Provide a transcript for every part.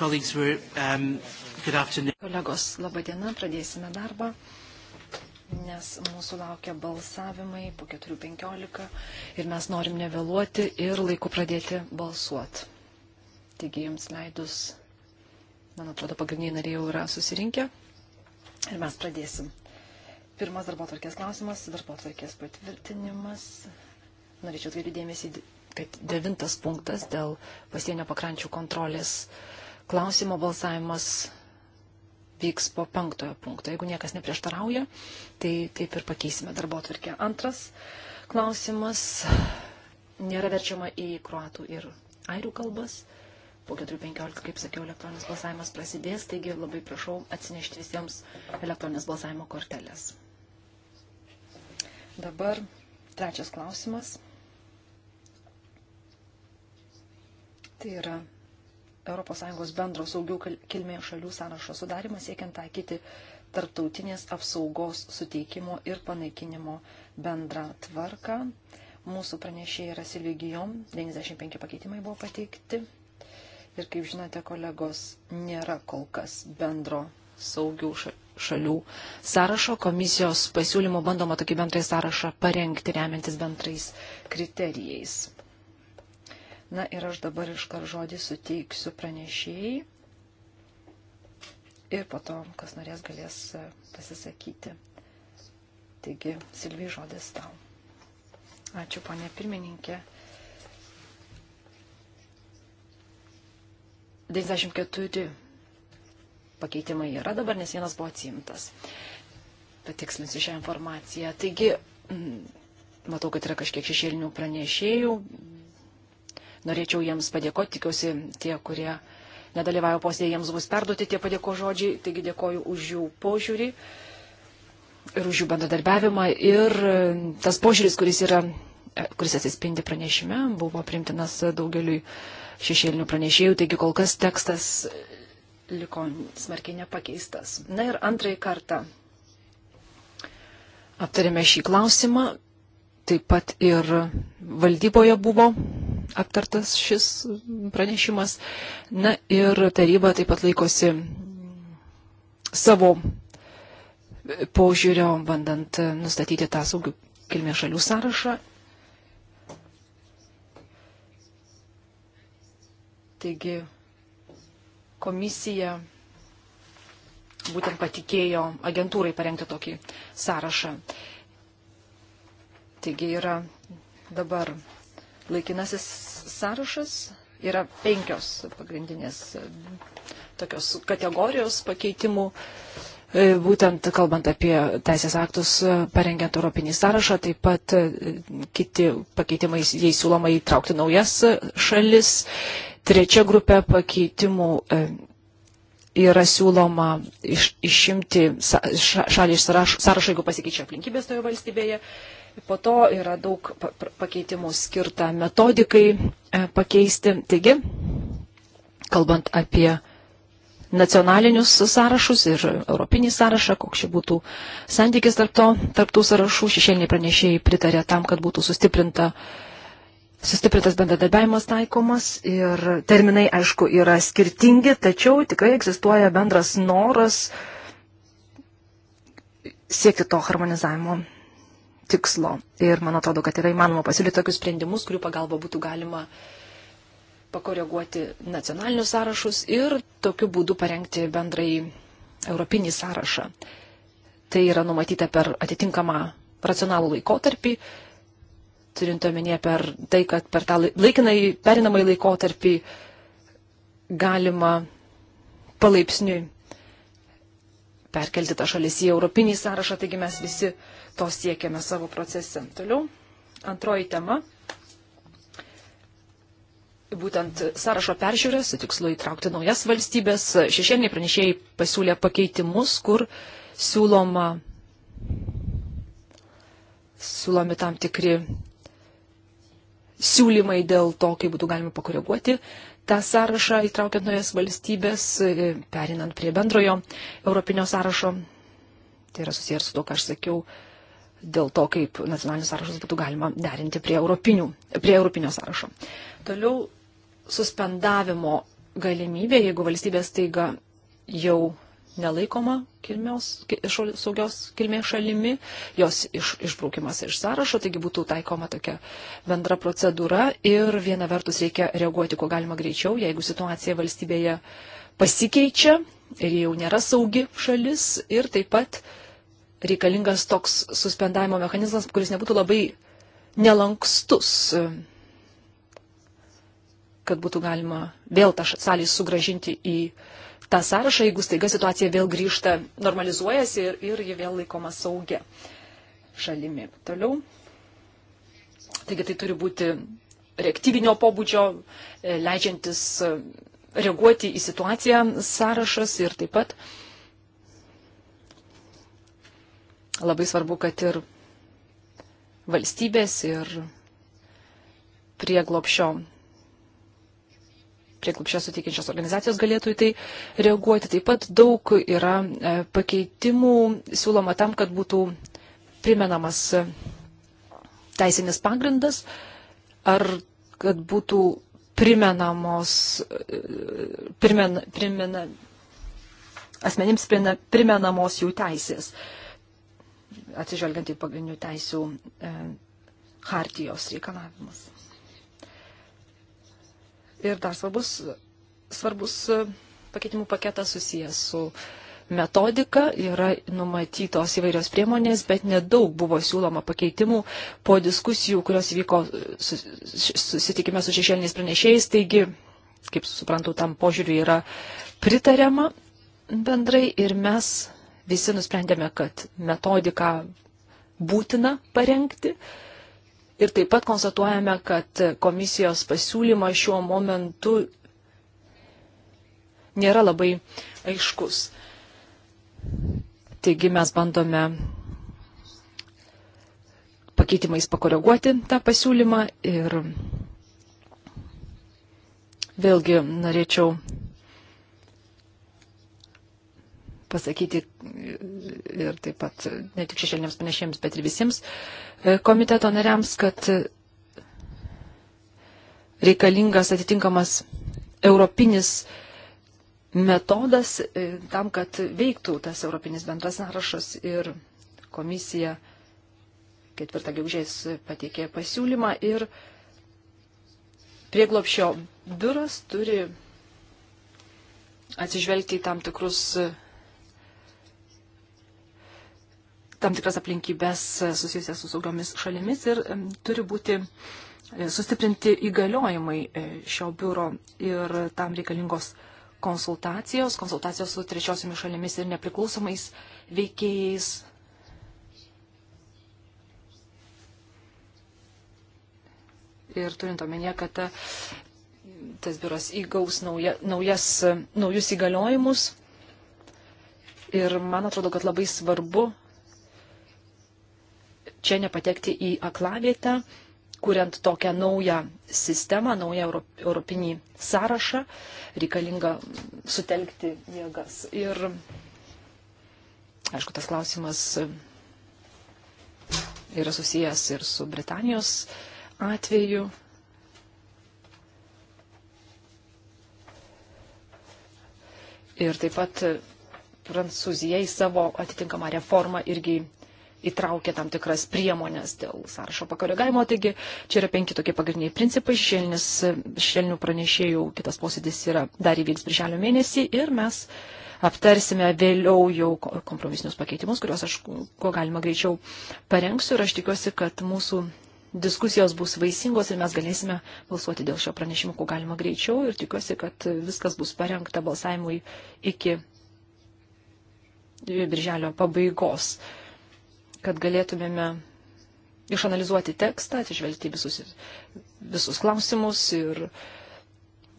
Colleagues, we're, um, good afternoon. Kolegos, laba diena, pradėsime darbą, nes mūsų laukia balsavimai po 4.15 ir mes norim nevėluoti ir laiku pradėti balsuoti. Taigi jums leidus, man atrodo, pagrindiniai nariai jau yra susirinkę ir mes pradėsim. Pirmas darbo tvarkės klausimas, darbo tvarkės patvirtinimas. Norėčiau atkreipti dėmesį kad devintas punktas dėl pasienio pakrančių kontrolės uh, klausimo balsavimas vyks po penktojo punkto. Jeigu niekas neprieštarauja, tai taip ir pakeisime darbo atvarkę. Antras klausimas nėra verčiama į kruatų ir airių kalbas. Po 4.15, kaip sakiau, elektroninis balsavimas prasidės, taigi labai prašau atsinešti visiems elektroninės balsavimo kortelės. Dabar trečias klausimas. Tai yra ES bendro saugių kilmės šalių sąrašo sudarimą siekiant taikyti tarptautinės apsaugos suteikimo ir panaikinimo bendrą tvarką. Mūsų pranešėjai yra Silvigijom, 95 pakeitimai buvo pateikti. Ir kaip žinote, kolegos, nėra kol kas bendro saugių šalių sąrašo. Komisijos pasiūlymų bandoma tokį bendrąjį sąrašą parengti remiantis bendrais kriterijais. Na ir aš dabar iškart žodį suteiksiu pranešėjai ir po to, kas norės, galės e, pasisakyti. Taigi, Silvijai, žodis tau. Ačiū, ponė pirmininkė. 94 pakeitimai yra dabar, nes vienas buvo atsimtas. Patikslinsiu šią informaciją. Taigi, matau, kad yra kažkiek šešėlinių pranešėjų, Norėčiau jiems padėkoti, tikiuosi tie, kurie nedalyvavo posėdėje, jiems bus perduoti tie padėko žodžiai. Taigi dėkoju už jų požiūrį ir už jų bendradarbiavimą. Ir e, tas požiūris, kuris, yra, e, kuris atsispindi pranešime, buvo primtinas daugeliui šešėlinių pranešėjų. Taigi kol kas tekstas liko smarkiai nepakeistas. Na ir antrąjį kartą aptarėme šį klausimą. Taip pat ir valdyboje buvo aptartas šis pranešimas. Na ir taryba taip pat laikosi savo požiūrio, bandant nustatyti tą saugių kilmės šalių sąrašą. Taigi komisija būtent patikėjo agentūrai parengti tokį sąrašą. Taigi yra dabar Laikinasis sąrašas yra penkios pagrindinės e, tokios kategorijos pakeitimų. E, būtent kalbant apie teisės aktus, e, parengiant Europinį sąrašą, taip pat kiti pakeitimai, jei siūloma įtraukti naujas šalis. Trečia grupė pakeitimų yra siūloma iš, išimti šalį iš sąrašo, sąrašo, jeigu pasikeičia aplinkybės toje valstybėje. Uh, Po to yra daug pakeitimų skirta metodikai e, pakeisti. Taigi, kalbant apie nacionalinius sąrašus ir europinį sąrašą, koks čia būtų santykis tarp, to, tarp tų sąrašų, šešėliniai pranešėjai pritarė tam, kad būtų sustiprinta Sustiprintas bendradarbiavimas taikomas ir terminai, aišku, yra skirtingi, tačiau tikrai egzistuoja bendras noras siekti to harmonizavimo tikslo. Ir man atrodo, kad yra įmanoma pasiūlyti tokius sprendimus, kurių pagalba būtų galima pakoreguoti nacionalinius sąrašus ir tokiu būdu parengti bendrai europinį sąrašą. Tai yra numatyta per atitinkamą racionalų laikotarpį, turint omenyje per tai, kad per tą laikinai perinamąjį laikotarpį galima palaipsniui perkelti tą šalis į europinį sąrašą, taigi mes visi to siekiame savo procese. Toliau, antroji tema. Būtent sąrašo peržiūrė su tikslu įtraukti naujas valstybės. Šešėliniai pranešėjai pasiūlė pakeitimus, kur siūloma, siūlomi tam tikri siūlymai dėl to, kaip būtų galima pakoreguoti uh, tą sąrašą, įtraukiant naujas valstybės, e, perinant prie bendrojo europinio sąrašo. Tai yra susijęs su to, ką aš sakiau, dėl to, kaip nacionalinius sąrašus būtų galima derinti prie, europinių, prie europinio sąrašo. Toliau suspendavimo galimybė, jeigu valstybės taiga jau nelaikoma kilmios, saugios kilmės šalimi, jos iš, išbraukimas iš sąrašo, taigi būtų taikoma tokia bendra procedūra ir viena vertus reikia reaguoti kuo galima greičiau, jeigu situacija valstybėje pasikeičia ir jau nėra saugi šalis ir taip pat reikalingas toks suspendavimo mechanizmas, kuris nebūtų labai nelankstus kad būtų galima vėl tą šalį sugražinti į uh, tą sąrašą, jeigu staiga situacija vėl grįžta, normalizuojasi ir, ir ji vėl laikoma saugia šalimi. Toliau. Taigi tai turi būti reaktyvinio pobūdžio, e, leidžiantis e, reaguoti į situaciją sąrašas ir taip pat labai svarbu, kad ir valstybės ir prieglopšio prieglupščio suteikiančios organizacijos galėtų į tai reaguoti. Taip pat daug yra e, pakeitimų siūloma tam, kad būtų primenamas e, teisinis pagrindas ar kad būtų primenamos, e, primena, primena, asmenims primenamos jų teisės, atsižvelgiant į pagrindinių teisių e, hartijos reikalavimus. Ir dar svarbus, svarbus e, pakeitimų paketas susijęs su metodika, yra numatytos įvairios priemonės, bet nedaug buvo siūloma pakeitimų po diskusijų, kurios vyko susitikime su šešėliniais pranešėjais, taigi, kaip suprantu, tam požiūriu yra pritariama bendrai ir mes visi nusprendėme, kad metodiką būtina parengti Ir taip pat konstatuojame, kad komisijos pasiūlymas šiuo momentu nėra labai aiškus. Taigi mes bandome pakeitimais pakoreguoti tą pasiūlymą ir vėlgi norėčiau pasakyti ir taip pat ne tik šešėliniams panešėjams, bet ir visiems e, komiteto nariams, kad reikalingas atitinkamas europinis metodas e, tam, kad veiktų tas europinis bendras sąrašas ir komisija ketvirtą gegužės pateikė pasiūlymą ir prieglopšio biuras turi atsižvelgti į tam tikrus tam tikras aplinkybės susijusias su saugiomis šalimis ir turi būti e, sustiprinti įgaliojimai e, šio biuro ir tam reikalingos konsultacijos, konsultacijos su trečiosiomis šalimis ir nepriklausomais veikėjais. Ir turint omenyje, kad ta, e, tas biuras įgaus nauja, naujas, naujus įgaliojimus. Ir man atrodo, kad labai svarbu čia nepatekti į aklavietę, kuriant tokią naują sistemą, naują europinį sąrašą, reikalinga sutelkti jėgas. Ir, aišku, tas klausimas yra susijęs ir su Britanijos atveju. Ir taip pat Prancūzija į savo atitinkamą reformą irgi įtraukė tam tikras priemonės dėl sąrašo pakoregavimo. Taigi čia yra penki tokie pagrindiniai principai. Šelnis, šelnių pranešėjų kitas posėdis yra dar įvyks birželio mėnesį ir mes aptarsime vėliau jau kompromisinius pakeitimus, kuriuos aš kuo galima greičiau parengsiu ir aš tikiuosi, kad mūsų diskusijos bus vaisingos ir mes galėsime balsuoti dėl šio pranešimo kuo galima greičiau ir tikiuosi, kad viskas bus parengta balsavimui iki birželio pabaigos kad galėtumėme išanalizuoti tekstą, atsižvelgti visus, visus klausimus ir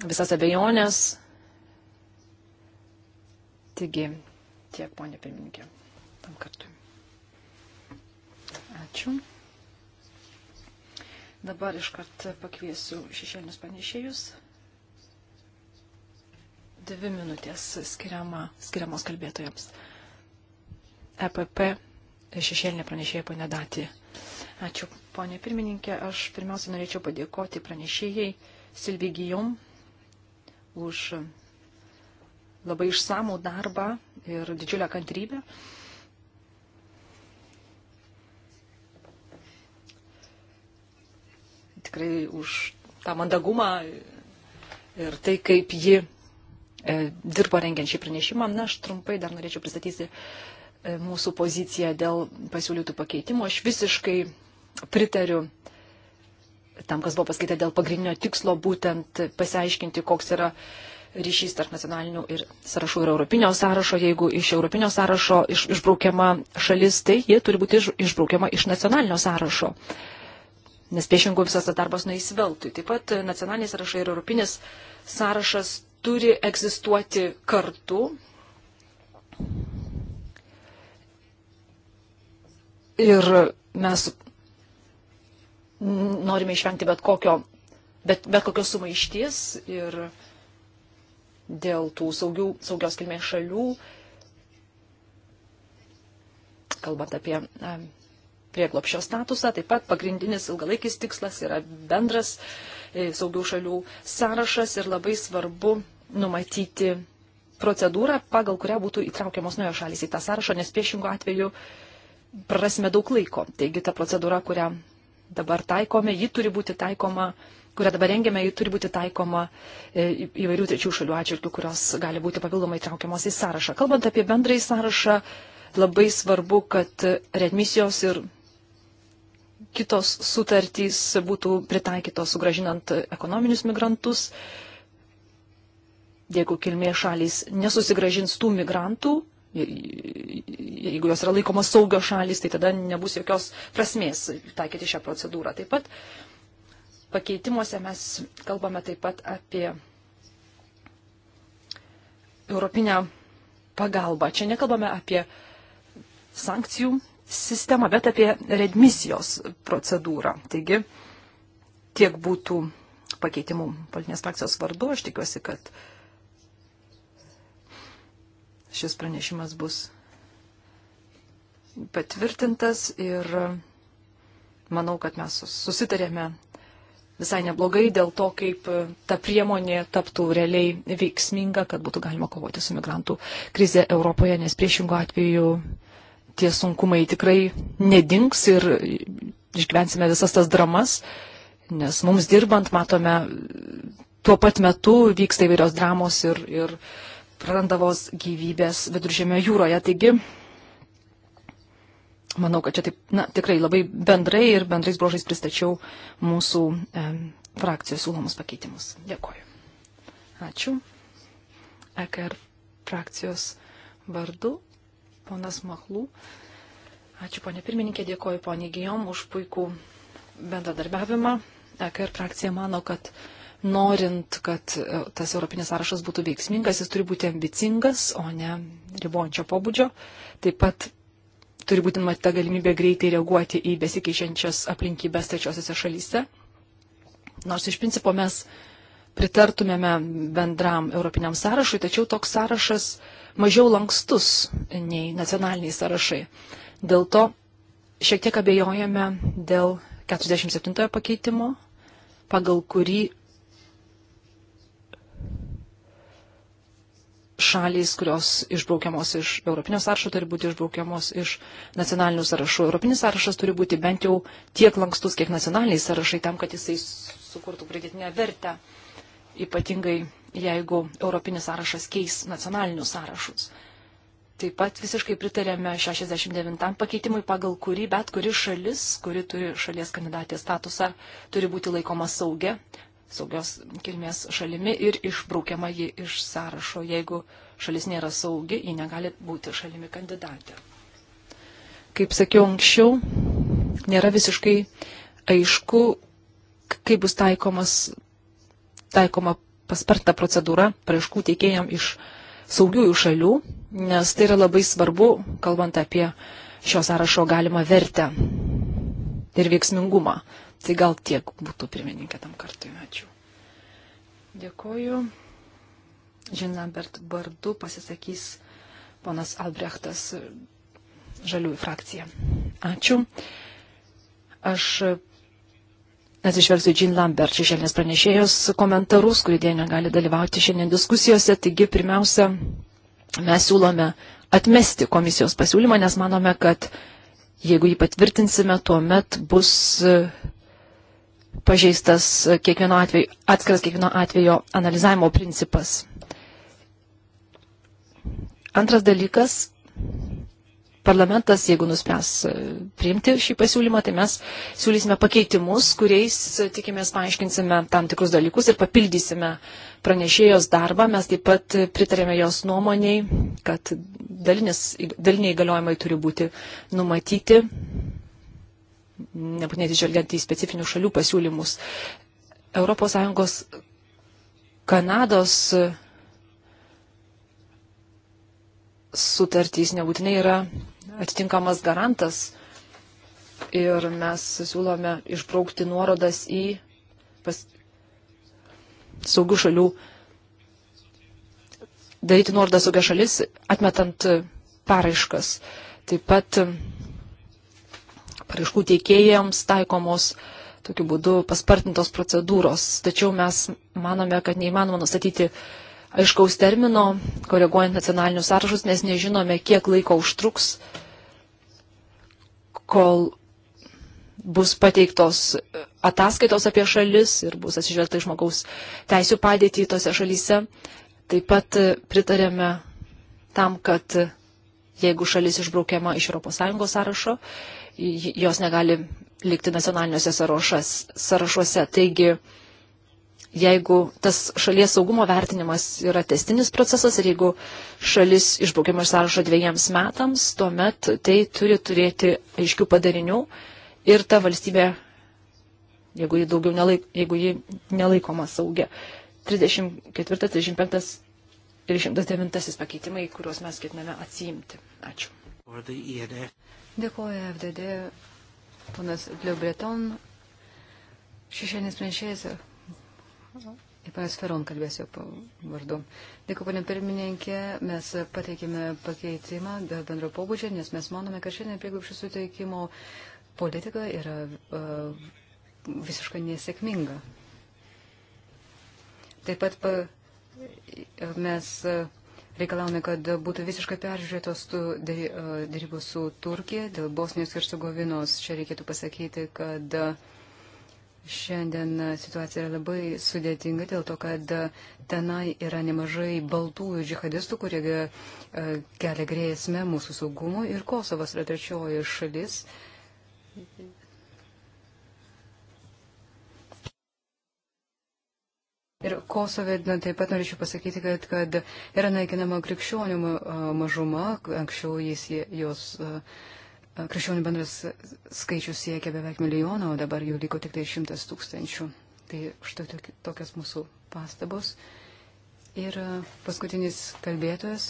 visas abejonės. Taigi, tiek, ponė pirmininkė, tam kartui. Ačiū. Dabar iškart pakviesiu šešėlinius panešėjus. Dvi minutės skiriama, skiriamos kalbėtojams. EPP šešėlinė pranešėja ponė Dati. Ačiū, ponė pirmininkė. Aš pirmiausia norėčiau padėkoti pranešėjai Silvigijom už labai išsamų darbą ir didžiulę kantrybę. Tikrai už tą mandagumą ir tai, kaip ji e, dirbo rengiant šį pranešimą. Na, aš trumpai dar norėčiau pristatyti E, mūsų poziciją dėl pasiūlytų pakeitimų. Aš visiškai pritariu tam, kas buvo pasakyta dėl pagrindinio tikslo, būtent pasiaiškinti, koks yra ryšys tarp nacionalinių ir sąrašų ir europinio sąrašo. Jeigu iš europinio sąrašo iš, išbraukiama šalis, tai jie turi būti iš, išbraukiama iš nacionalinio sąrašo. Nes priešingų visas tas darbas nueis veltui. Taip pat nacionalinis sąrašai ir europinis sąrašas turi egzistuoti kartu, Ir mes norime išvengti bet, kokio, bet, bet kokios sumaišties ir dėl tų saugių, saugios kilmės šalių, kalbant apie prieglopšio statusą, taip pat pagrindinis ilgalaikis tikslas yra bendras e, saugių šalių sąrašas ir labai svarbu numatyti procedūrą, pagal kurią būtų įtraukiamos nuojo šalys į tą sąrašą, nes priešingų atveju uh, prarasime daug laiko. Taigi ta procedūra, kurią dabar taikome, ji turi būti taikoma, kurią dabar rengiame, ji turi būti taikoma e, įvairių trečių šalių atžvilgių, kurios gali būti papildomai traukiamos į sąrašą. Kalbant apie bendrąjį sąrašą, labai svarbu, kad readmisijos ir kitos sutartys būtų pritaikytos sugražinant ekonominius migrantus. Jeigu kilmės šalys nesusigražins tų migrantų, jeigu jos yra laikomos saugios šalys, tai tada nebus jokios prasmės taikyti šią procedūrą. Taip pat pakeitimuose mes kalbame taip pat apie europinę pagalbą. Čia nekalbame apie sankcijų sistemą, bet apie redmisijos procedūrą. Taigi tiek būtų pakeitimų politinės frakcijos vardu. Aš tikiuosi, kad uh, šis pranešimas bus patvirtintas ir manau, kad mes susitarėme visai neblogai dėl to, kaip ta priemonė taptų realiai veiksminga, kad būtų galima kovoti su migrantų krize Europoje, nes priešingų atveju tie sunkumai tikrai nedings ir išgyvensime visas tas dramas, nes mums dirbant matome tuo pat metu vyksta įvairios dramos ir, ir uh, prarandavos gyvybės viduržėmio jūroje. Taigi, manau, kad čia taip, na, tikrai labai bendrai ir bendrais brožais pristačiau mūsų e, frakcijos siūlomus pakeitimus. Dėkoju. Ačiū. EKR frakcijos vardu, ponas Mahlų. Ačiū, ponė pirmininkė, dėkoju ponė Gijom už puikų bendradarbiavimą. EKR frakcija mano, kad norint, kad e, tas europinis sąrašas būtų veiksmingas, jis turi būti ambicingas, o ne ribojančio pobūdžio. Taip pat turi būti matyta galimybė greitai reaguoti į besikeičiančias aplinkybės trečiosiose šalyse. Nors iš principo mes pritartumėme bendram europiniam sąrašui, tačiau toks sąrašas mažiau lankstus nei nacionaliniai sąrašai. Dėl to šiek tiek abejojame dėl 47 pakeitimo, pagal kurį šalys, kurios išbraukiamos iš Europinio sąrašo, turi būti išbraukiamos iš nacionalinių sąrašų. Europinis sąrašas turi būti bent jau tiek lankstus, kiek nacionaliniai sąrašai, tam, kad jisai sukurtų pridėtinę vertę, ypatingai jeigu Europinis sąrašas keis nacionalinius sąrašus. Taip pat visiškai pritarėme 69 pakeitimui, pagal kurį bet kuri šalis, kuri turi šalies kandidatės statusą, turi būti laikoma saugia, saugios kilmės šalimi ir išbraukiama ji iš sąrašo. Jeigu šalis nėra saugi, ji negali būti šalimi kandidatė. Kaip sakiau anksčiau, nėra visiškai aišku, kaip bus taikomas, taikoma pasparta procedūra praaiškų teikėjam iš saugiųjų šalių, nes tai yra labai svarbu, kalbant apie šio sąrašo galimą vertę ir veiksmingumą. Tai gal tiek būtų pirmininkė tam kartui. Ačiū. Dėkoju. Žin Lambert vardu pasisakys ponas Albrechtas žaliųjų frakcija. Ačiū. Aš atsižvelgsiu Jean Lambert, šešėlinės pranešėjos komentarus, kurie dėja negali dalyvauti šiandien diskusijose. Taigi, pirmiausia, mes siūlome atmesti komisijos pasiūlymą, nes manome, kad jeigu jį patvirtinsime, tuomet bus pažeistas kiekvieno atveju, atskiras kiekvieno atvejo analizavimo principas. Antras dalykas, parlamentas, jeigu nuspręs e, priimti šį pasiūlymą, tai mes siūlysime pakeitimus, kuriais e, tikimės paaiškinsime tam tikrus dalykus ir papildysime pranešėjos darbą. Mes taip pat pritarėme jos nuomoniai, kad dalinis, daliniai įgaliojimai turi būti numatyti nebūtinai atsižvelgiant į specifinių šalių pasiūlymus. ES Kanados sutartys nebūtinai yra atitinkamas garantas ir mes siūlome išbraukti nuorodas į pas... saugių šalių, daryti nuorodą saugia šalis, atmetant paraiškas. Taip pat paraiškų teikėjams taikomos tokiu būdu paspartintos procedūros. Tačiau mes manome, kad neįmanoma nustatyti aiškaus termino, koreguojant nacionalinius sąrašus, nes nežinome, kiek laiko užtruks, kol bus pateiktos ataskaitos apie šalis ir bus atsižvelgta žmogaus teisų padėtį tose šalyse. Taip pat pritarėme tam, kad jeigu šalis išbraukiama iš ES sąrašo, jos negali likti nacionaliniuose sąrašas, sąrašuose. Taigi, jeigu tas šalies saugumo vertinimas yra testinis procesas ir jeigu šalis išbraukiama iš sąrašo dviejams metams, tuomet tai turi turėti aiškių padarinių ir ta valstybė, jeigu ji, nelaik, jeigu ji nelaikoma saugia. 34, 35 ir 109 pakeitimai, kuriuos mes ketiname atsiimti. Ačiū. Dėkuoju FDD, ponas Bliubreton, šešienis pranešėjas, ir panas Feron kalbėsiu vardu. Dėkuoju, ponė pirmininkė, mes pateikėme pakeitimą dėl bendro pobūdžio, nes mes manome, kad šiandien prieglupščių suteikimo politika yra uh, visiškai nesėkminga. Taip pat pa, mes. Uh, reikalavome, kad būtų visiškai peržiūrėtos dėrybos e, su Turkija dėl Bosnijos ir Sugovinos. Čia reikėtų pasakyti, kad šiandien situacija yra labai sudėtinga dėl to, kad tenai yra nemažai baltųjų džihadistų, kurie e, kelia grėsmę mūsų saugumui ir Kosovas yra trečioji šalis. Mhm Ir Kosove na, taip pat norėčiau pasakyti, kad, kad yra naikinama krikščionių mažuma, anksčiau jis jos. Krikščionių bendras skaičius siekia beveik milijoną, o dabar jų liko tik tai šimtas tūkstančių. Tai štai tokios mūsų pastabos. Ir paskutinis kalbėtojas,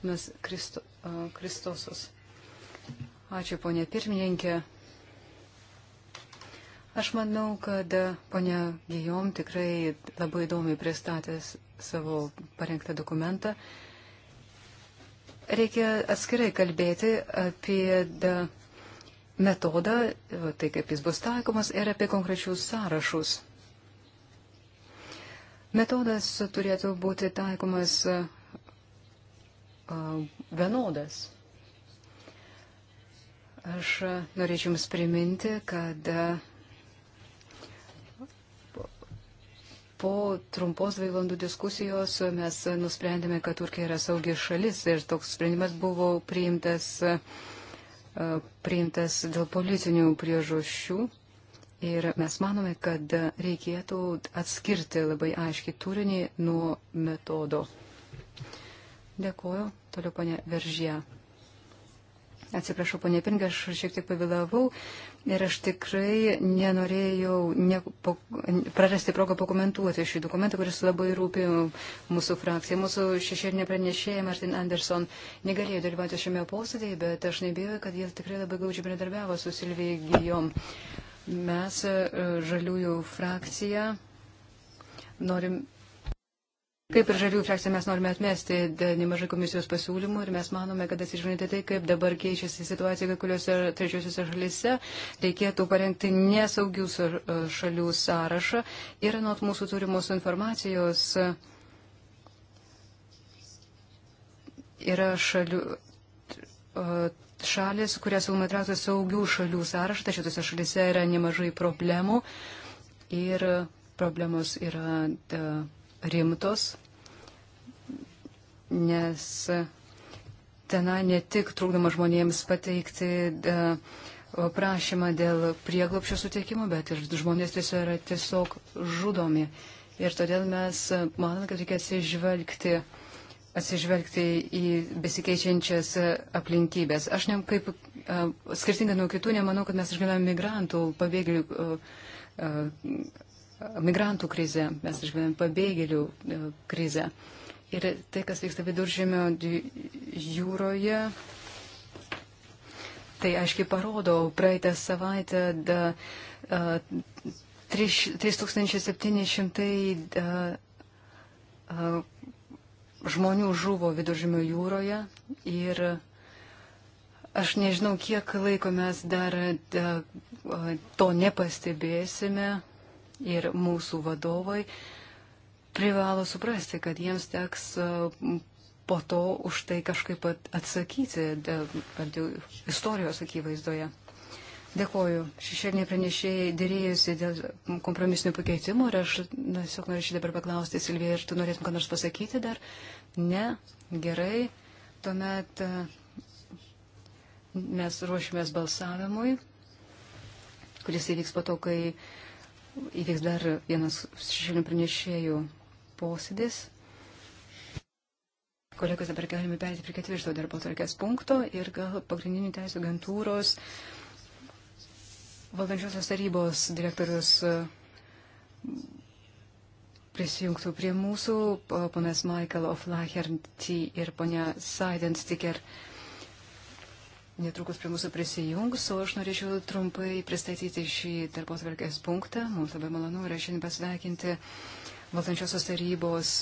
panas Kristo, Kristosus. Ačiū, ponė pirmininkė. Aš manau, kad ponia Gijom tikrai labai įdomiai pristatęs savo parengtą dokumentą. Reikia atskirai kalbėti apie metodą, tai kaip jis bus taikomas ir apie konkrečius sąrašus. Metodas turėtų būti taikomas vienodas. Aš norėčiau Jums priminti, kad po trumpos valandų diskusijos mes nusprendėme, kad Turkija yra saugi šalis ir toks sprendimas buvo priimtas, e, priimtas dėl politinių priežasčių. Ir mes manome, kad reikėtų atskirti labai aiškiai turinį nuo metodo. Dėkuoju. Toliau ponė Veržė. Atsiprašau, ponė Pinga, aš šiek tiek pavėlavau, Ir aš tikrai nenorėjau ne, po, prarasti progą pakomentuoti šį dokumentą, kuris labai rūpi mūsų frakcija. Mūsų šešėlinė pranešėja Martin Anderson negalėjo dalyvauti šiame posėdėje, bet aš nebijau, kad jie tikrai labai gaudžiai bendradarbiavo su Silvijom. Mes, e, žaliųjų frakcija, norim Kaip ir žaliųjų frakcija mes norime atmesti nemažai komisijos pasiūlymų ir mes manome, kad atsižvelgiant tai, kaip dabar keičiasi situacija kai kuriuose trečiosiuose šalyse, reikėtų parengti nesaugių šalių sąrašą ir nuo mūsų turimos informacijos yra šalių. Šalis, kurias siūloma įtraukti saugių šalių sąrašą, tačiau tose šalyse yra nemažai problemų ir problemos yra. Da, rimtos, nes tenai ne tik trukdoma žmonėms pateikti e, prašymą dėl prieglopščio suteikimo, bet ir žmonės tiesiog yra tiesiog žudomi. Ir todėl mes manome, kad reikia atsižvelgti, atsižvelgti į besikeičiančias aplinkybės. Aš ne kaip, e, skirtingai nuo kitų, nemanau, kad mes išgyvename migrantų, pabėgėlių e, migrantų krizę, mes išgyvename pabėgėlių e, krizę. Ir tai, kas vyksta viduržėmio jūroje, tai aiškiai parodo, praeitą savaitę da, a, 3700 a, a, žmonių žuvo viduržėmio jūroje ir aš nežinau, kiek laiko mes dar da, to nepastebėsime ir mūsų vadovai privalo suprasti, kad jiems teks e, po to už tai kažkaip atsakyti de, de, istorijos akivaizdoje. Dėkoju. Šešėlinė pranešėjai dėrėjusi dėl kompromisinių pakeitimų ir aš na, tiesiog norėčiau dabar paklausti, Silvija, ar tu norėtum ką nors pasakyti dar? Ne? Gerai. Tuomet e, mes ruošimės balsavimui, kuris įvyks po to, kai uh, Įvyks dar vienas šešėlinių pranešėjų posėdis. Kolegos, dabar galime perėti prie ketvirto darbo tvarkės punkto ir gal pagrindinių teisų agentūros valdančiosios tarybos direktorius e, prisijungtų prie mūsų, ponas Michael Oflaherty ir ponia Saidens Ticker netrukus prie mūsų prisijungs, o aš norėčiau trumpai pristatyti šį tarpos varkės punktą. Mums labai malonu yra šiandien pasveikinti valdančiosios tarybos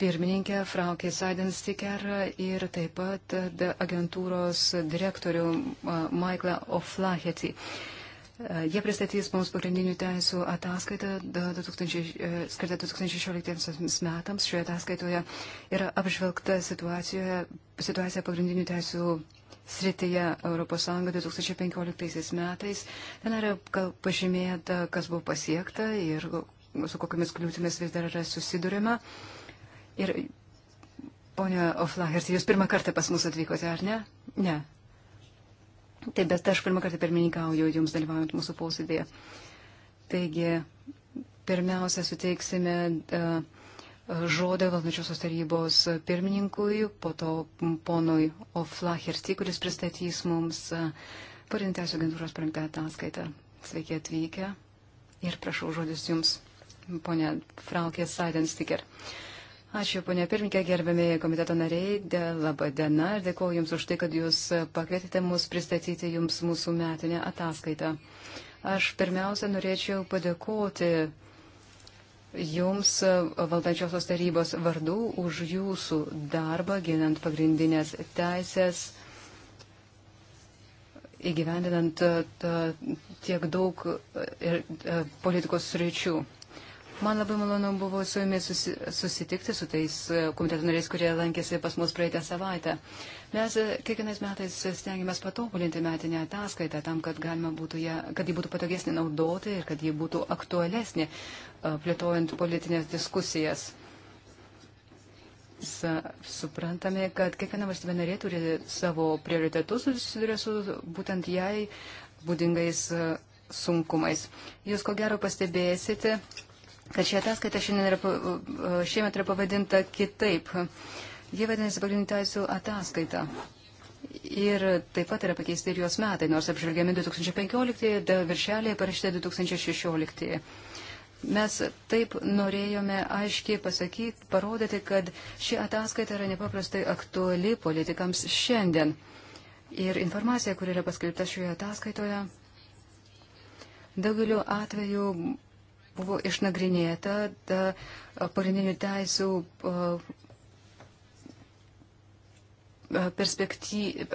pirmininkę Fraukė Seidensticker ir taip pat agentūros direktorių Michaelą O'Flaherty. Uh, Jie pristatys mums pagrindinių teisų ataskaitą e, skirtą 2016 metams. Šioje ataskaitoje yra apžvelgta situacija pagrindinių teisų srityje ES 2015 metais. Ten yra pažymėta, kas buvo pasiekta ir su kokiamis kliūtimis vis dar yra susidurima. Ir, ponia Oflahers, jūs pirmą kartą pas mus atvykote, ar ne? Ne. Taip, bet aš pirmą kartą pirmininkauju jums dalyvaujant mūsų posėdėje. Taigi, pirmiausia, suteiksime e, žodį valdančiosios tarybos pirmininkui, po to ponui Oflaherty, kuris pristatys mums e, parintęs agentūros parengtą ataskaitą. Sveiki atvykę ir prašau žodis jums, ponė Fraukė Seidenstiker. Uh, Ačiū, ponė pirmininkė, gerbėmėjai komiteto nariai, de, laba diena ir dėkuoju Jums už tai, kad Jūs pakvietėte mus pristatyti Jums mūsų metinę ataskaitą. Aš pirmiausia norėčiau padėkoti Jums valdančiosios tarybos vardu už Jūsų darbą ginant pagrindinės teisės, įgyvendinant tiek daug e, politikos sričių. Man labai malonu buvo su jumis susi, susitikti su tais e, komiteto nariais, kurie lankėsi pas mus praeitą savaitę. Mes e, kiekvienais metais stengiamės patobulinti metinę ataskaitą tam, kad, būtų ją, kad ji būtų patogesnė naudoti ir kad ji būtų aktualesnė e, plėtojant politinės diskusijas. Suprantame, kad kiekviena valstybė narė turi savo prioritetus ir susiduria su būtent jai būdingais sunkumais. Jūs ko gero pastebėsite, kad ši ataskaita šiandien yra, šiemet yra pavadinta kitaip. Jie vadinasi pagrindinių teisų ataskaita. Ir taip pat yra pakeisti ir jos metai, nors apžvelgiami 2015, viršelėje parašyta 2016. Mes taip norėjome aiškiai pasakyti, parodyti, kad ši ataskaita yra nepaprastai aktuali politikams šiandien. Ir informacija, kuri yra paskelbta šioje ataskaitoje, daugeliu atveju buvo išnagrinėta pagrindinių teisų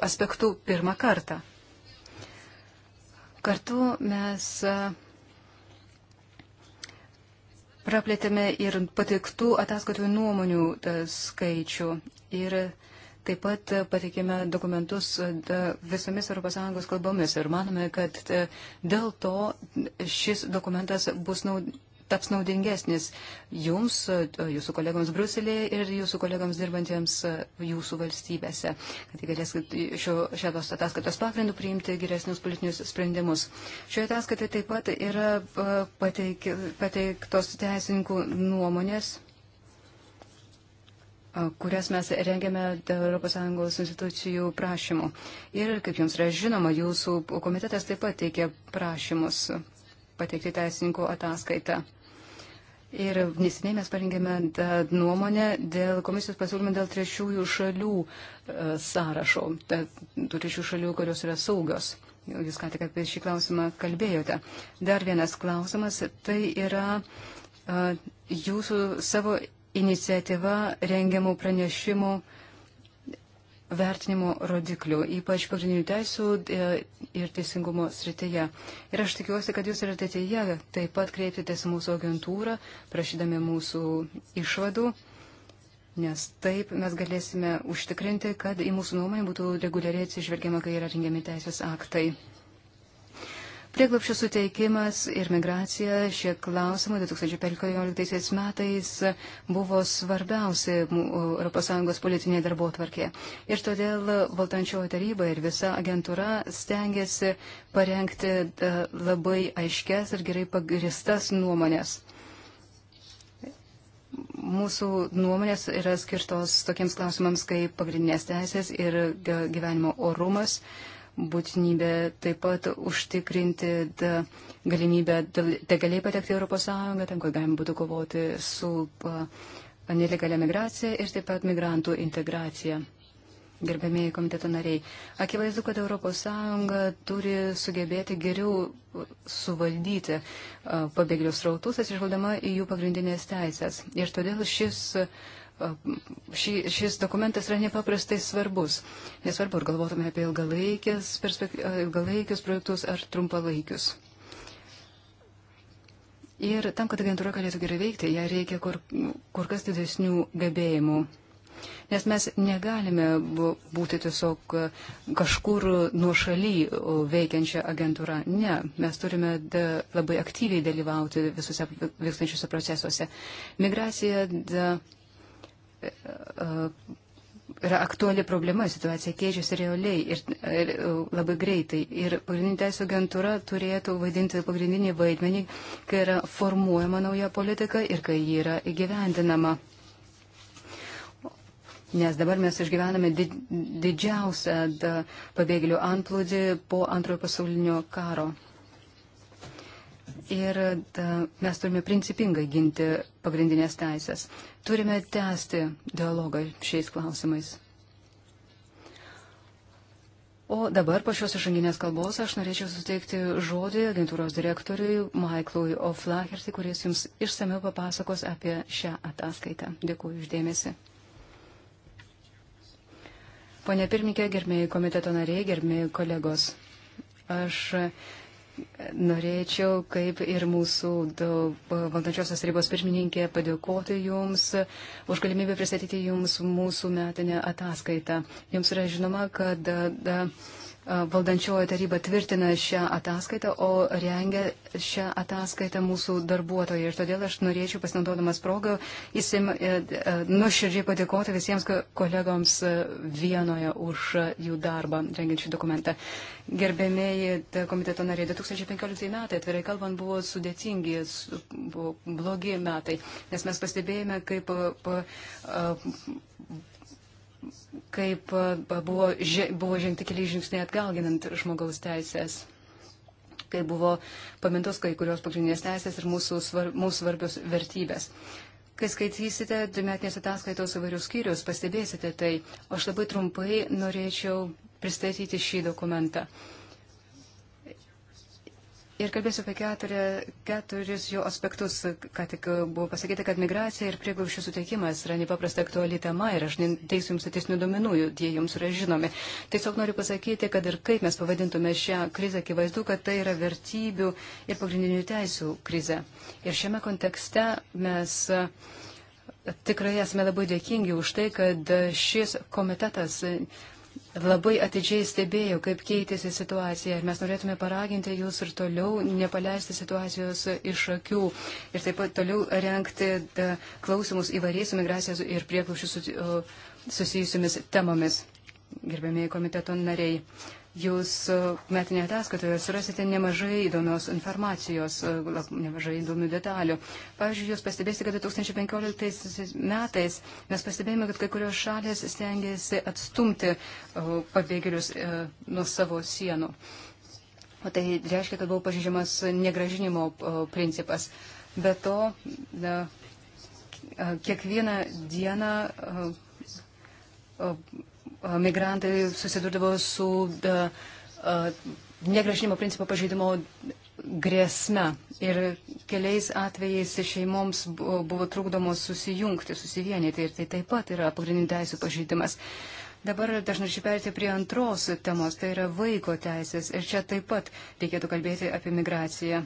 aspektų pirmą kartą. Kartu mes praplėtėme ir pateiktų ataskaitų nuomonių skaičių ir uh, Taip pat e, pateikėme dokumentus e, visomis ES kalbomis ir manome, kad e, dėl to šis dokumentas bus naud, taps naudingesnis jums, jūsų kolegams Bruselėje ir jūsų kolegams dirbantiems jūsų valstybėse, kad jie galės šio, šios ataskaitos pagrindų priimti geresnius politinius sprendimus. Šioje ataskaitoje taip pat yra pateik, pateiktos teisininkų nuomonės kurias mes rengiame ES institucijų prašymų. Ir, kaip jums yra žinoma, jūsų komitetas taip pat teikia prašymus pateikti teisininkų ataskaitą. Ir nesiniai mes parengėme nuomonę dėl komisijos pasiūlymą dėl trečiųjų šalių e, sąrašo, tų trečių šalių, kurios yra saugios. Jūs ką tik apie šį klausimą kalbėjote. Dar vienas klausimas, tai yra e, jūsų savo iniciatyva rengiamų pranešimų vertinimo rodiklių, ypač pagrindinių teisų e, ir teisingumo srityje. Ir aš tikiuosi, kad jūs ir ateityje taip pat kreiptitės mūsų agentūrą, prašydami mūsų išvadų, nes taip mes galėsime užtikrinti, kad į mūsų nuomonę būtų reguliariai atsižvelgiama, kai yra rengiami teisės aktai. Prieglapščio suteikimas ir migracija šie klausimai 2015 metais buvo svarbiausi ES politinėje darbo tvarkė. Ir todėl valdančioji taryba ir visa agentūra stengiasi parengti e, labai aiškes ir gerai pagristas nuomonės mūsų nuomonės yra skirtos tokiems klausimams kaip pagrindinės teisės ir e, gyvenimo orumas, būtinybė taip pat užtikrinti galimybę legaliai patekti Europos Sąjungą, tam, kad galima būtų kovoti su nelegalia migracija ir taip pat migrantų integracija. Gerbėmėjai komiteto nariai, akivaizdu, kad ES turi sugebėti geriau suvaldyti pabėgėlių srautus, atsižvaldama į jų pagrindinės teisės. Ir todėl šis uh, ši, šis dokumentas yra nepaprastai svarbus. Nesvarbu, ar galvotume apie perspek... ilgalaikius projektus ar trumpalaikius. Ir tam, kad agentūra galėtų gerai veikti, ją reikia kur, kur kas didesnių gebėjimų. Nes mes negalime būti tiesiog kažkur nuošaly veikiančią agentūrą. Ne, mes turime da, labai aktyviai dalyvauti visuose vykstančiuose procesuose. Migracija da, E, yra aktuali problema, situacija keičiasi realiai ir, ir e, labai greitai. Ir pagrindinė teisų agentūra turėtų vaidinti pagrindinį vaidmenį, kai yra formuojama nauja politika ir kai ji yra įgyvendinama. Nes dabar mes išgyvename didžiausią pabėgėlių antplūdį po antrojo pasaulinio karo ir da, mes turime principingai ginti pagrindinės teisės. Turime tęsti dialogą šiais klausimais. O dabar po šios išanginės kalbos aš norėčiau suteikti žodį agentūros direktoriui Michaelui O'Flaherty, kuris jums išsameu papasakos apie šią ataskaitą. Dėkuoju uždėmesi. Pone pirmininkė, gerbėjai komiteto nariai, gerbėjai kolegos. Aš Norėčiau, kaip ir mūsų valdančiosios tarybos pirmininkė, padėkoti Jums už galimybę pristatyti Jums mūsų metinę ataskaitą. Jums yra žinoma, kad da, da, valdančioji taryba tvirtina šią ataskaitą, o rengia šią ataskaitą mūsų darbuotojai. Ir todėl aš norėčiau, pasinaudodamas progą, įsim, e, e, nuoširdžiai padėkoti visiems kolegoms e, vienoje už jų darbą rengiant šį dokumentą. Gerbėmėjai komiteto nariai, 2015 metai, atvirai kalbant, buvo sudėtingi, buvo blogi metai, nes mes pastebėjome, kaip. Pa, pa, kaip e, buvo, buvo žengti keli žingsniai atgalginant žmogaus teisės, kai buvo pamintos kai kurios pagrindinės teisės ir mūsų, svar, mūsų svarbios vertybės. Kai skaitysite dvimetinės ataskaitos įvairius skyrius, pastebėsite tai. Aš labai trumpai norėčiau pristatyti šį dokumentą. Uh, Ir kalbėsiu apie keturi, keturis jo aspektus, ką tik e, buvo pasakyta, kad migracija ir prieglaušių suteikimas yra nepaprastai aktuali tema ir aš neteisiu jums ateisnių duomenų, jie jums yra žinomi. Tiesiog noriu pasakyti, kad ir kaip mes pavadintume šią krizę, akivaizdu, kad tai yra vertybių ir pagrindinių teisų krize. Ir šiame kontekste mes. E, tikrai esame labai dėkingi už tai, kad šis komitetas labai atidžiai stebėjo, kaip keitėsi situacija. Mes norėtume paraginti jūs ir toliau nepaleisti situacijos iš akių ir taip pat toliau renkti e, klausimus įvairiais migracijos ir prieklušių susijusiamis temomis, gerbėmiai komiteto nariai. Jūs e, metinėje ataskaitoje surasite nemažai įdomios informacijos, e, nemažai įdomių detalių. Pavyzdžiui, jūs pastebėsite, kad 2015 metais mes pastebėjome, kad kai kurios šalės stengiasi atstumti e, pabėgėlius nuo savo sienų. O tai reiškia, kad buvo pažydžiamas negražinimo principas. Be to, kiekvieną dieną migrantai susidurdavo su e, e, negražinimo principo pažeidimo grėsme. Ir keliais atvejais šeimoms buvo trukdomos susijungti, susivienyti. Ir tai taip pat yra pagrindinių teisų pažeidimas. Dabar aš norėčiau perėti prie antros temos, tai yra vaiko teisės. Ir čia taip pat reikėtų kalbėti apie migraciją.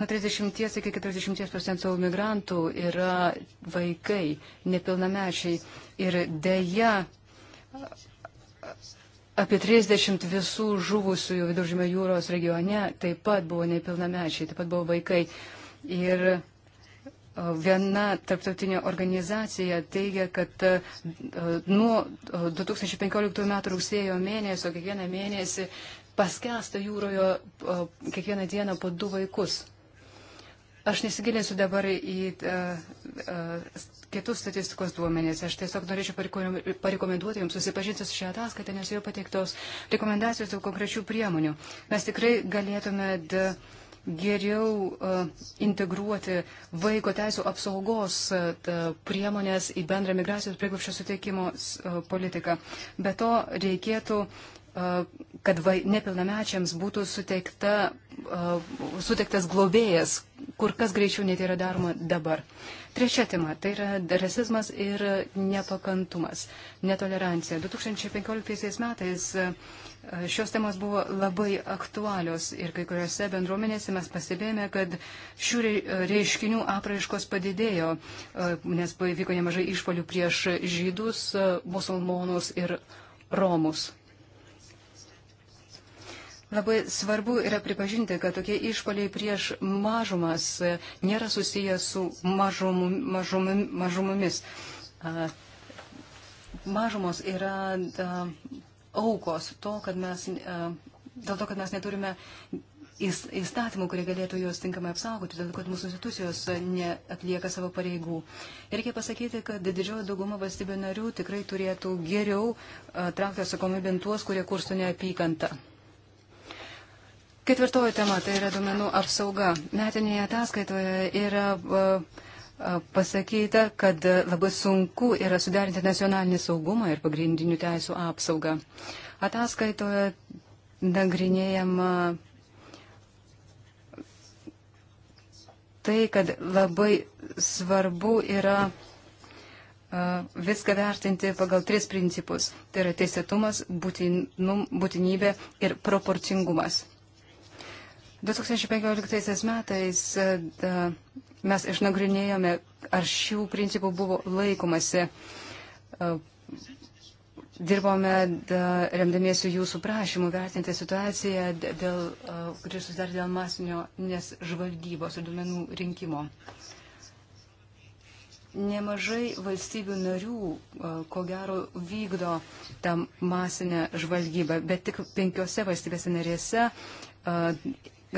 Nuo 30 iki 40 procentų migrantų yra vaikai, nepilnamečiai. Ir dėja Apie 30 visų žuvusiųjų viduržymio jūros regione taip pat buvo nepilnamečiai, taip pat buvo vaikai. Ir e, Viena tarptautinė organizacija teigia, kad e, nuo 2015 e, m. rugsėjo mėnesio kiekvieną mėnesį paskęsta jūroje kiekvieną dieną po du vaikus. Aš nesigilinsiu dabar į kitus statistikos duomenys. Aš tiesiog norėčiau parekomenduoti jums susipažinti su šią ataskaitą, nes jo pateiktos rekomendacijos dėl konkrečių priemonių. Mes tikrai galėtume geriau e, integruoti vaiko teisų apsaugos e, priemonės į bendrą migracijos prieglupščio suteikimo e, politiką. Be to reikėtų kad nepilnamečiams būtų suteikta, suteiktas globėjas, kur kas greičiau net tai yra daroma dabar. Trečia tema - tai yra rasizmas ir nepakantumas, netolerancija. 2015 metais šios temos buvo labai aktualios ir kai kuriuose bendruomenėse mes pastebėjome, kad šių reiškinių apraiškos padidėjo, nes vyko nemažai išpolių prieš žydus, musulmonus ir romus. Labai svarbu yra pripažinti, kad tokie išpoliai prieš mažumas e, nėra susiję su mažum, mažum, mažumomis. Mažumos yra aukos to, kad mes, dėl to, kad mes neturime įstatymų, kurie galėtų juos tinkamai apsaugoti, dėl to, kad mūsų institucijos neatlieka savo pareigų. Ir reikia pasakyti, kad didžioji dauguma valstybių narių tikrai turėtų geriau traukti atsakomybę tuos, kurie kurstų neapykantą. Ketvirtoji tema tai yra duomenų apsauga. Metinėje ataskaitoje yra pasakyta, kad labai sunku yra suderinti nacionalinį saugumą ir pagrindinių teisų apsaugą. Ataskaitoje nagrinėjama tai, kad labai svarbu yra viską vertinti pagal tris principus. Tai yra teisėtumas, būtin, būtinybė ir proporcingumas. 2015 metais e, e, mes išnagrinėjome, ar šių principų buvo laikomasi. E, dirbome remdamiesi jūsų prašymų vertinti situaciją, dėl, kuris susidarė dėl masinio nesžvalgybos ir duomenų rinkimo. Nemažai valstybių narių, ko gero, vykdo tą masinę žvalgybą, bet tik penkiose valstybėse narėse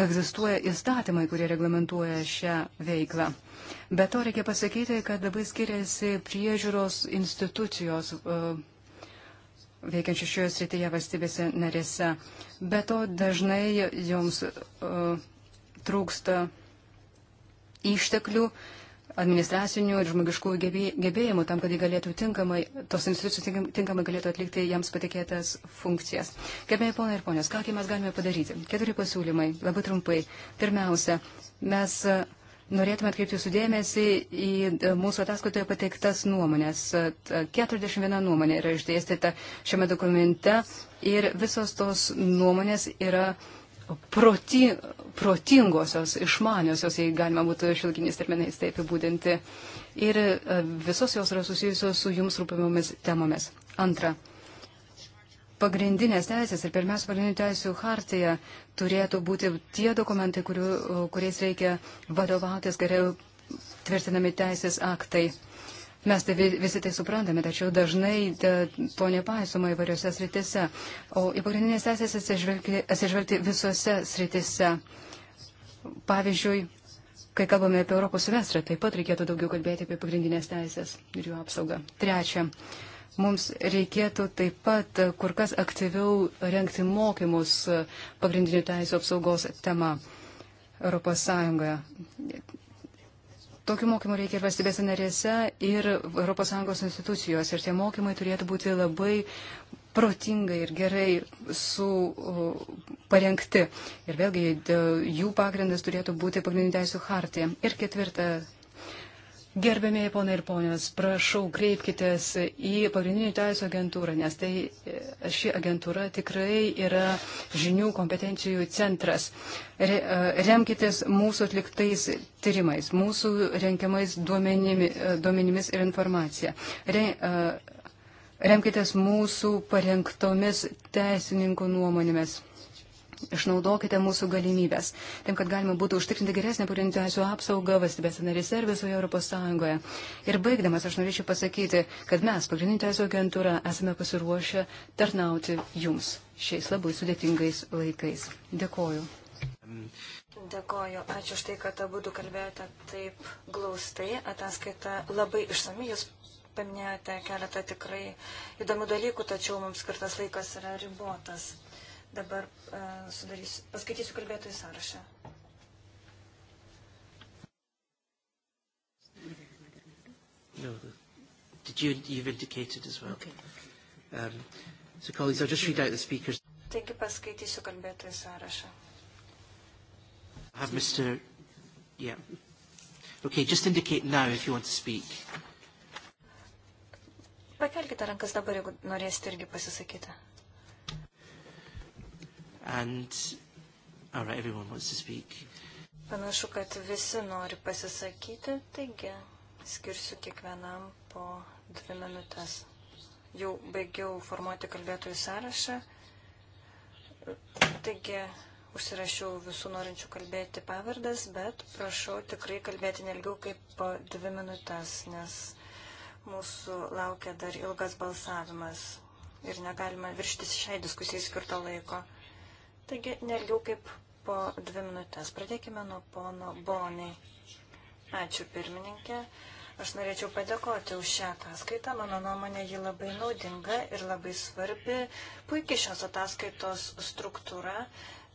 egzistuoja įstatymai, kurie reglamentuoja šią veiklą. Be to reikia pasakyti, kad labai skiriasi priežiūros institucijos e, veikiančių šioje srityje valstybėse narėse. Be to dažnai joms e, trūksta išteklių administracinių ir žmogiškų gebėjimų tam, kad jie galėtų tinkamai, tos institucijos tinkamai galėtų atlikti jiems patikėtas funkcijas. Gerbėjai ponai ir ponios, kągi mes galime padaryti? Keturi pasiūlymai, labai trumpai. Pirmiausia, mes e, norėtume atkreipti jūsų dėmesį į e, mūsų ataskaitoje pateiktas nuomonės. 41 e, nuomonė yra išdėstyta šiame dokumente ir visos tos nuomonės yra proti, protingosios, išmaniosios, jei galima būtų šilkiniais terminais taip apibūdinti. Ir e, visos jos yra susijusios su jums rūpimomis temomis. Antra. Pagrindinės teisės ir pirmiausia pagrindinių teisų hartija turėtų būti tie dokumentai, kuriu, e, kuriais reikia vadovautis geriau tvirtinami teisės aktai. Mes tai visi tai suprantame, tačiau dažnai to nepaisoma įvairiose sritise, o į pagrindinės teisės atsižvelgti, atsižvelgti visose sritise. Pavyzdžiui, kai kalbame apie Europos semestrą, taip pat reikėtų daugiau kalbėti apie pagrindinės teisės ir jų apsaugą. Trečia, mums reikėtų taip pat kur kas aktyviau renkti mokymus pagrindinių teisų apsaugos tema Europos Sąjungoje. Tokių mokymų reikia ir valstybės narėse, ir ES institucijos. Ir tie mokymai turėtų būti labai protingai ir gerai su parengti. Ir vėlgi jų pagrindas turėtų būti pagrindinių teisų hartija. Ir ketvirta. Gerbėmėjai ponai ir ponios, prašau kreipkitės į pagrindinių teisų agentūrą, nes tai e, ši agentūra tikrai yra žinių kompetencijų centras. Re, e, remkitės mūsų atliktais tyrimais, mūsų renkiamais duomenimi, e, duomenimis ir informacija. Re, Remkitės mūsų parengtomis teisininkų nuomonėmis. Išnaudokite mūsų galimybės, tam, kad galima būtų užtikrinti geresnę pagrindinių teisų apsaugą valstybės narėse ir visoje Europos Sąjungoje. Ir baigdamas aš norėčiau pasakyti, kad mes, pagrindinių teisų agentūra, esame pasiruošę tarnauti jums šiais labai sudėtingais laikais. Dėkoju. Dėkoju, ačiū už tai, kad abu kalbėjote taip glaustai, ataskaita labai išsami, jūs paminėjote keletą tikrai įdomių dalykų, tačiau mums skirtas laikas yra ribotas. Dabar e, sudarysiu, paskaitysiu kalbėtojų sąrašą. No, the, did you, you've indicated as well. Okay. Um, so colleagues, I'll just read out the speakers. Taigi paskaitysiu kalbėtojų sąrašą. I have Mr. Yeah. Okay, just indicate now if you want to speak. Pakelkite rankas dabar, jeigu norėsite irgi pasisakyti. And, all right, everyone wants to speak. Panašu, kad visi nori pasisakyti, taigi skirsiu kiekvienam po dvi minutės. Jau baigiau formuoti kalbėtojų sąrašą, taigi užsirašiau visų norinčių kalbėti pavardas, bet prašau tikrai kalbėti nelgiau kaip po dvi minutės, nes Mūsų laukia dar ilgas balsavimas ir negalime virštis šiai diskusijai skirto laiko. Taigi, nelgiau kaip po dvi minutės. Pradėkime nuo pono Boniai. Ačiū pirmininkė. Aš norėčiau padėkoti už šią ataskaitą. Mano nuomonė, ji labai naudinga ir labai svarbi. Puikiai šios ataskaitos struktūra.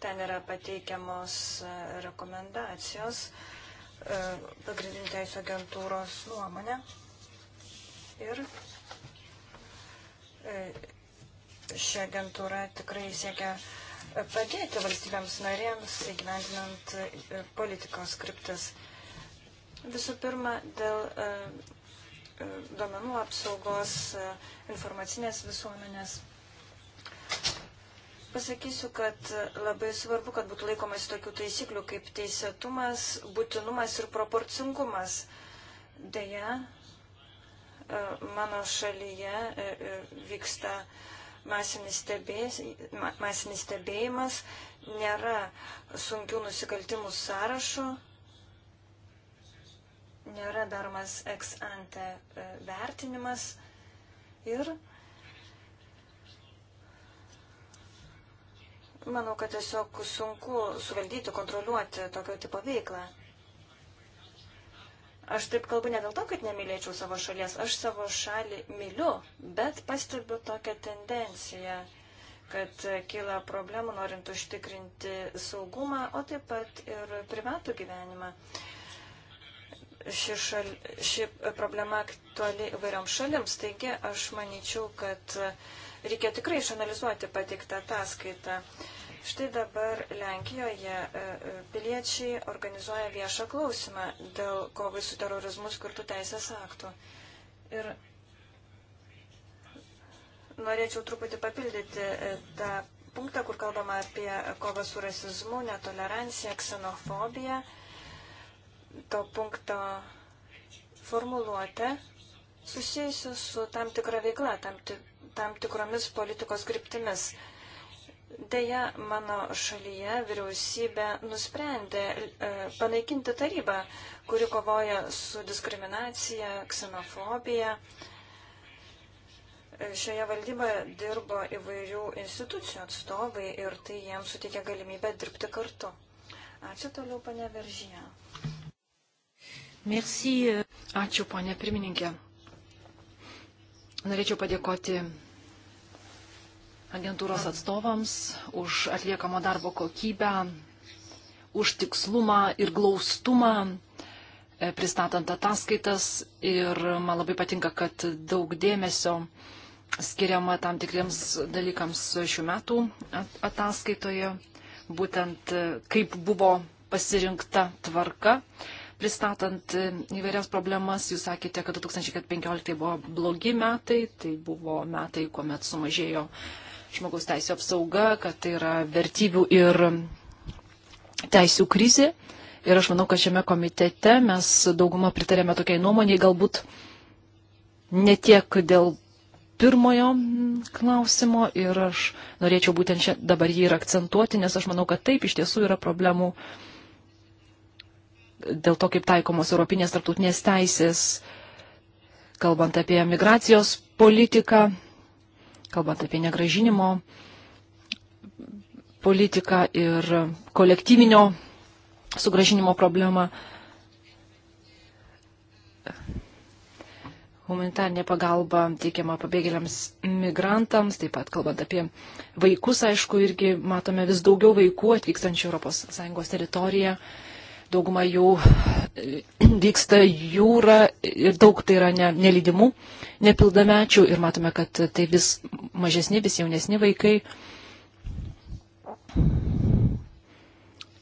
Ten yra pateikiamos e, rekomendacijos e, pagrindinė teisų agentūros nuomonė ir e, ši agentūra tikrai siekia padėti valstybėms narėms įgyvendinant e, politikos skriptis. Visų pirma, dėl e, duomenų apsaugos informacinės visuomenės. Pasakysiu, kad labai svarbu, kad būtų laikomas tokių taisyklių kaip teisėtumas, būtinumas ir proporcingumas. Deja, E, mano šalyje e, e, vyksta masinis, stebės, masinis stebėjimas, nėra sunkių nusikaltimų sąrašo, nėra daromas ex ante vertinimas ir manau, kad tiesiog sunku suvaldyti, kontroliuoti tokio tipo veiklą. Aš taip kalbu ne dėl to, kad nemylėčiau savo šalies, aš savo šalį myliu, bet pastebiu tokią tendenciją, kad kyla problemų norint užtikrinti saugumą, o taip pat ir privatų gyvenimą. Ši, šal, ši problema aktuali įvairiom šalims, taigi aš manyčiau, kad reikia tikrai išanalizuoti patiktą ataskaitą. Uh, Štai dabar Lenkijoje e, e, piliečiai organizuoja viešą klausimą dėl kovai su terorizmu skirtų teisės aktų. Ir norėčiau truputį papildyti e, tą punktą, kur kalbama apie kovą su rasizmu, netoleranciją, ksenofobiją. To punkto formuluotė susijusi su tam tikra veikla, tam, tam tikromis politikos kryptimis. Deja, mano šalyje vyriausybė nusprendė e, panaikinti tarybą, kuri kovoja su diskriminacija, ksenofobija. E, šioje valdyboje dirbo įvairių institucijų atstovai ir tai jiems suteikė galimybę dirbti kartu. Ačiū toliau, pane Veržyje. Merci. E. Ačiū, ponė pirmininkė. Norėčiau padėkoti agentūros atstovams už atliekamo darbo kokybę, už tikslumą ir glaustumą, e, pristatant ataskaitas. Ir man labai patinka, kad daug dėmesio skiriama tam tikriems dalykams šių metų ataskaitoje, būtent e, kaip buvo pasirinkta tvarka. Pristatant e, įvairias problemas, jūs sakėte, kad 2015 buvo blogi metai, tai buvo metai, kuomet sumažėjo uh, žmogaus teisų apsauga, kad tai yra vertybių ir teisų krizė. Ir aš manau, kad šiame komitete mes daugumą pritarėme tokiai nuomoniai, galbūt ne tiek dėl pirmojo klausimo ir aš norėčiau būtent čia dabar jį ir akcentuoti, nes aš manau, kad taip iš tiesų yra problemų dėl to, kaip taikomos europinės tarptautinės teisės, kalbant apie migracijos politiką, kalbant apie negražinimo politiką ir kolektyvinio sugražinimo problemą. Humanitarnė pagalba teikiama pabėgėliams migrantams, taip pat kalbant apie vaikus, aišku, irgi matome vis daugiau vaikų atvykstančių ES teritoriją. Uh, dauguma jų e, vyksta jūra ir daug tai yra ne, nelydimų, nepildamečių ir matome, kad tai vis mažesni, vis jaunesni vaikai.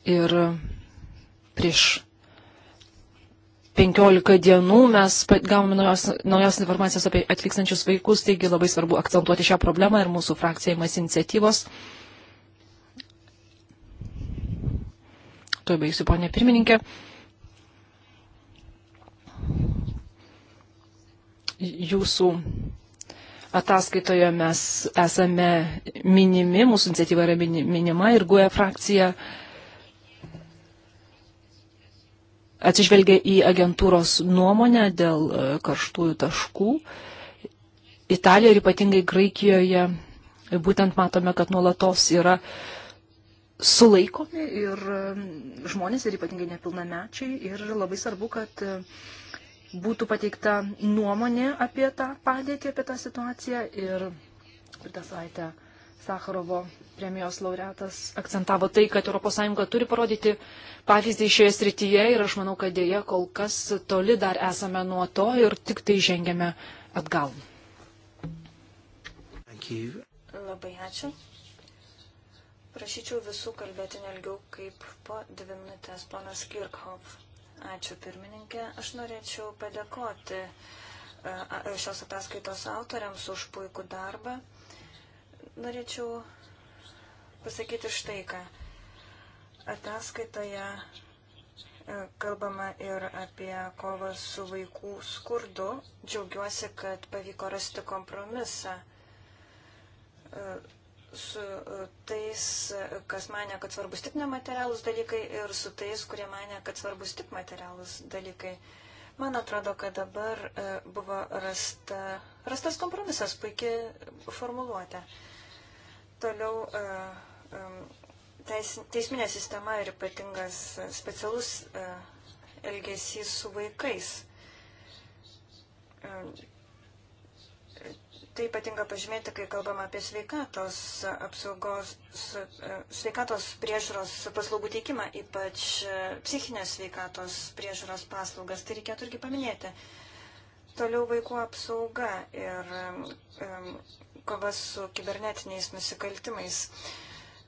Ir prieš 15 dienų mes gavome naujos, naujos informacijos apie atvykstančius vaikus, taigi labai svarbu akcentuoti šią problemą ir mūsų frakcija įmas iniciatyvos Tuo baigsiu, ponė pirmininkė. Jūsų ataskaitoje mes esame minimi, mūsų iniciatyva yra minima ir GUE frakcija atsižvelgia į agentūros nuomonę dėl e, karštųjų taškų. Italijoje ir ypatingai Graikijoje būtent matome, kad nuolatos yra sulaikomi ir žmonės, ir ypatingai nepilnamečiai. Ir labai svarbu, kad būtų pateikta nuomonė apie tą padėtį, apie tą situaciją. Ir praeitą savaitę Sakarovo premijos laureatas akcentavo tai, kad ES turi parodyti pavyzdį šioje srityje ir aš manau, kad dėja kol kas toli dar esame nuo to ir tik tai žengėme atgal. Labai ačiū. Prašyčiau visų kalbėti nelgiau kaip po dvi minutės, ponas Kirchhoff. Ačiū pirmininkė. Aš norėčiau padėkoti e, šios ataskaitos autoriams už puikų darbą. Norėčiau pasakyti štai ką. Ataskaitoje e, kalbama ir apie kovą su vaikų skurdu. Džiaugiuosi, kad pavyko rasti kompromisą e, su e, tais, e, kas mane, kad svarbus tik nematerialus dalykai ir su tais, kurie mane, kad svarbus tik materialus dalykai. Man atrodo, kad dabar e, buvo rasta, rastas kompromisas, puikiai formuluotė. Toliau teis, teisminė sistema ir ypatingas specialus elgesys su vaikais Tai ypatinga pažymėti, kai kalbam apie sveikatos apsaugos, sveikatos priežiūros paslaugų teikimą, ypač psichinės sveikatos priežiūros paslaugas, tai reikėtų irgi paminėti. Toliau vaikų apsauga ir um, kova su kibernetiniais nusikaltimais.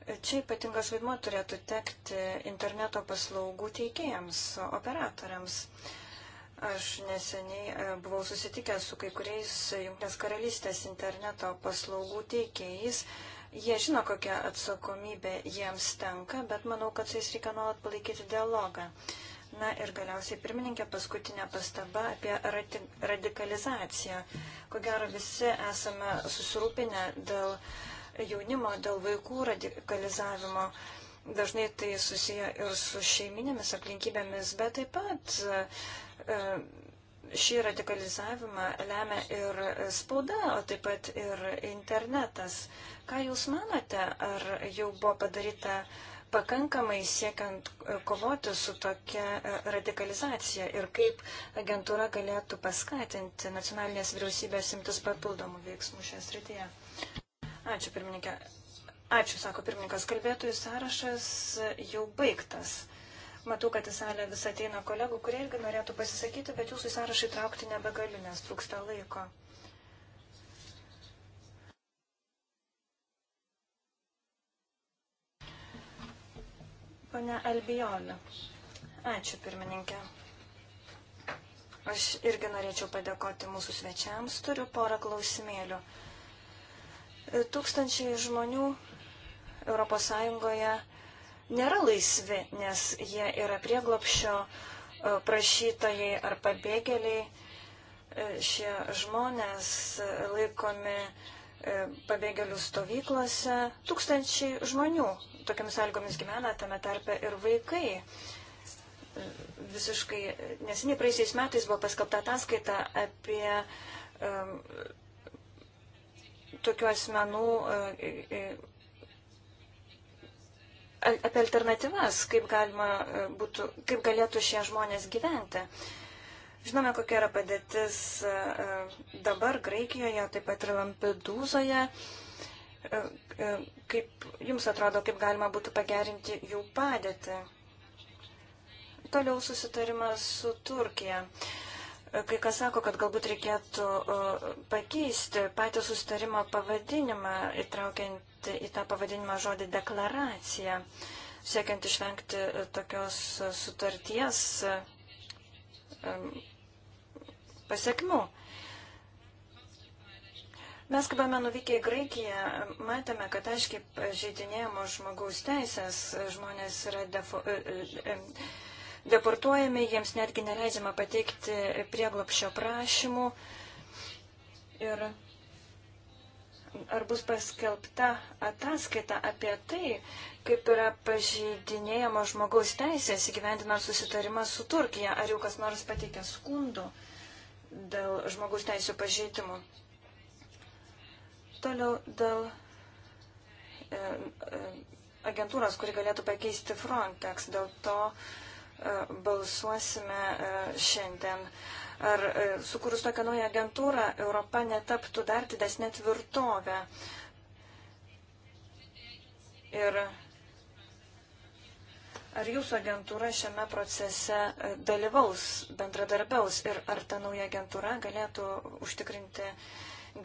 Čia ypatingas vaidmuo turėtų tekti interneto paslaugų teikėjams, operatoriams. Uh, Aš neseniai e, buvau susitikęs su kai kuriais Junktinės karalystės interneto paslaugų teikėjais. Jie žino, kokia atsakomybė jiems tenka, bet manau, kad su jais reikia nuolat palaikyti dialogą. Na ir galiausiai pirmininkė paskutinė pastaba apie radikalizaciją. Ko gero visi esame susirūpinę dėl jaunimo, dėl vaikų radikalizavimo. Dažnai tai susiję ir su šeiminėmis aplinkybėmis, bet taip pat E, šį radikalizavimą lemia ir spauda, o taip pat ir internetas. Ką Jūs manote, ar jau buvo padaryta pakankamai siekiant kovoti su tokia e, radikalizacija ir kaip agentūra galėtų paskatinti nacionalinės vyriausybės imtis papildomų veiksmų šioje srityje? Ačiū, pirmininkė. Ačiū, sako pirmininkas. Kalbėtojų sąrašas jau baigtas. Matau, kad į salę vis ateina kolegų, kurie irgi norėtų pasisakyti, bet jūsų sąrašą įtraukti nebegaliu, nes trūksta laiko. Pane Albijolė. Ačiū, pirmininkė. Aš irgi norėčiau padėkoti mūsų svečiams. Turiu porą klausimėlių. Tūkstančiai žmonių Europos Sąjungoje nėra laisvi, nes jie yra prieglopšio e, prašytojai ar pabėgėliai. E, šie žmonės e, laikomi pabėgėlių stovyklose. Tūkstančiai žmonių tokiamis sąlygomis gyvena, tame tarpe ir vaikai visiškai nesiniai praeisiais metais buvo paskelbta ataskaita apie um, tokių asmenų uh, apie alternatyvas, kaip, galima, e, būtų, kaip galėtų šie žmonės gyventi. Žinome, kokia yra padėtis e, e, dabar Graikijoje, taip pat ir Lampedūzoje. Kaip jums atrodo, kaip galima būtų pagerinti jų padėtį? Toliau susitarimas su Turkija. Uh, Kai kas sako, kad galbūt reikėtų e, pakeisti patį sustarimo pavadinimą, įtraukiant į tą pavadinimą žodį deklaracija, siekiant išvengti e, tokios e, sutarties pasiekmių. Mes, kai buvome nuvykę į Graikiją, matėme, kad aiškiai pažeidinėjamos žmogaus teisės, žmonės yra defo, deportuojami, jiems netgi neleidžiama pateikti prieglopšio prašymų. Ir ar bus paskelbta ataskaita apie tai, kaip yra pažeidinėjama žmogaus teisės įgyvendinant susitarimą su Turkija, ar jau kas nors pateikė skundų dėl žmogaus teisų pažeidimų. Toliau dėl e, e, agentūros, kuri galėtų pakeisti Frontex. Dėl to E, balsuosime e, šiandien. Ar e, sukūrus tokią naują agentūrą, Europa netaptų dar didesnė tvirtovė. Ir ar jūsų agentūra šiame procese dalyvaus, bendradarbiaus ir ar ta nauja agentūra galėtų užtikrinti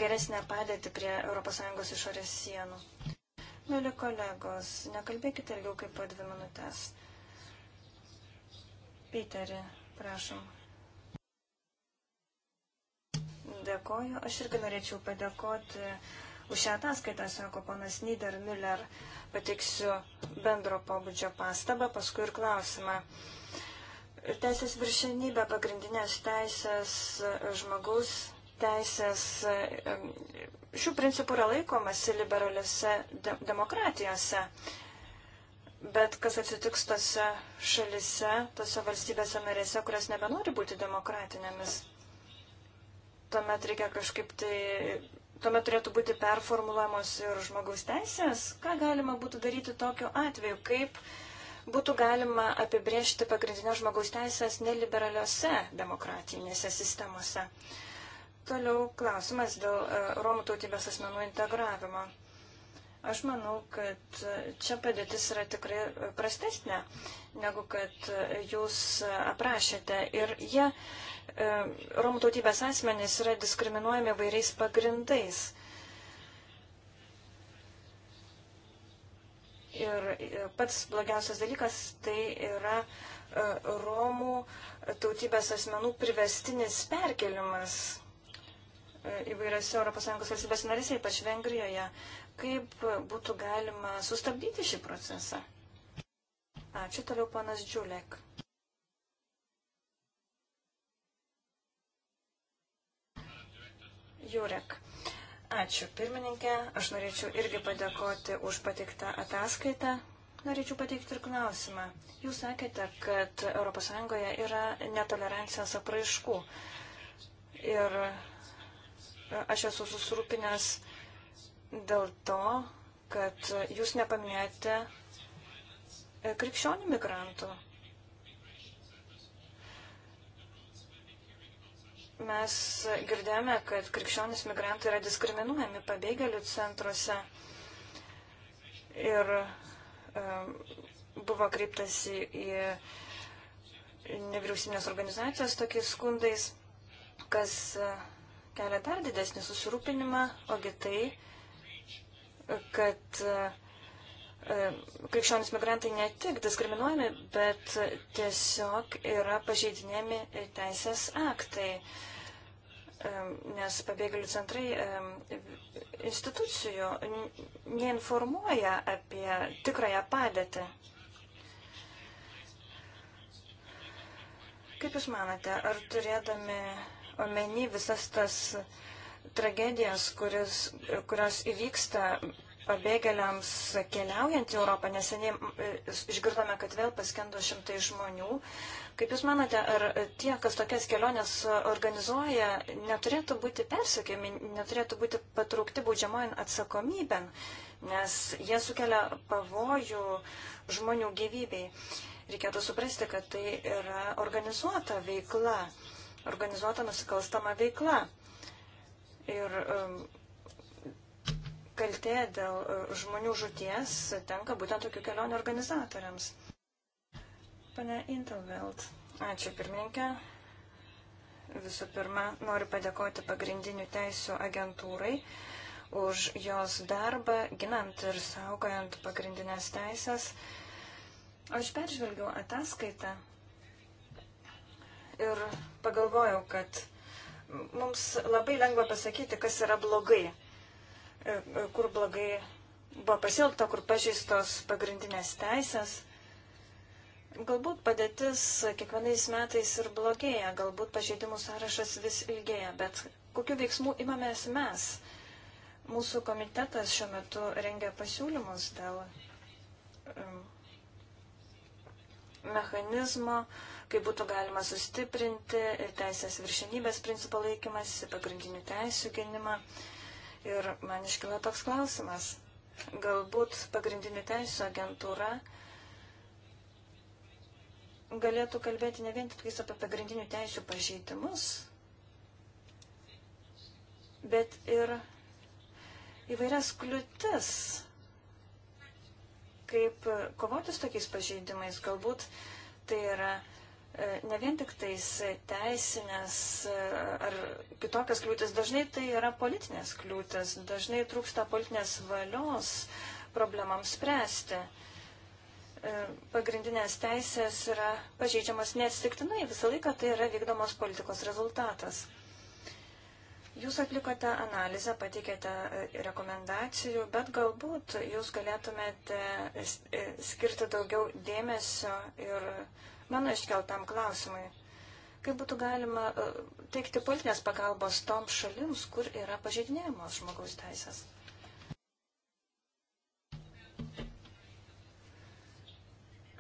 geresnę padėtį prie ES išorės sienų? Mėly kolegos, nekalbėkite ilgiau kaip po dvi minutės. Peterį, prašom. Dėkoju. Aš irgi norėčiau padėkoti už šią ataskaitą, sako ponas Niedermüller. Pateiksiu bendro pobūdžio pastabą, paskui ir klausimą. Teisės viršenybė, pagrindinės teisės, žmogaus teisės, šių principų yra laikomasi liberaliuose demokratijose. Bet kas atsitiks tose šalise, tose valstybėse narėse, kurios nebenori būti demokratinėmis? Tuomet reikia kažkaip tai, tuomet turėtų būti performuluojamos ir žmogaus teisės. Ką galima būtų daryti tokiu atveju? Kaip būtų galima apibriežti pagrindinės žmogaus teisės neliberaliuose demokratinėse sistemose? Toliau klausimas dėl e, Romų tautybės asmenų integravimo. Aš manau, kad čia padėtis yra tikrai prastesnė, negu kad jūs aprašėte. Ir jie, e, romų tautybės asmenys, yra diskriminuojami vairiais pagrindais. Ir e, pats blogiausias dalykas tai yra e, Romų tautybės asmenų privestinis perkelimas įvairiose ES valstybės narėse, ypač Vengrijoje kaip būtų galima sustabdyti šį procesą. Ačiū toliau, panas Džiulek. Jurek. Ačiū, pirmininkė. Aš norėčiau irgi padėkoti už patiktą ataskaitą. Norėčiau pateikti ir klausimą. Jūs sakėte, kad ES yra netolerancijos apraiškų. Ir aš esu susirūpinęs dėl to, kad jūs nepaminėjote e, krikščionių migrantų. Mes girdėjome, kad krikščionis migrantai yra diskriminuojami pabėgėlių centruose ir um, buvo kreiptas į, į nevyriausybinės organizacijos tokiais skundais, kas e, kelia dar didesnį susirūpinimą, ogi tai, kad e, krikščionis migrantai ne tik diskriminuojami, bet tiesiog yra pažeidinėmi teisės aktai, e, nes pabėgėlių centrai e, institucijų neinformuoja apie tikrąją padėtį. Kaip Jūs manate, ar turėdami omeny visas tas uh, tragedijas, kuris, kurios įvyksta pabėgėliams keliaujant į Europą. Neseniai e, išgirdome, kad vėl paskendo šimtai žmonių. Kaip Jūs manote, ar tie, kas tokias keliones organizuoja, neturėtų būti persikėmi, neturėtų būti patraukti baudžiamojant atsakomybėn, nes jie sukelia pavojų žmonių gyvybei. Reikėtų suprasti, kad tai yra organizuota veikla, organizuota nusikalstama veikla. Ir um, kaltė dėl uh, žmonių žuties tenka būtent tokių kelionių organizatoriams. Pane Intelveld, ačiū pirmininkė. Visų pirma, noriu padėkoti pagrindinių teisų agentūrai už jos darbą, ginant ir saugojant pagrindinės teisės. Aš peržvelgiau ataskaitą ir pagalvojau, kad Mums labai lengva pasakyti, kas yra blogai, e, e, kur blogai buvo pasilgta, kur pažįstos pagrindinės teisės. Galbūt padėtis kiekvienais metais ir blogėja, galbūt pažeidimų sąrašas vis ilgėja, bet kokiu veiksmu imamės mes? Mūsų komitetas šiuo metu rengia pasiūlymus dėl um, mechanizmo, kaip būtų galima sustiprinti teisės viršenybės principą laikymas, pagrindinių teisų gynimą. Ir man iškilo toks klausimas. Galbūt pagrindinių teisų agentūra galėtų kalbėti ne vien tik apie pagrindinių teisų pažeidimus, bet ir įvairias kliūtis, kaip kovoti su tokiais pažeidimais. Galbūt tai yra E, ne vien tik tais teisinės e, ar kitokias kliūtis, dažnai tai yra politinės kliūtis, dažnai trūksta politinės valios problemams spręsti. E, pagrindinės teisės yra pažeidžiamas neatsitiktinai, visą laiką tai yra vykdomos politikos rezultatas. Jūs atlikote analizę, pateikėte rekomendacijų, bet galbūt jūs galėtumėte skirti daugiau dėmesio ir uh, mano iškeltam klausimui. Kaip būtų galima e, teikti politinės pagalbos toms šalims, kur yra pažeidinėjamos žmogaus teisės?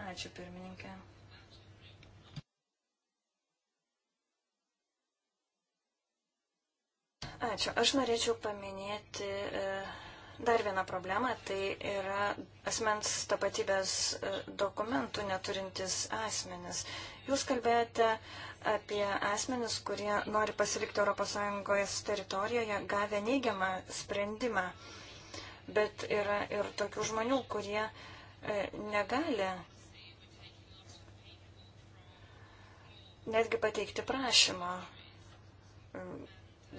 Ačiū pirmininkė. Ačiū. Aš norėčiau paminėti e, Dar viena problema tai yra asmens tapatybės e, dokumentų neturintis asmenis. Jūs kalbėjote apie asmenis, kurie nori pasilikti ES teritorijoje, gavę neigiamą sprendimą. Bet yra ir tokių žmonių, kurie e, negali netgi pateikti prašymą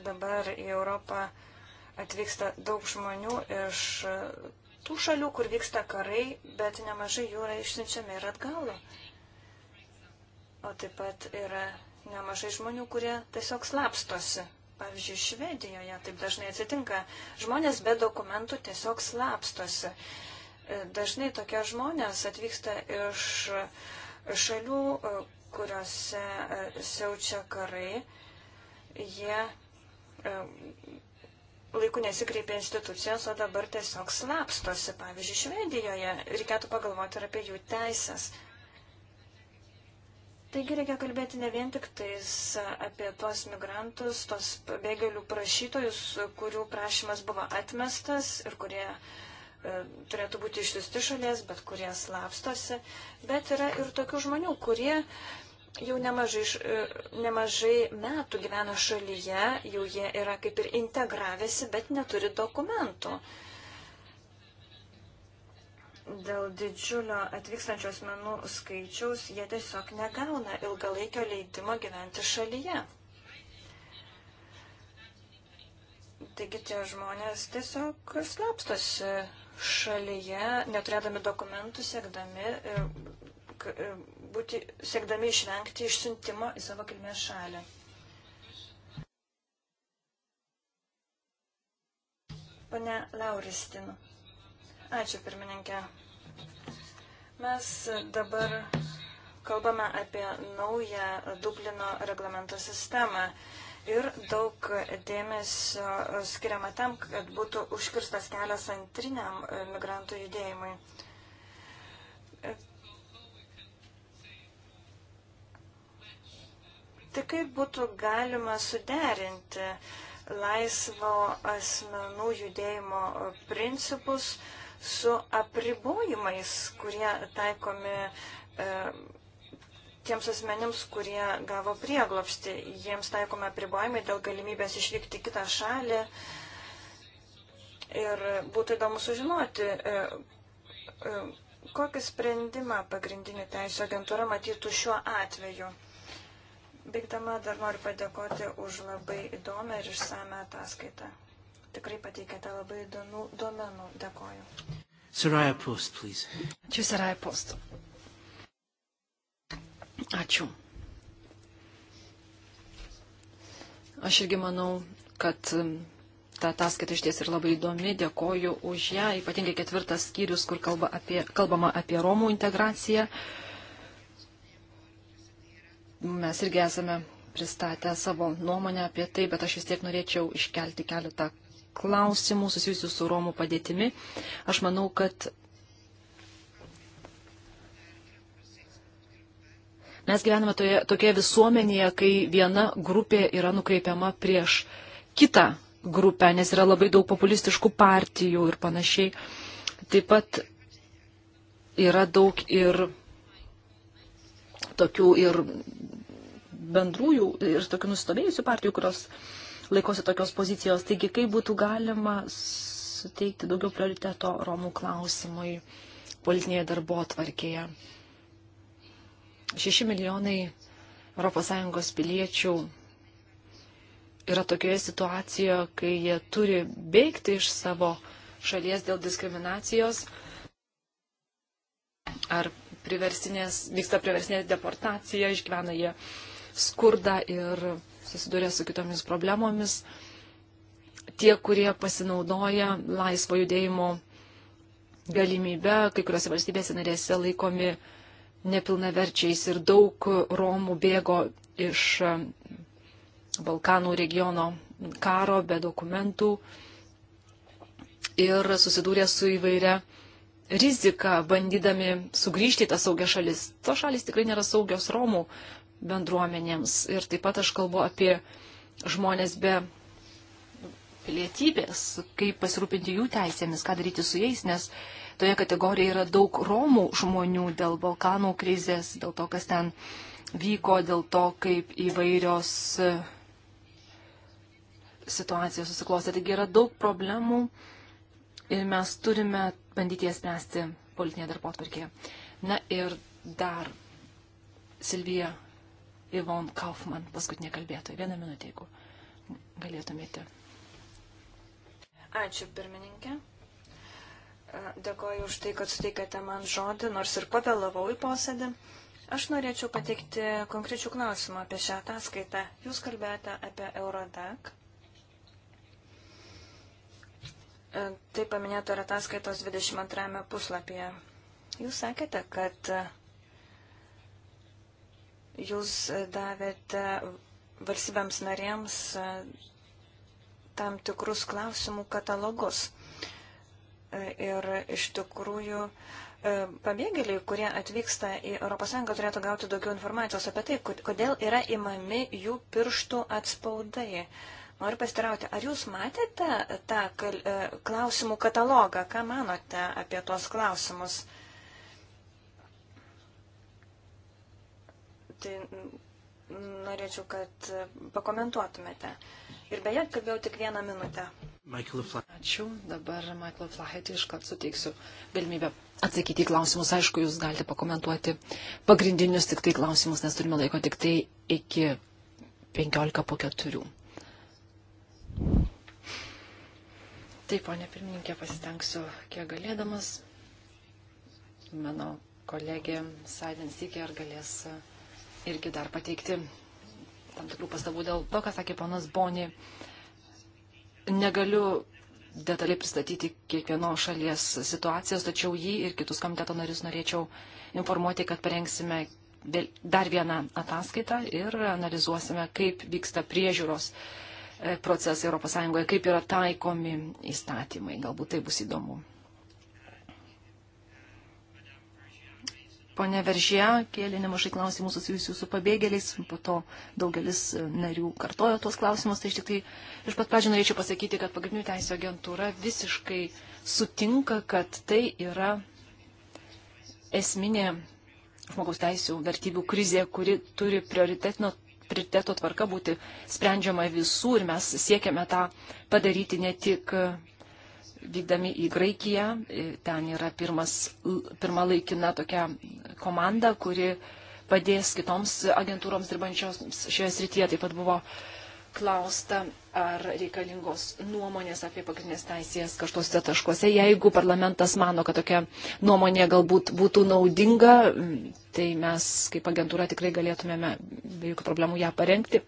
dabar į Europą atvyksta daug žmonių iš tų šalių, kur vyksta karai, bet nemažai jų yra išsiunčiami ir atgalo. O taip pat yra nemažai žmonių, kurie tiesiog slapstosi. Pavyzdžiui, Švedijoje taip dažnai atsitinka. Žmonės be dokumentų tiesiog slapstosi. Dažnai tokie žmonės atvyksta iš šalių, kuriuose siaučia karai. Jie laiku nesikreipė institucijos, o dabar tiesiog slapstosi. Pavyzdžiui, Švedijoje reikėtų pagalvoti ir apie jų teisės. Taigi reikia kalbėti ne vien tik tais apie tuos migrantus, tos pabėgėlių prašytojus, kurių prašymas buvo atmestas ir kurie e, turėtų būti išsiusti šalies, bet kurie slapstosi, bet yra ir tokių žmonių, kurie jau nemažai, e, nemažai metų gyvena šalyje, jau jie yra kaip ir integravęsi, bet neturi dokumentų. Dėl didžiulio atvykstančių asmenų skaičiaus jie tiesiog negauna ilgalaikio leidimo gyventi šalyje. Taigi tie žmonės tiesiog slapstosi šalyje, neturėdami dokumentų, siekdami e, e, būti, siekdami išvengti išsiuntimo į savo kilmės šalį. Pane Lauristinu. Ačiū, pirmininkė. Mes dabar kalbame apie naują Dublino reglamento sistemą ir daug dėmesio skiriama tam, kad būtų užkirstas kelias antriniam migrantų judėjimui. Tai kaip būtų galima suderinti laisvo asmenų judėjimo principus su apribojimais, kurie taikomi e, tiems asmenims, kurie gavo prieglopsti. Jiems taikome apribojimai dėl galimybės išvykti kitą šalį. Ir būtų įdomu sužinoti, e, e, kokį sprendimą pagrindinių teisų agentūra matytų šiuo atveju. Baigdama dar noriu padėkoti už labai įdomią ir išsame ataskaitą. Tikrai pateikėte labai įdomių duomenų. Dėkoju. Saraja Post, please. Ačiū, Saraja Post. Ačiū. Aš irgi manau, kad um, ta ataskaita iš ties ir labai įdomi, dėkoju už ją, ypatingai ketvirtas skyrius, kur kalba apie, kalbama apie Romų integraciją. Uh, mes irgi esame pristatę savo nuomonę apie tai, bet aš vis tiek norėčiau iškelti keletą klausimų susijusių su Romų padėtimi. Aš manau, kad mes gyvename toje, tokioje visuomenėje, kai viena grupė yra nukreipiama prieš kitą grupę, nes yra labai daug populistiškų partijų ir panašiai. Taip pat yra daug ir tokių ir bendrųjų ir tokių nusistovėjusių partijų, kurios laikosi tokios pozicijos. Taigi, kaip būtų galima suteikti daugiau prioriteto Romų klausimui politinėje darbo atvarkėje. 6 milijonai ES piliečių yra tokioje situacijoje, kai jie turi bėgti iš savo šalies dėl diskriminacijos ar priversinės, vyksta priversinė deportacija, išgyvena jie skurdą ir susiduria su kitomis problemomis. Tie, kurie pasinaudoja laisvo judėjimo galimybę, kai kuriuose valstybėse narėse laikomi nepilnaverčiais ir daug Romų bėgo iš e, Balkanų regiono karo be dokumentų ir susidūrė su įvairia rizika, bandydami sugrįžti į tą saugią šalis. To šalis tikrai nėra saugios Romų bendruomenėms. Ir taip pat aš kalbu apie žmonės be pilietybės, kaip pasirūpinti jų teisėmis, ką daryti su jais, nes toje kategorijoje yra daug Romų žmonių dėl Balkanų krizės, dėl to, kas ten vyko, dėl to, kaip įvairios e, situacijos susiklostė. Taigi yra daug problemų ir mes turime bandyti jas spręsti politinėje darbo atvarkėje. Na ir dar Silvija Ivon Kaufman, paskutinė kalbėtoja. Vieną minutę, jeigu galėtumėte. Ačiū, pirmininkė. E, dėkoju už tai, kad suteikėte man žodį, nors ir pavėlavau į posėdį. Aš norėčiau pateikti konkrečių klausimų apie šią ataskaitą. Jūs kalbėjote apie Eurodac. E, tai paminėta ir ataskaitos 22 puslapyje. Jūs sakėte, kad Jūs e, davėte valstybėms narėms e, tam tikrus klausimų katalogus. E, ir iš tikrųjų pabėgėliai, kurie atvyksta į ES, turėtų gauti daugiau informacijos apie tai, kodėl yra imami jų pirštų atspaudai. Noriu pasitarauti, ar jūs matėte tą klausimų katalogą? Ką manote apie tuos klausimus? tai norėčiau, kad pakomentuotumėte. Ir beje, kalbėjau tik vieną minutę. Ačiū. Dabar Michael Flahetį iškart suteiksiu galimybę atsakyti į klausimus. Aišku, jūs galite pakomentuoti pagrindinius tik tai klausimus, nes turime laiko tik tai iki 15 po 4. Taip, ponė pirmininkė, pasitengsiu kiek galėdamas. Mano kolegė Saidin Sikė ar galės uh, irgi dar pateikti tam tikrų pastabų dėl to, ką sakė ponas Boni. Negaliu detaliai pristatyti kiekvienos šalies situacijos, tačiau jį ir kitus komiteto narius norėčiau informuoti, kad parengsime dar vieną ataskaitą ir analizuosime, kaip vyksta priežiūros e, procesai ES, kaip yra taikomi įstatymai. Galbūt tai bus įdomu. Pone Veržė kėlė nemažai klausimų susijusių su pabėgėliais, po to daugelis narių kartojo tuos klausimus. Tai iš tik tai iš pat pradžių norėčiau pasakyti, kad pagrindinių teisų agentūra visiškai sutinka, kad tai yra esminė žmogaus teisų vertybių krizė, kuri turi prioritetinio prioriteto tvarka būti sprendžiama visų ir mes siekiame tą padaryti ne tik vykdami į Graikiją. Ten yra pirmas, pirma laikina tokia komanda, kuri padės kitoms agentūroms dirbančioms šioje srityje. Taip pat buvo klausta, ar reikalingos nuomonės apie pagrindinės teisės kažkose taškuose. Jeigu parlamentas mano, kad tokia nuomonė galbūt būtų naudinga, tai mes kaip agentūra tikrai galėtumėme be jokių problemų ją parengti.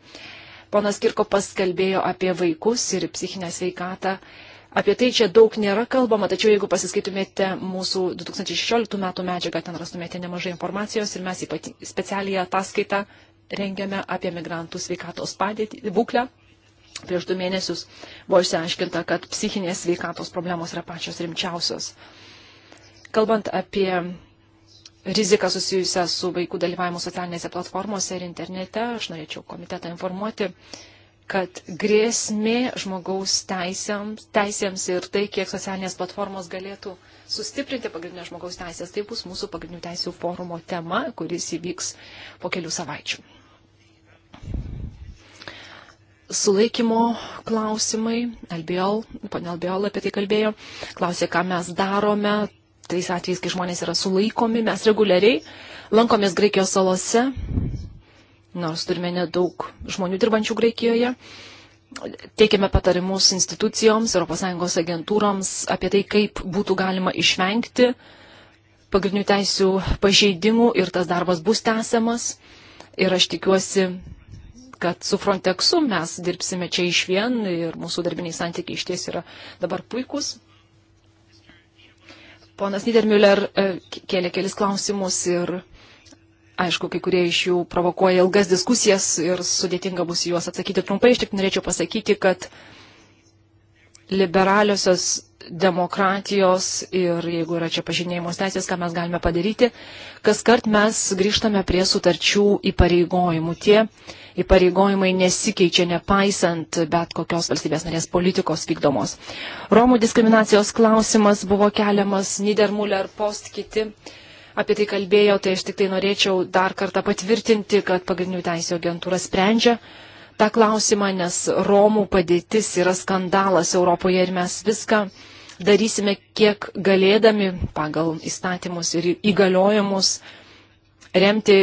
Ponas Kirko paskalbėjo apie vaikus ir psichinę sveikatą. Apie tai čia daug nėra kalbama, tačiau jeigu pasiskaitumėte mūsų 2016 metų medžiagą, ten rastumėte nemažai informacijos ir mes ypati, specialiją ataskaitą rengiame apie migrantų sveikatos padėtį, būklę. Prieš du mėnesius buvo išsiaiškinta, kad psichinės sveikatos problemos yra pačios rimčiausios. Kalbant apie riziką susijusią su vaikų dalyvavimu socialinėse platformose ir internete, aš norėčiau komitetą informuoti, kad grėsmė žmogaus teisėms, teisėms ir tai, kiek socialinės platformos galėtų sustiprinti pagrindinės žmogaus teisės, tai bus mūsų pagrindinių teisų forumo tema, kuris įvyks po kelių savaičių. Sulaikymo klausimai, Albiol, ponia Albiol apie tai kalbėjo, klausė, ką mes darome, tais atvejais, kai žmonės yra sulaikomi, mes reguliariai lankomės Graikijos salose, nors turime nedaug žmonių dirbančių Graikijoje. Teikiame patarimus institucijoms, ES agentūroms apie tai, kaip būtų galima išvengti pagrindinių teisių pažeidimų ir tas darbas bus tęsiamas. Ir aš tikiuosi, kad su Frontexu mes dirbsime čia iš vien ir mūsų darbiniai santykiai iš ties yra dabar puikus. Ponas Niedermüller e, kėlė kelis klausimus ir Aišku, kai kurie iš jų provokuoja ilgas diskusijas ir sudėtinga bus juos atsakyti trumpai. Iš tik norėčiau pasakyti, kad liberaliosios demokratijos ir jeigu yra čia pažinėjimos teisės, ką mes galime padaryti, kas kart mes grįžtame prie sutarčių įpareigojimų. Tie įpareigojimai nesikeičia nepaisant bet kokios valstybės narės politikos vykdomos. Romų diskriminacijos klausimas buvo keliamas Niedermuller post kiti. Uh, apie tai kalbėjo, tai aš tik tai norėčiau dar kartą patvirtinti, kad pagrindinių teisų agentūra sprendžia tą klausimą, nes Romų padėtis yra skandalas Europoje ir mes viską darysime, kiek galėdami pagal įstatymus ir įgaliojimus remti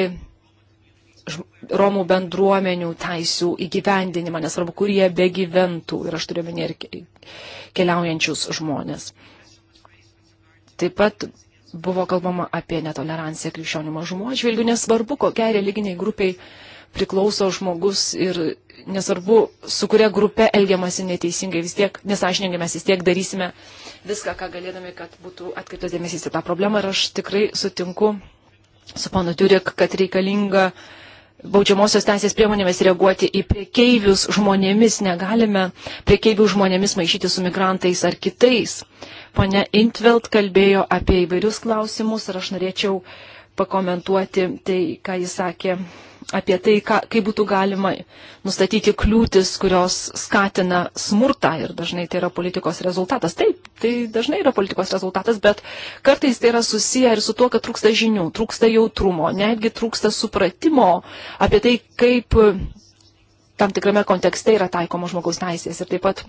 Romų bendruomenių teisų įgyvendinimą, nesvarbu, kur jie begyventų, ir aš turiu minėti ir keliaujančius žmonės. Taip pat buvo kalbama apie netoleranciją krikščionių mažumų atžvilgių, nesvarbu, kokiai religiniai grupiai priklauso žmogus ir nesvarbu, su kuria grupė elgiamasi neteisingai, vis tiek nesažininkai mes vis tiek darysime viską, ką galėdami, kad būtų atkreiptas dėmesys į tą problemą. Ir aš tikrai sutinku su panu Turek, kad reikalinga baudžiamosios teisės priemonėmis reaguoti į priekeivius žmonėmis. Negalime priekeivių žmonėmis maišyti su migrantais ar kitais. Pone Intveld kalbėjo apie įvairius klausimus ir aš norėčiau pakomentuoti tai, ką jis sakė apie tai, ką, kaip būtų galima nustatyti kliūtis, kurios skatina smurtą ir dažnai tai yra politikos rezultatas. Taip, tai dažnai yra politikos rezultatas, bet kartais tai yra susiję ir su tuo, kad trūksta žinių, trūksta jautrumo, netgi trūksta supratimo apie tai, kaip tam tikrame kontekste yra taikoma žmogaus teisės ir taip pat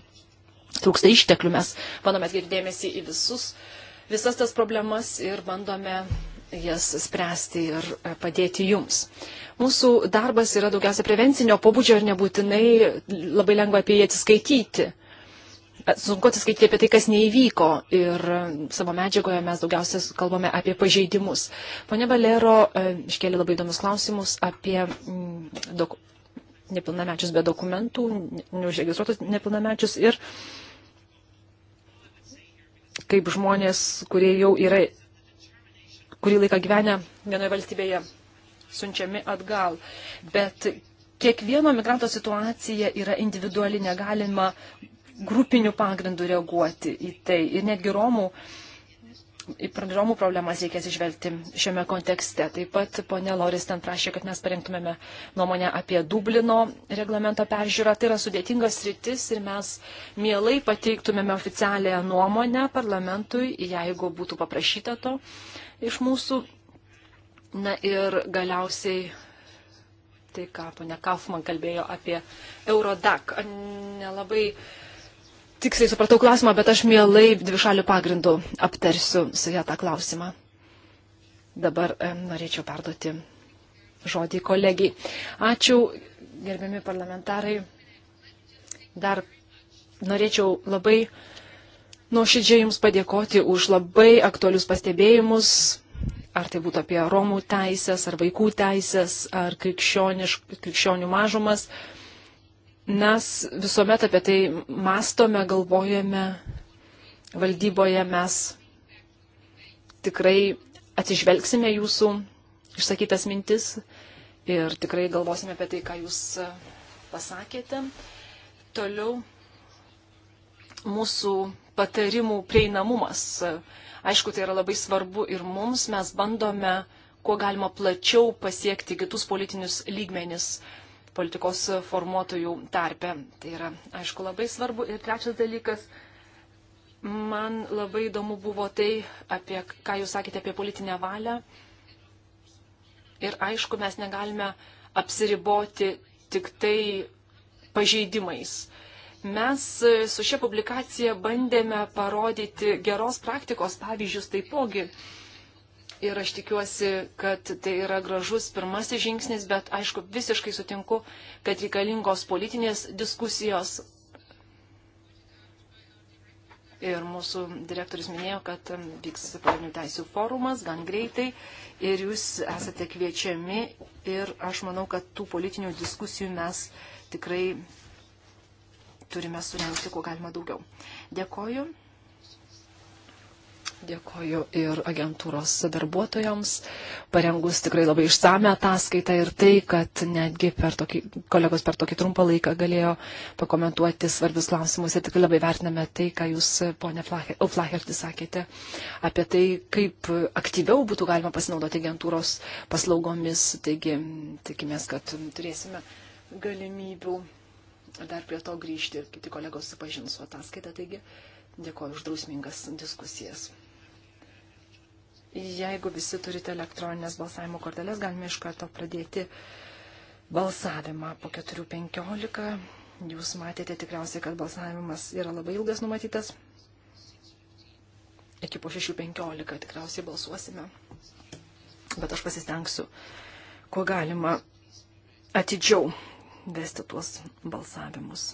trūksta išteklių. Mes bandome atkreipti dėmesį į visus, visas tas problemas ir bandome jas spręsti ir e, padėti jums. Mūsų darbas yra daugiausia prevencinio pobūdžio ir nebūtinai labai lengva apie jį atsiskaityti. E, sunku atsiskaityti apie tai, kas neįvyko ir e, savo medžiagoje mes daugiausia kalbame apie pažeidimus. Pone Valero iškėlė labai įdomius klausimus apie mm, nepilnamečius be dokumentų, neužregistruotus nepilnamečius ir kaip žmonės, kurie jau yra kurį laiką gyvenę vienoje valstybėje, siunčiami atgal. Bet kiekvieno migranto situacija yra individuali, negalima grupinių pagrindų reaguoti į tai. Ir netgi Romų uh, į romų problemas reikės išvelgti šiame kontekste. Taip pat ponė Loris ten prašė, kad mes parengtumėme nuomonę apie Dublino reglamento peržiūrą. Tai yra sudėtingas rytis ir mes mielai pateiktumėme oficialią nuomonę parlamentui, jeigu būtų paprašyta to iš mūsų. Na ir galiausiai tai, ką ponė Kaufman kalbėjo apie Eurodak. Nelabai. Ne tiksliai supratau klausimą, bet aš mielai dvišalių pagrindų aptarsiu su ją tą klausimą. Dabar e, norėčiau perduoti žodį kolegijai. Ačiū, gerbiami parlamentarai. Dar norėčiau labai nuoširdžiai Jums padėkoti už labai aktualius pastebėjimus, ar tai būtų apie Romų teisės, ar vaikų teisės, ar krikščionių mažumas. Uh, mes visuomet apie tai mastome, galvojame, valdyboje mes tikrai atsižvelgsime jūsų išsakytas mintis ir tikrai galvosime apie tai, ką jūs e, pasakėte. Toliau mūsų patarimų prieinamumas. Aišku, tai yra labai svarbu ir mums, mes bandome kuo galima plačiau pasiekti kitus politinius lygmenis politikos formuotojų tarpe. Tai yra, aišku, labai svarbu. Ir trečias dalykas, man labai įdomu buvo tai, apie ką jūs sakėte apie politinę valią. Ir aišku, mes negalime apsiriboti tik tai pažeidimais. Mes su šia publikacija bandėme parodyti geros praktikos pavyzdžius taipogi. Uh, Ir aš tikiuosi, kad tai yra gražus pirmasis žingsnis, bet aišku, visiškai sutinku, kad reikalingos politinės diskusijos. Ir mūsų direktorius minėjo, kad um, vyks politinių teisų forumas gan greitai ir jūs esate kviečiami ir aš manau, kad tų politinių diskusijų mes tikrai turime surinkti kuo galima daugiau. Dėkoju. Dėkoju ir agentūros darbuotojams, parengus tikrai labai išsame ataskaitą ir tai, kad netgi per tokį, kolegos per tokį trumpą laiką galėjo pakomentuoti svarbius klausimus ir tikrai labai vertiname tai, ką jūs, ponė Flaherty, sakėte apie tai, kaip aktyviau būtų galima pasinaudoti agentūros paslaugomis. Taigi, tikimės, kad turėsime galimybių dar prie to grįžti ir kiti kolegos supažins su ataskaita. Taigi, Dėkoju už drausmingas diskusijas. Jeigu visi turite elektroninės balsavimo korteles, galime iš karto pradėti balsavimą po 4.15. Jūs matėte tikriausiai, kad balsavimas yra labai ilgas numatytas. Iki po 6.15 tikriausiai balsuosime. Bet aš pasistengsiu, kuo galima atidžiau vesti tuos balsavimus.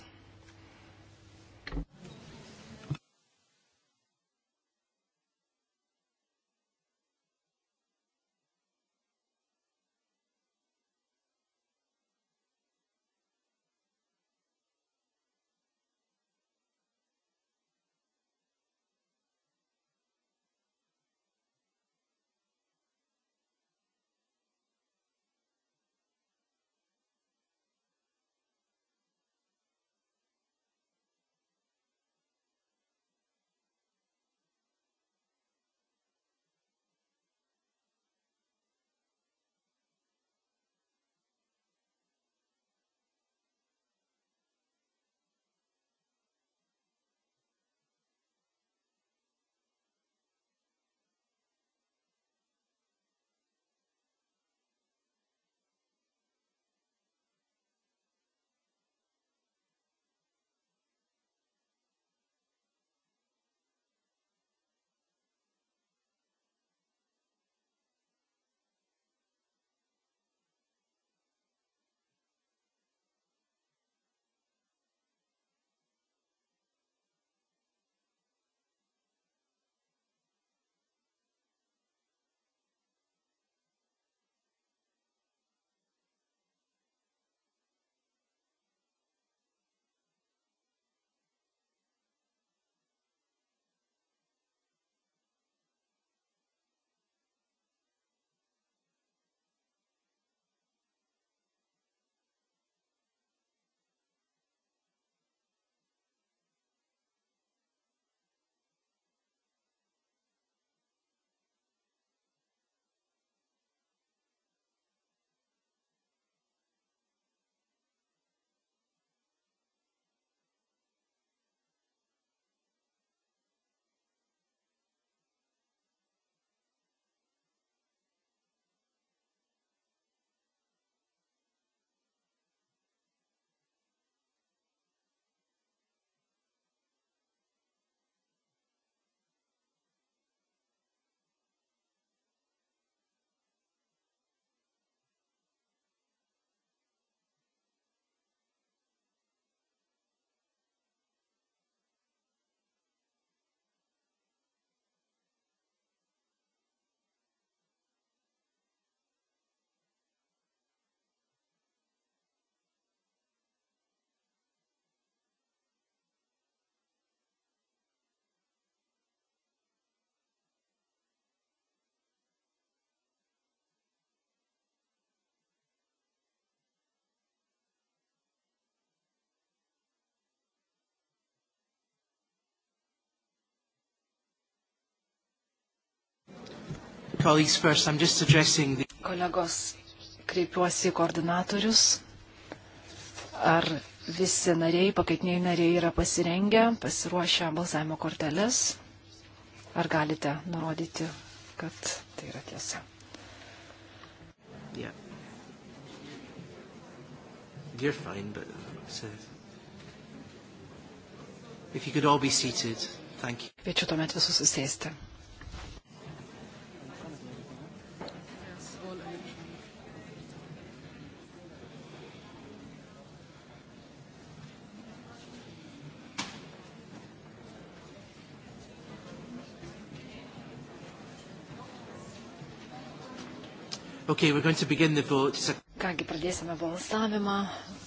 Kolegos, kreipiuosi į koordinatorius. Ar visi nariai, pakaitiniai nariai yra pasirengę, pasiruošę balsavimo korteles? Ar galite nurodyti, kad tai yra tiesa? Yeah. You're fine, but so if you could all be seated, thank you. Kviečiu tuomet visus susėsti. Okay, Kągi, pradėsime balsavimą.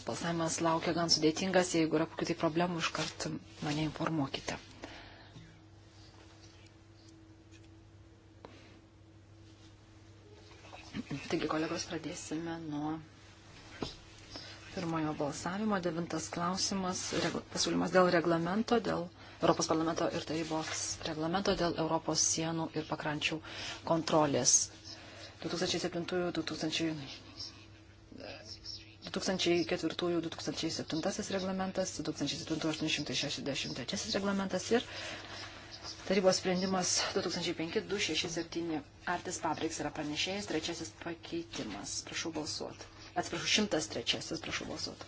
Balsavimas laukia gan sudėtingas, jeigu yra kokių tai problemų, iškart mane informuokite. Taigi, kolegos, pradėsime nuo pirmojo balsavimo. Devintas klausimas, regla, pasiūlymas dėl reglamento, dėl Europos parlamento ir tarybos reglamento, dėl Europos sienų ir pakrančių kontrolės 2004-2007 reglamentas, 2007-863 reglamentas ir tarybos sprendimas 2005-267. Artis Pabriks yra pranešėjas, trečiasis pakeitimas. Prašau balsuoti. Atsiprašau, 103, prašau balsuoti.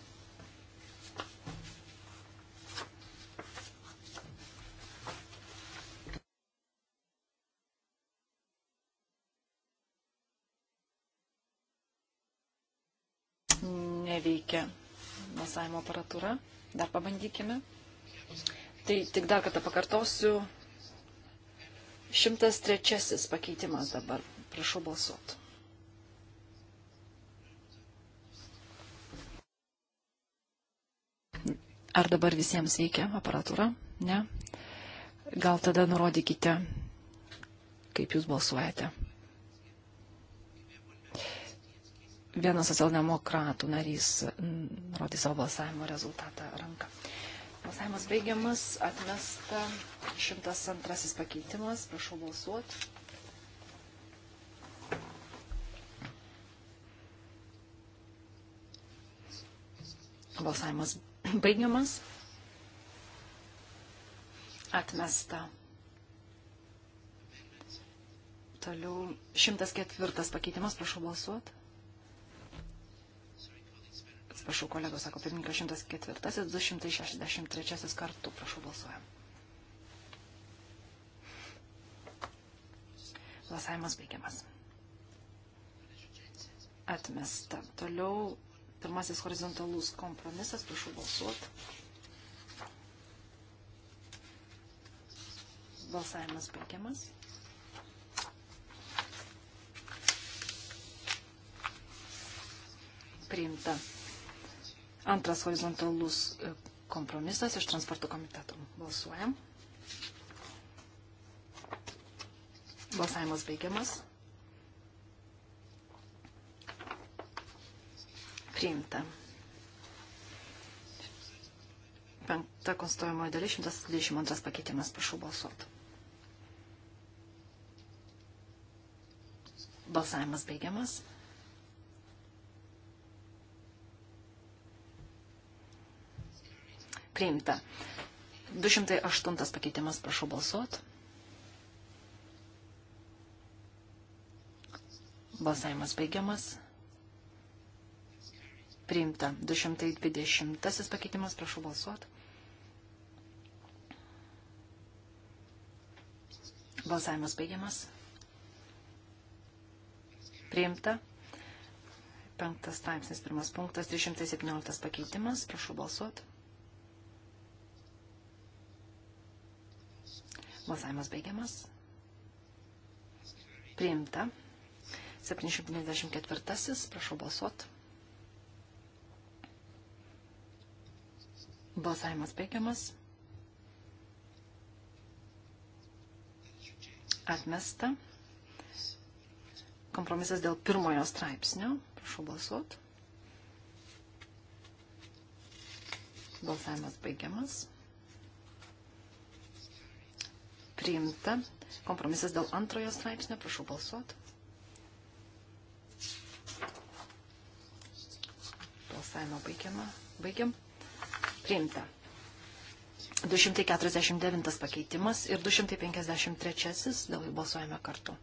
neveikia balsavimo aparatūra. Dar pabandykime. Tai tik dar kartą pakartosiu. 103 pakeitimas dabar. Prašau balsuoti. Ar dabar visiems veikia aparatūra? Ne. Gal tada nurodykite, kaip jūs balsuojate. vienas socialdemokratų narys mm, rodė savo balsavimo rezultatą ranką. Balsavimas baigiamas, atmesta 102 pakeitimas, prašau balsuoti. Balsavimas baigiamas, atmesta. Toliau 104 pakeitimas, prašau balsuoti atsiprašau, kolegos, sako pirmininkas 104, 263 kartų, prašau, balsuojam. Balsavimas baigiamas. Atmesta. Toliau pirmasis horizontalus kompromisas, prašau balsuoti. Balsavimas baigiamas. priimta. Antras horizontalus e, kompromisas iš transporto komiteto. Balsuojam. Balsavimas baigiamas. Priimta. Penkta konstituojamoji dalis 122 pakeitimas. Prašau balsuoti. Balsavimas baigiamas. priimta. 208 pakeitimas, prašau balsuot. Balsavimas baigiamas. Priimta. 220 pakeitimas, prašau balsuot. Balsavimas baigiamas. Priimta. Penktas straipsnis, pirmas punktas, 317 pakeitimas. Prašau balsuoti. Balsavimas baigiamas. Priimta. 794. Prašau balsuot. Balsavimas baigiamas. Atmesta. Kompromisas dėl pirmojo straipsnio. Prašau balsuot. Balsavimas baigiamas. priimta. Kompromisas dėl antrojo straipsnio, prašau balsuoti. Balsavimą baigiama. Baigiam. Priimta. 249 pakeitimas ir 253 dėl jų balsuojame kartu.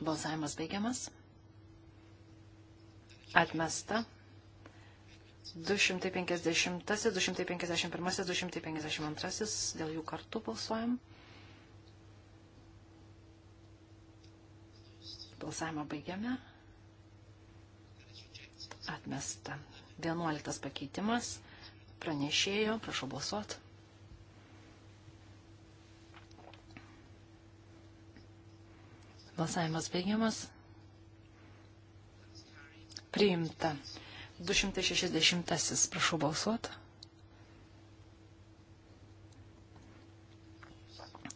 Balsavimas baigiamas. Atmesta. 250, 251, 252, dėl jų kartu balsuojam. Balsavimą baigiame. Atmesta. 11 pakeitimas. Pranešėjo, prašau balsuot. Balsavimas baigiamas. Priimta. 260. Prašau balsuoti.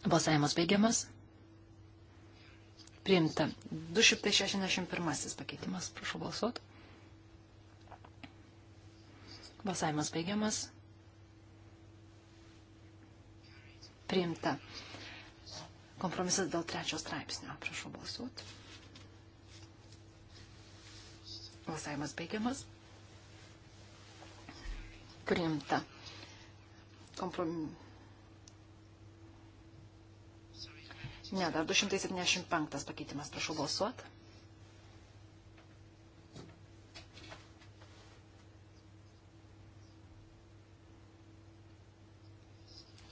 Balsavimas baigiamas. Priimta. 261 pakeitimas. Prašau balsuoti. Balsavimas baigiamas. Priimta. Kompromisas dėl trečio straipsnio. Prašau balsuoti. Balsavimas baigiamas priimta. Komprom... Ne, dar 275 pakeitimas, prašau balsuoti.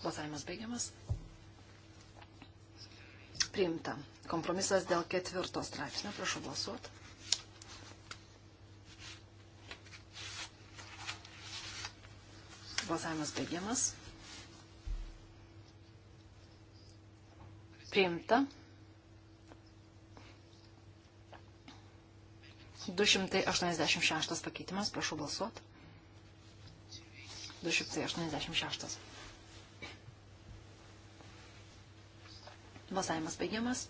Balsavimas baigiamas. Priimta. Kompromisas dėl ketvirto straipsnio. Prašau balsuoti. Balsavimas baigiamas. Priimta. 286 pakeitimas, prašau balsuoti. 286. Balsavimas baigiamas.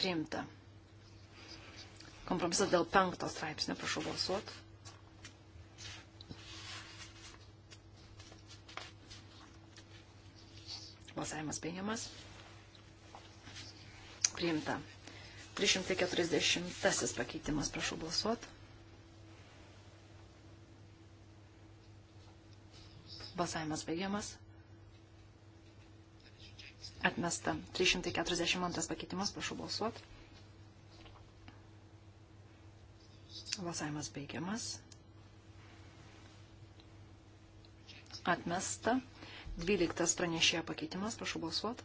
Priimta. Kompromisas dėl penkto straipsnio, prašau balsuoti. Balsavimas baigiamas. Priimta. 340 pakeitimas, prašau balsuot. Balsavimas baigiamas. Atmesta. 342 pakeitimas, prašau balsuot. Balsavimas baigiamas. Atmesta. 12 pranešėjo pakeitimas, prašau balsuot.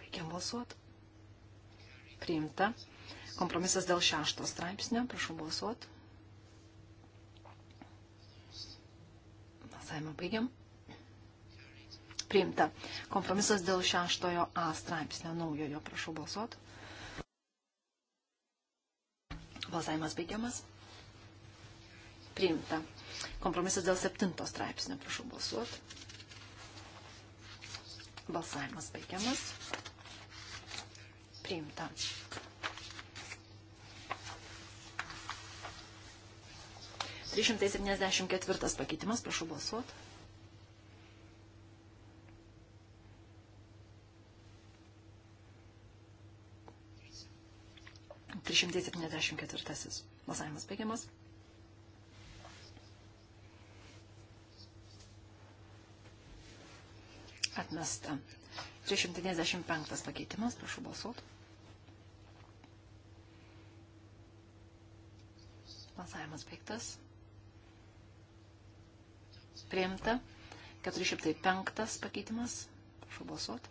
Baigiam balsuot. Priimta. Kompromisas dėl šešto straipsnio, prašau balsuot. Balsavimą baigiam. Priimta. Kompromisas dėl šeštojo A straipsnio naujojo, prašau balsuot. Balsavimas baigiamas. Priimta. Kompromisas dėl septinto straipsnio. Prašau balsuoti. Balsavimas baigiamas. Priimta. Trišimtai septyniasdešimt ketvirtas pakeitimas. Prašau balsuoti. Trišimtai septyniasdešimt ketvirtasis. Balsavimas baigiamas. atmesta. 395 pakeitimas, prašau balsuoti. Balsavimas baigtas. Priimta. 405 pakeitimas, prašau balsuoti.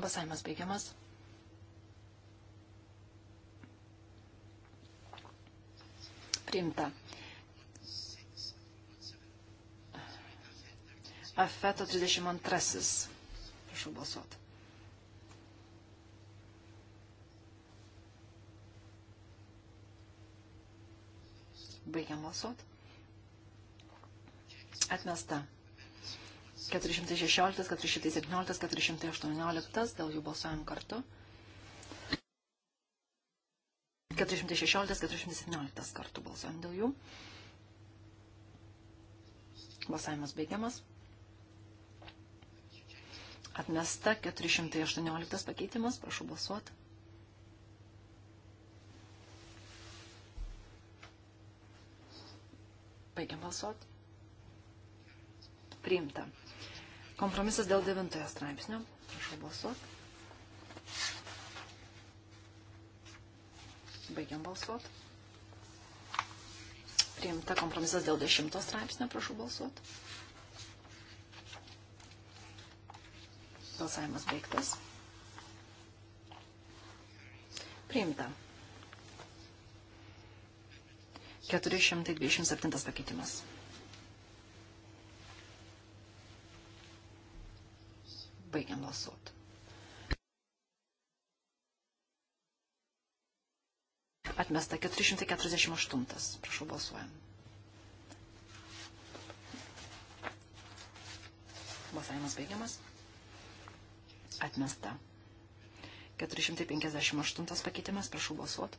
Balsavimas baigiamas. Priimta. Afeto 32. Prašau balsuoti. Baigiam balsuoti. Atmesta. 416, 417, 418, dėl jų balsuojam kartu. 416, 417 kartu balsuojam dėl jų. Balsavimas baigiamas. Atmesta 418 pakeitimas, prašau balsuoti. Baigiam balsuoti. Priimta. Kompromisas dėl devintojo straipsnio. Prašau balsuoti. Baigiam balsuoti. Priimta kompromisas dėl dešimto straipsnio. Prašau balsuoti. Balsavimas baigtas. Priimta. 427 pakeitimas. Baigiam balsuoti. Atmesta 448. Prašau, balsuojam. Balsavimas baigiamas. Atmesta. 458 pakeitimas, prašau balsuoti.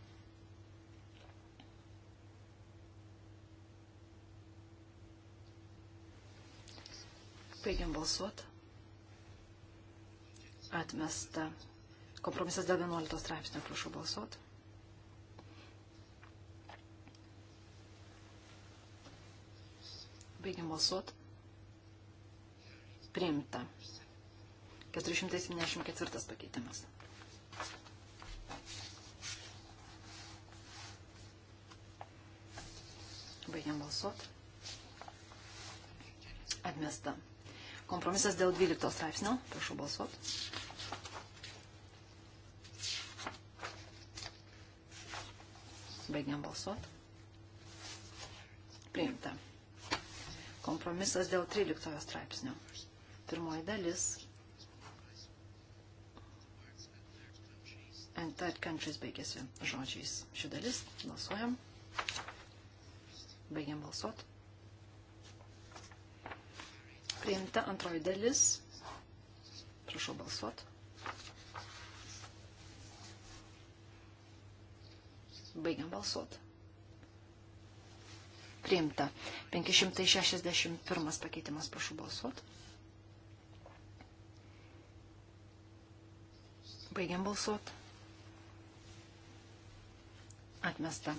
Baigiam balsuoti. Atmesta. Kompromisas dėl 11 straipsnio, prašau balsuoti. Baigiam balsuoti. Priimta. 474 pakeitimas. Baigiam balsuoti. Atmesta. Kompromisas dėl 12 straipsnio. Prašau balsuoti. Baigiam balsuoti. Priimta. Kompromisas dėl 13 straipsnio. Pirmoji dalis and third countries baigėsi žodžiais. Ši dalis. Balsuojam. Baigiam balsuot. Priimta antroji dalis. Prašau balsuot. Baigiam balsuot. Priimta. 561 pakeitimas. Prašau balsuot. Baigiam balsuot. Atmesta.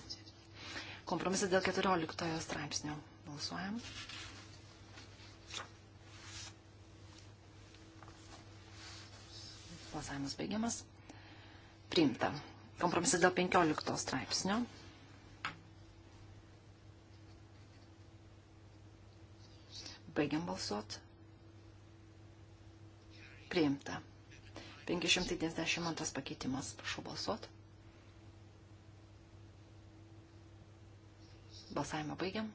Kompromisas dėl 14 straipsnio. Balsuojam. Balsavimas baigiamas. Priimta. Kompromisas dėl 15 straipsnio. Baigiam balsuot. Priimta. 592 pakeitimas. Prašau balsuot. Balsavimą baigiam.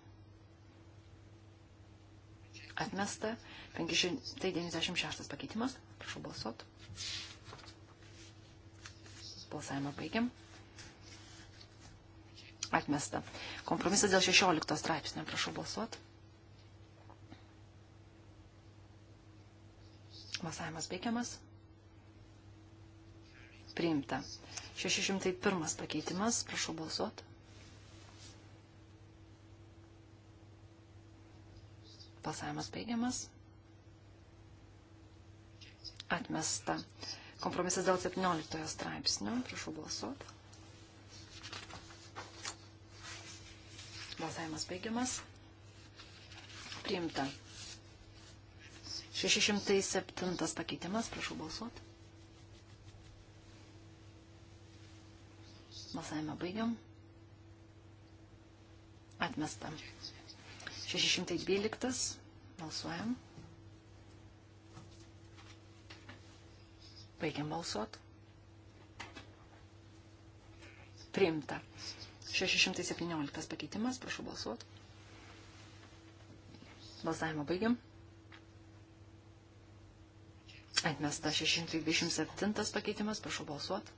Atmesta 596 pakeitimas. Prašau balsuot. Balsavimą baigiam. Atmesta. Kompromisas dėl 16 straipsnio. Prašau balsuot. Balsavimas baigiamas. Priimta. 601 pakeitimas. Prašau balsuot. Balsavimas baigiamas. Atmesta. Kompromisas dėl 17 straipsnio. Prašau balsuoti. Balsavimas baigiamas. Priimta. 607 pakeitimas. Prašau balsuoti. Balsavimą baigiam. Atmesta. 612. Balsuojam. Baigiam balsuot. Priimta. 617 pakeitimas. Prašau balsuot. Balsavimą baigiam. Atmesta 627 pakeitimas. Prašau balsuot.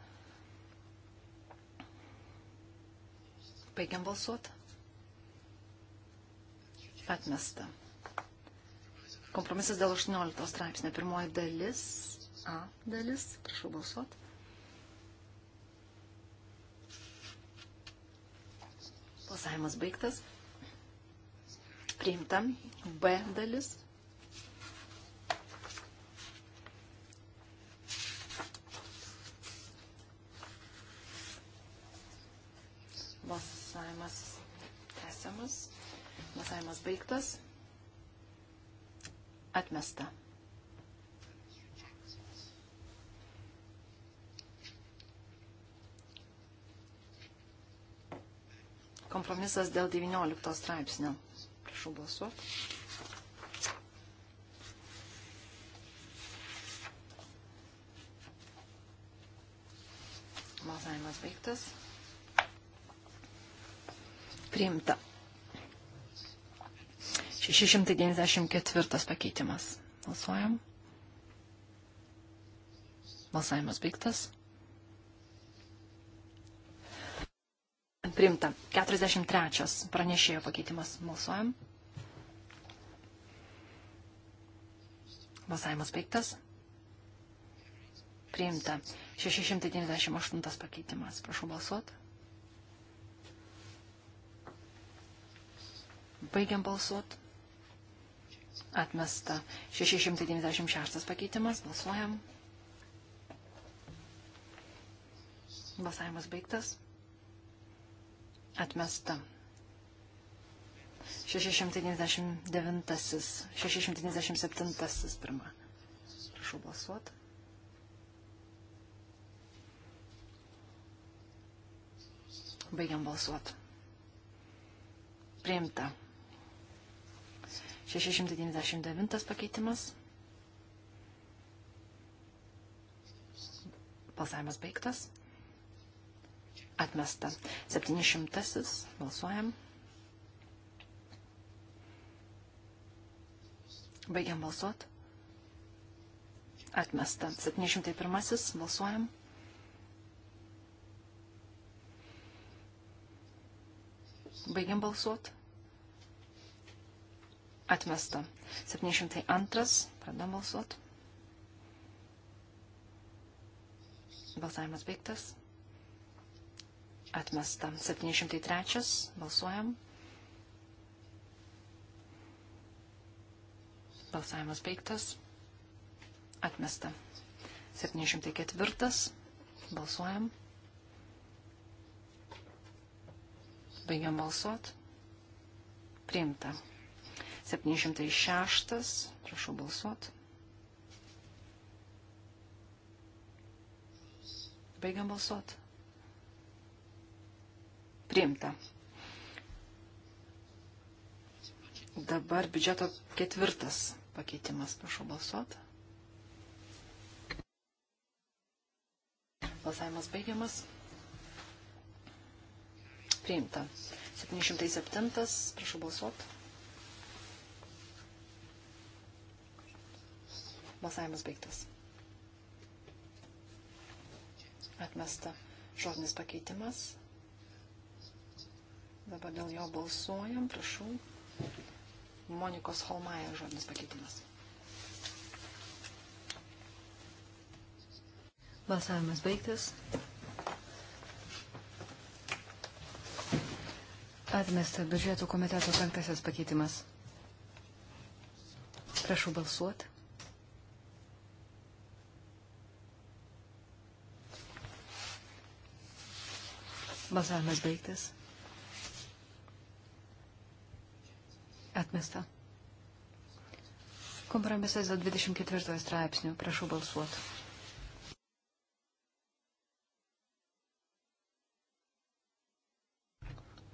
Baigiam balsuot. Atmesta. Kompromisas dėl 18 straipsnio. Pirmoji dalis. A dalis. Prašau balsuoti. Balsavimas baigtas. Priimta. B dalis. Balsavimas tęsiamas. Balsavimas baigtas. Atmesta. Kompromisas dėl 19 straipsnio. Prašau balsuoti. Balsavimas baigtas. Priimta. 694 pakeitimas. Balsuojam. Balsavimas baigtas. Primta. 43. Pranešėjo pakeitimas. Balsuojam. Balsavimas baigtas. Priimta. 698 pakeitimas. Prašau balsuoti. Baigiam balsuoti. Atmesta. 696 pakeitimas. Balsuojam. Balsavimas baigtas. Atmesta. 699. 697. Pirma. Prašau balsuoti. Baigiam balsuoti. Priimta. 699 pakeitimas. Balsavimas baigtas. Atmesta. 700. Balsuojam. Baigiam balsuot. Atmesta. 701. Balsuojam. Baigiam balsuot atmesta. 702. Pradam balsuot. Balsavimas baigtas. Atmesta. 703. Balsuojam. Balsavimas baigtas. Atmesta. 704. Balsuojam. Baigiam balsuot. Priimta. 706. Prašau balsuot. Baigiam balsuot. Priimta. Dabar biudžeto ketvirtas pakeitimas. Prašau balsuot. Balsavimas baigiamas. Priimta. 707. Prašau balsuot. Balsavimas baigtas. Atmesta žodinis pakeitimas. Dabar dėl jo balsuojam, prašau. Monikos Holmaja žodinis pakeitimas. Balsavimas baigtas. Atmesta biudžeto komiteto penktasis pakeitimas. Prašau balsuoti. Balsavimas baigtas. Atmesta. Kompromisas dėl 24 straipsnių. Prašau balsuoti.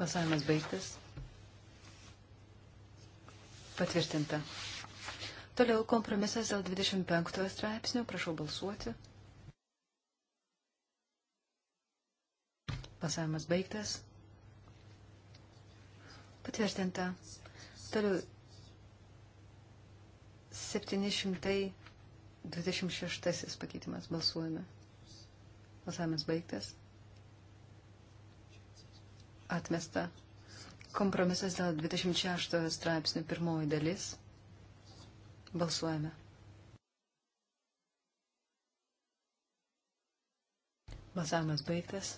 Balsavimas baigtas. Patvirtinta. Toliau kompromisas dėl 25 straipsnių. Prašau balsuoti. Balsavimas baigtas. Patvirtinta. Toliau 726 pakeitimas balsuojame. Balsavimas baigtas. Atmesta. Kompromisas dėl 26 straipsnių pirmoji dalis. Balsuojame. Balsavimas baigtas.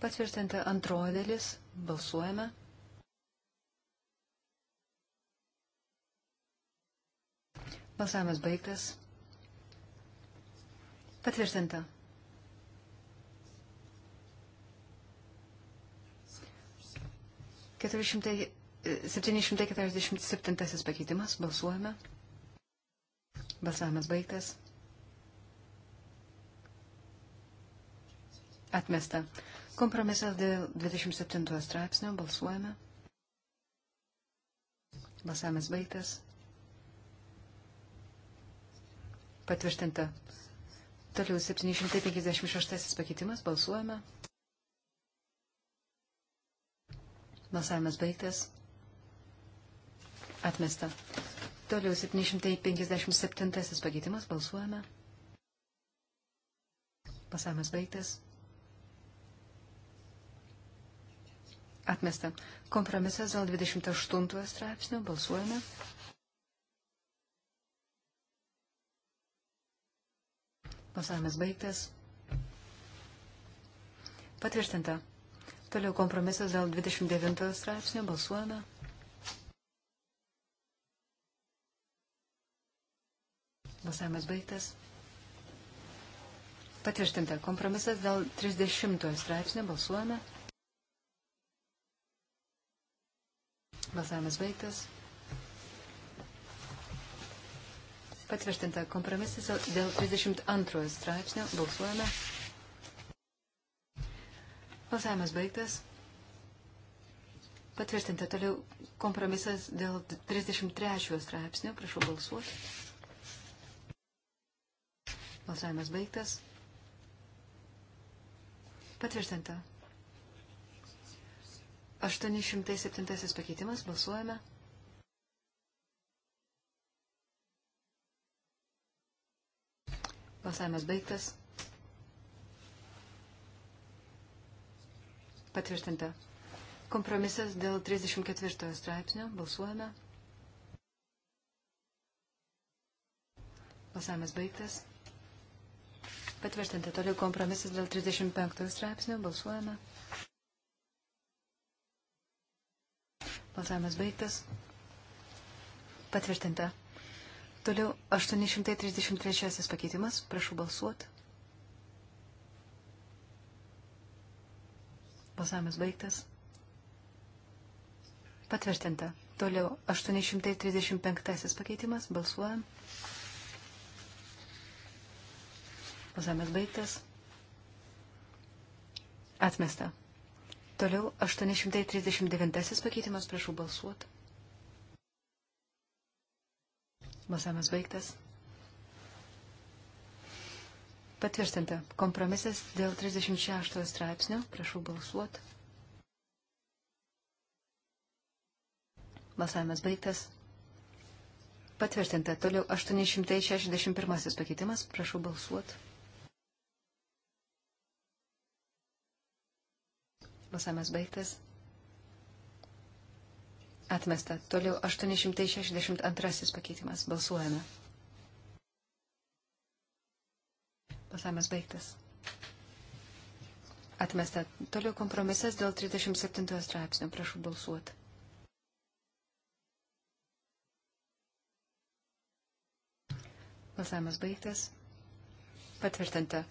Patvirtinti antroji dalis. Balsuojame. Balsavimas baigtas. Patvirtinta. Keturišimtai 747 pakeitimas. Balsuojame. Balsavimas baigtas. Atmesta. Kompromisas dėl 27 straipsnio balsuojame. Balsavimas baigtas. Patvirtinta. Toliau 756 pakeitimas balsuojame. Balsavimas baigtas. Atmesta. Toliau 757 pakeitimas balsuojame. Balsavimas baigtas. Atmesta. Kompromisas dėl 28 straipsnio. Balsuojame. Balsavimas baigtas. Patvirtinta. Toliau kompromisas dėl 29 straipsnio. Balsuojame. Balsavimas baigtas. Patvirtinta. Kompromisas dėl 30 straipsnio. Balsuojame. Balsavimas baigtas. Patvirtinta kompromisas dėl 32 straipsnio. Balsuojame. Balsavimas baigtas. Patvirtinta toliau kompromisas dėl 33 straipsnio. Prašau balsuoti. Balsavimas baigtas. Patvirtinta. 807 pakeitimas, balsuojame. Balsavimas baigtas. Patvirtinta. Kompromisas dėl 34 straipsnio. Balsuojame. Balsavimas baigtas. Patvirtinta. Toliau kompromisas dėl 35 straipsnio. Balsuojame. Balsavimas baigtas. Patvirtinta. Toliau 833 pakeitimas. Prašau balsuoti. Balsavimas baigtas. Patvirtinta. Toliau 835 pakeitimas. Balsuojam. Balsavimas baigtas. Atmesta. Toliau 839 pakeitimas, prašau balsuoti. Balsavimas baigtas. Patvirtinta. Kompromisas dėl 36 straipsnio. Prašau balsuoti. Balsavimas baigtas. Patvirtinta. Toliau 861 pakeitimas. Prašau balsuoti. Balsavimas baigtas. Atmesta. Toliau 862 pakeitimas. Balsuojame. Balsavimas baigtas. Atmesta. Toliau kompromisas dėl 37 straipsnio. Prašau balsuoti. Balsavimas baigtas. Patvirtinta.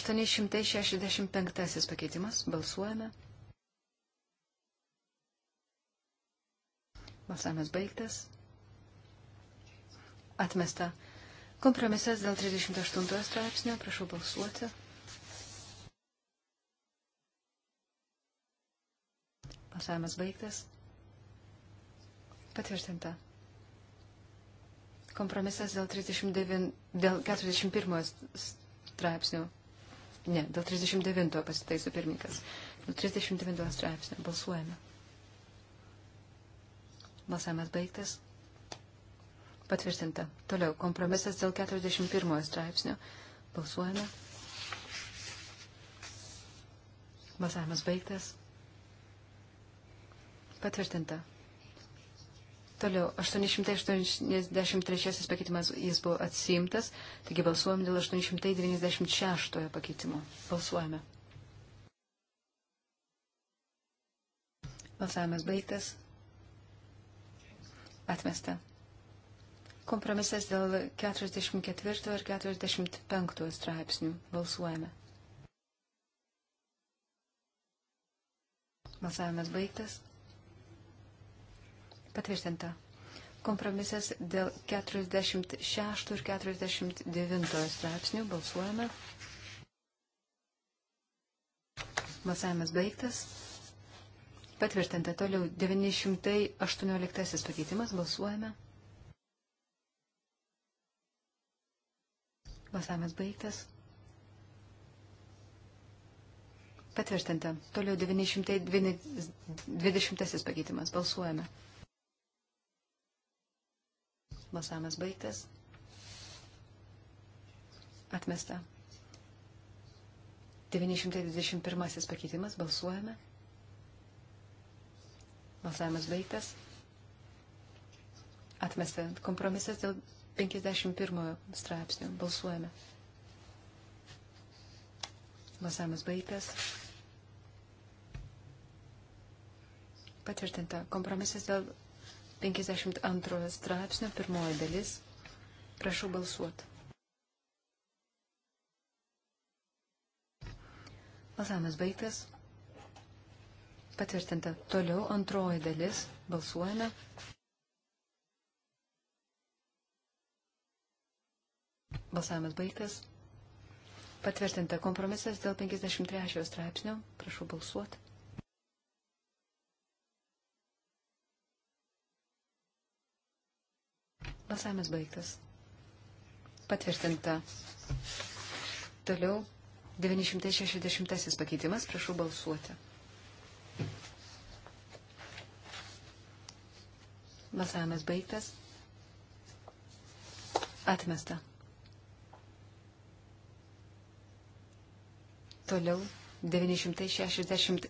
865 pakeitimas. Balsuojame. Balsavimas baigtas. Atmesta. Kompromisas dėl 38 straipsnio. Prašau balsuoti. Balsavimas baigtas. Patvirtinta. Kompromisas dėl, 39, dėl 41 straipsnių. Ne, dėl 39 pasitaisų pirmininkas. Dėl 39 straipsnių. Balsuojame. Balsavimas baigtas. Patvirtinta. Toliau. Kompromisas dėl 41 straipsnio. Balsuojame. Balsavimas baigtas. Patvirtinta. Toliau, 883 pakeitimas jis buvo atsiimtas, taigi balsuojame dėl 896 pakeitimo. Balsuojame. Balsavimas baigtas. Atmesta. Kompromisas dėl 44 ir 45 straipsnių. Balsuojame. Balsavimas baigtas. Patvirtinta. Kompromisas dėl 46 ir 49 straipsnių. Balsuojame. Balsavimas baigtas. Patvirtinta toliau 918 pakeitimas. Balsuojame. Balsavimas baigtas. Patvirtinta. Toliau 920 pakeitimas. Balsuojame. Balsavimas baigtas. Atmesta. 921 pakeitimas. Balsuojame. Balsavimas baigtas. Atmesta kompromisas dėl 51 straipsnio. Balsuojame. Balsavimas baigtas. Patvirtinta kompromisas dėl 52 straipsnio pirmoji dalis. Prašau balsuoti. Balsavimas baigtas. Patvirtinta. Toliau antroji dalis. Balsuojame. Balsavimas baigtas. Patvirtinta kompromisas dėl 53 straipsnio. Prašau balsuoti. Balsavimas baigtas. Patvirtinta. Toliau 960 pakeitimas. Prašau balsuoti. Balsavimas baigtas. Atmesta. Toliau 967.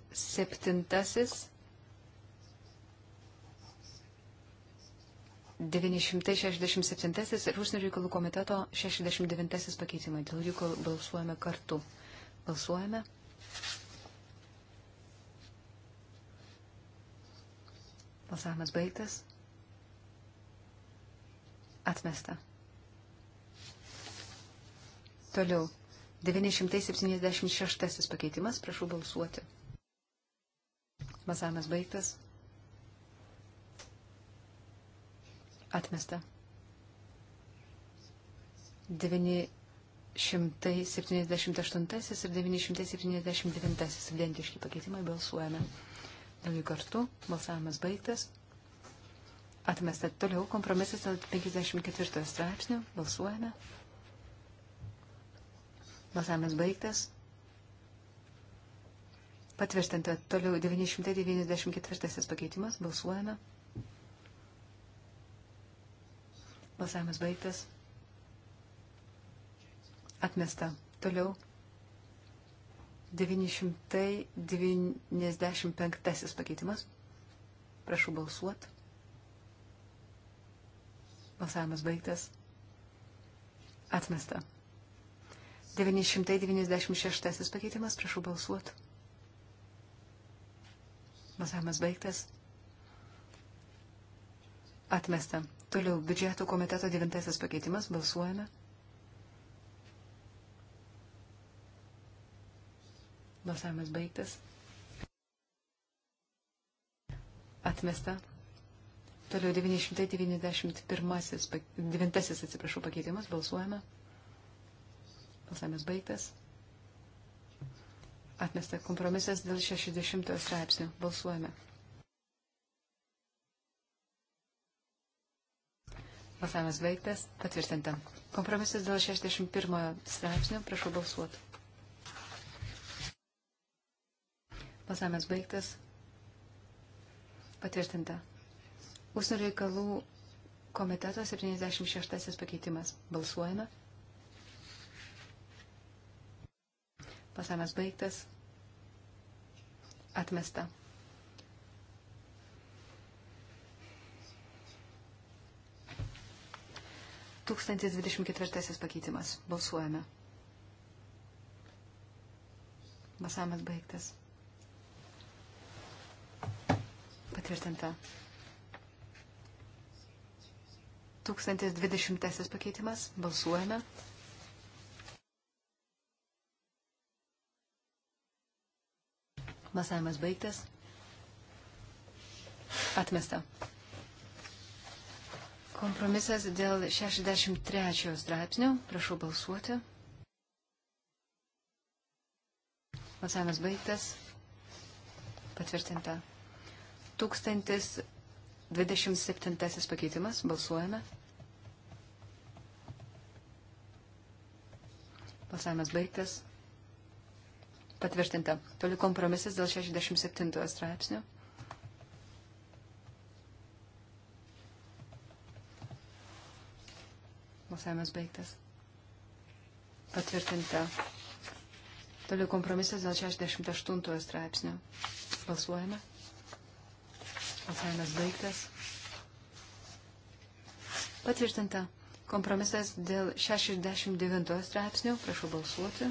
967 ir užsienio reikalų komiteto 69 pakeitimai. Dėl jų balsuojame kartu. Balsuojame. Balsavimas baigtas. Atmesta. Toliau. 976 pakeitimas. Prašau balsuoti. Balsavimas baigtas. Atmesta. 978 ir 979 identiški pakeitimai balsuojame. Dėl jų kartu balsavimas baigtas. Atmesta toliau kompromisas dėl 54 straipsnio. Balsuojame. Balsavimas baigtas. Patvirtinta toliau 994 pakeitimas. Balsuojame. Balsavimas baigtas. Atmesta. Toliau 995 pakeitimas. Prašau balsuoti. Balsavimas baigtas. Atmesta. 996 pakeitimas, prašau balsuoti. Balsavimas baigtas. Atmesta. Toliau biudžeto komiteto devintasis pakeitimas, balsuojame. Balsavimas baigtas. Atmesta. Toliau 991, 9, atsiprašau, pakeitimas, balsuojame. Balsavimas baigtas. Atmesta kompromisas dėl 60 straipsnių. Balsuojame. Balsavimas baigtas. Patvirtinta. Kompromisas dėl 61 straipsnių. Prašau balsuoti. Balsavimas baigtas. Patvirtinta. Užsienio reikalų komiteto 76 pakeitimas. Balsuojame. Pasavimas baigtas. Atmesta. Tūkstantis dvidešimt ketvirtasis pakeitimas. Balsuojame. Basavimas baigtas. Patvirtinta. 1020 pakeitimas. Balsuojame. Masavimas baigtas. Atmesta. Kompromisas dėl 63 straipsnio. Prašau balsuoti. Masavimas baigtas. Patvirtinta. 1000. 27 pakeitimas. Balsuojame. Balsavimas baigtas. Patvirtinta. Toliau kompromisas dėl 67 straipsnio. Balsavimas baigtas. Patvirtinta. Toliau kompromisas dėl 68 straipsnio. Balsuojame. Balsavimas baigtas. Patvirtinta. Kompromisas dėl 69 straipsnių. Prašau balsuoti.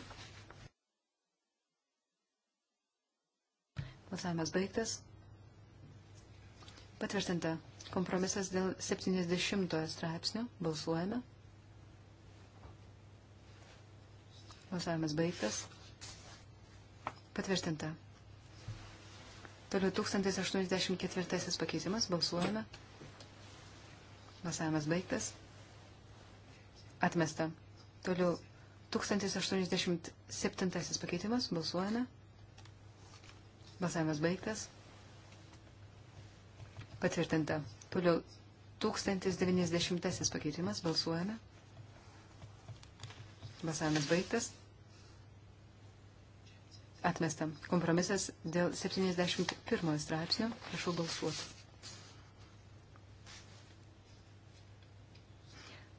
Balsavimas baigtas. Patvirtinta. Kompromisas dėl 70 straipsnio. Balsuojame. Balsavimas baigtas. Patvirtinta. Toliau 1084 pakeitimas. Balsuojame. Balsavimas baigtas. Atmesta. Toliau 1087 pakeitimas. Balsuojame. Balsavimas baigtas. Patvirtinta. Toliau 1090 pakeitimas. Balsuojame. Balsavimas baigtas. Atmesta. Kompromisas dėl 71 straipsnio. Prašau balsuoti.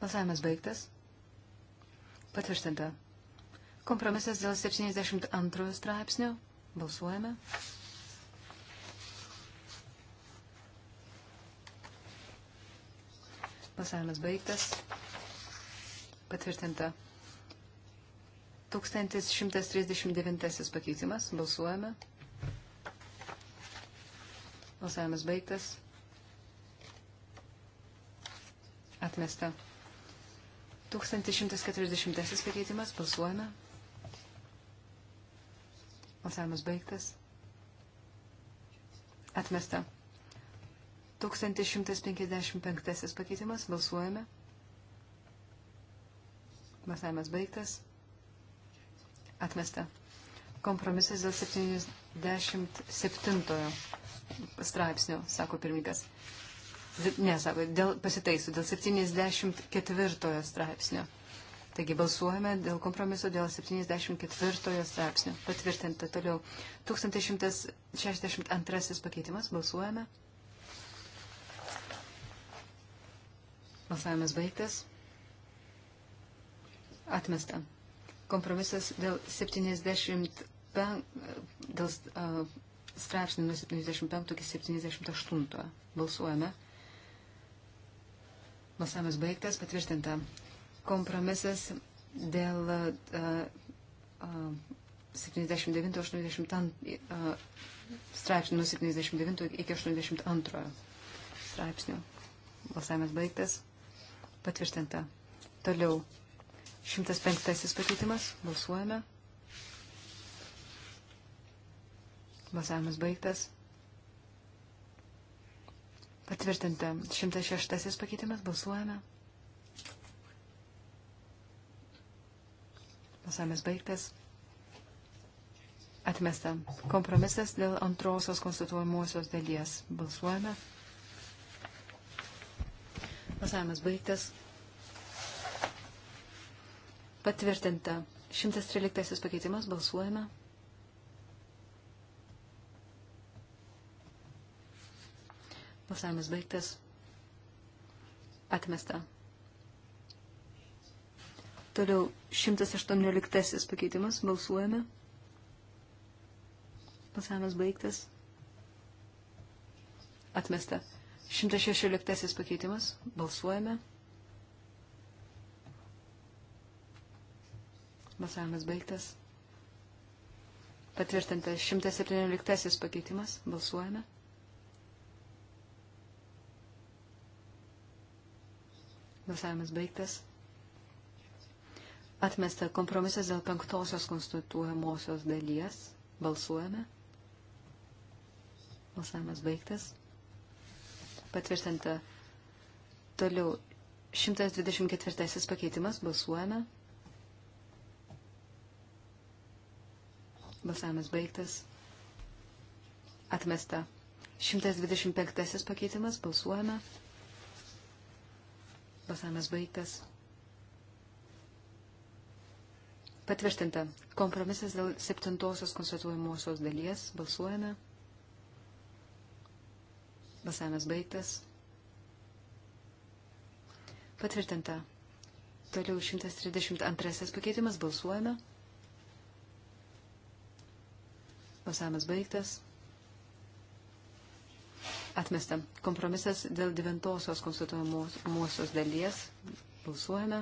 Balsavimas baigtas. Patvirtinta. Kompromisas dėl 72 straipsnio. Balsuojame. Balsavimas baigtas. Patvirtinta. 1139 pakeitimas. Balsuojame. Balsavimas baigtas. Atmesta. 1140 pakeitimas. Balsuojame. Balsavimas baigtas. Atmesta. 1155 pakeitimas. Balsuojame. Balsavimas baigtas. Atmesta. Kompromisas dėl 77 straipsnio, sako pirmininkas. Ne, sako, dėl, pasitaisiu, dėl 74 straipsnio. Taigi balsuojame dėl kompromiso dėl 74 straipsnio. Patvirtinta toliau. 1162 pakeitimas. Balsuojame. Balsavimas baigtas. Atmesta. Kompromisas dėl 70 dėl straipsnių nuo 75 iki 78. Balsuojame. Balsavimas baigtas, patvirtinta. Kompromisas dėl uh, uh, 79-82 uh, straipsnių nuo 79 iki 82 straipsnių. Balsavimas baigtas, patvirtinta. Toliau. 105 pakeitimas. Balsuojame. Balsavimas baigtas. Patvirtinta. 106 pakeitimas. Balsuojame. Balsavimas baigtas. Atmesta. Kompromisas dėl antrosios konstatuojamosios dalies. Balsuojame. Balsavimas baigtas. Patvirtinta. 113 pakeitimas. Balsuojame. Balsavimas baigtas. Atmesta. Toliau 118 pakeitimas. Balsuojame. Balsavimas baigtas. Atmesta. 116 pakeitimas. Balsuojame. Balsavimas baigtas. Patvirtintas 117 pakeitimas. Balsuojame. Balsavimas baigtas. Atmesta kompromisas dėl penktosios konstatuojamosios dalies. Balsuojame. Balsavimas baigtas. Patvirtinta toliau 124 pakeitimas. Balsuojame. Balsavimas baigtas. Atmesta. 125 pakeitimas. Balsuojame. Balsavimas baigtas. Patvirtinta. Kompromisas dėl septintosios konstatuojamosios dalies. Balsuojame. Balsavimas baigtas. Patvirtinta. Toliau 132 pakeitimas. Balsuojame. Balsavimas baigtas. Atmesta. Kompromisas dėl devintosios konstituojamosios dalies. Balsuojame.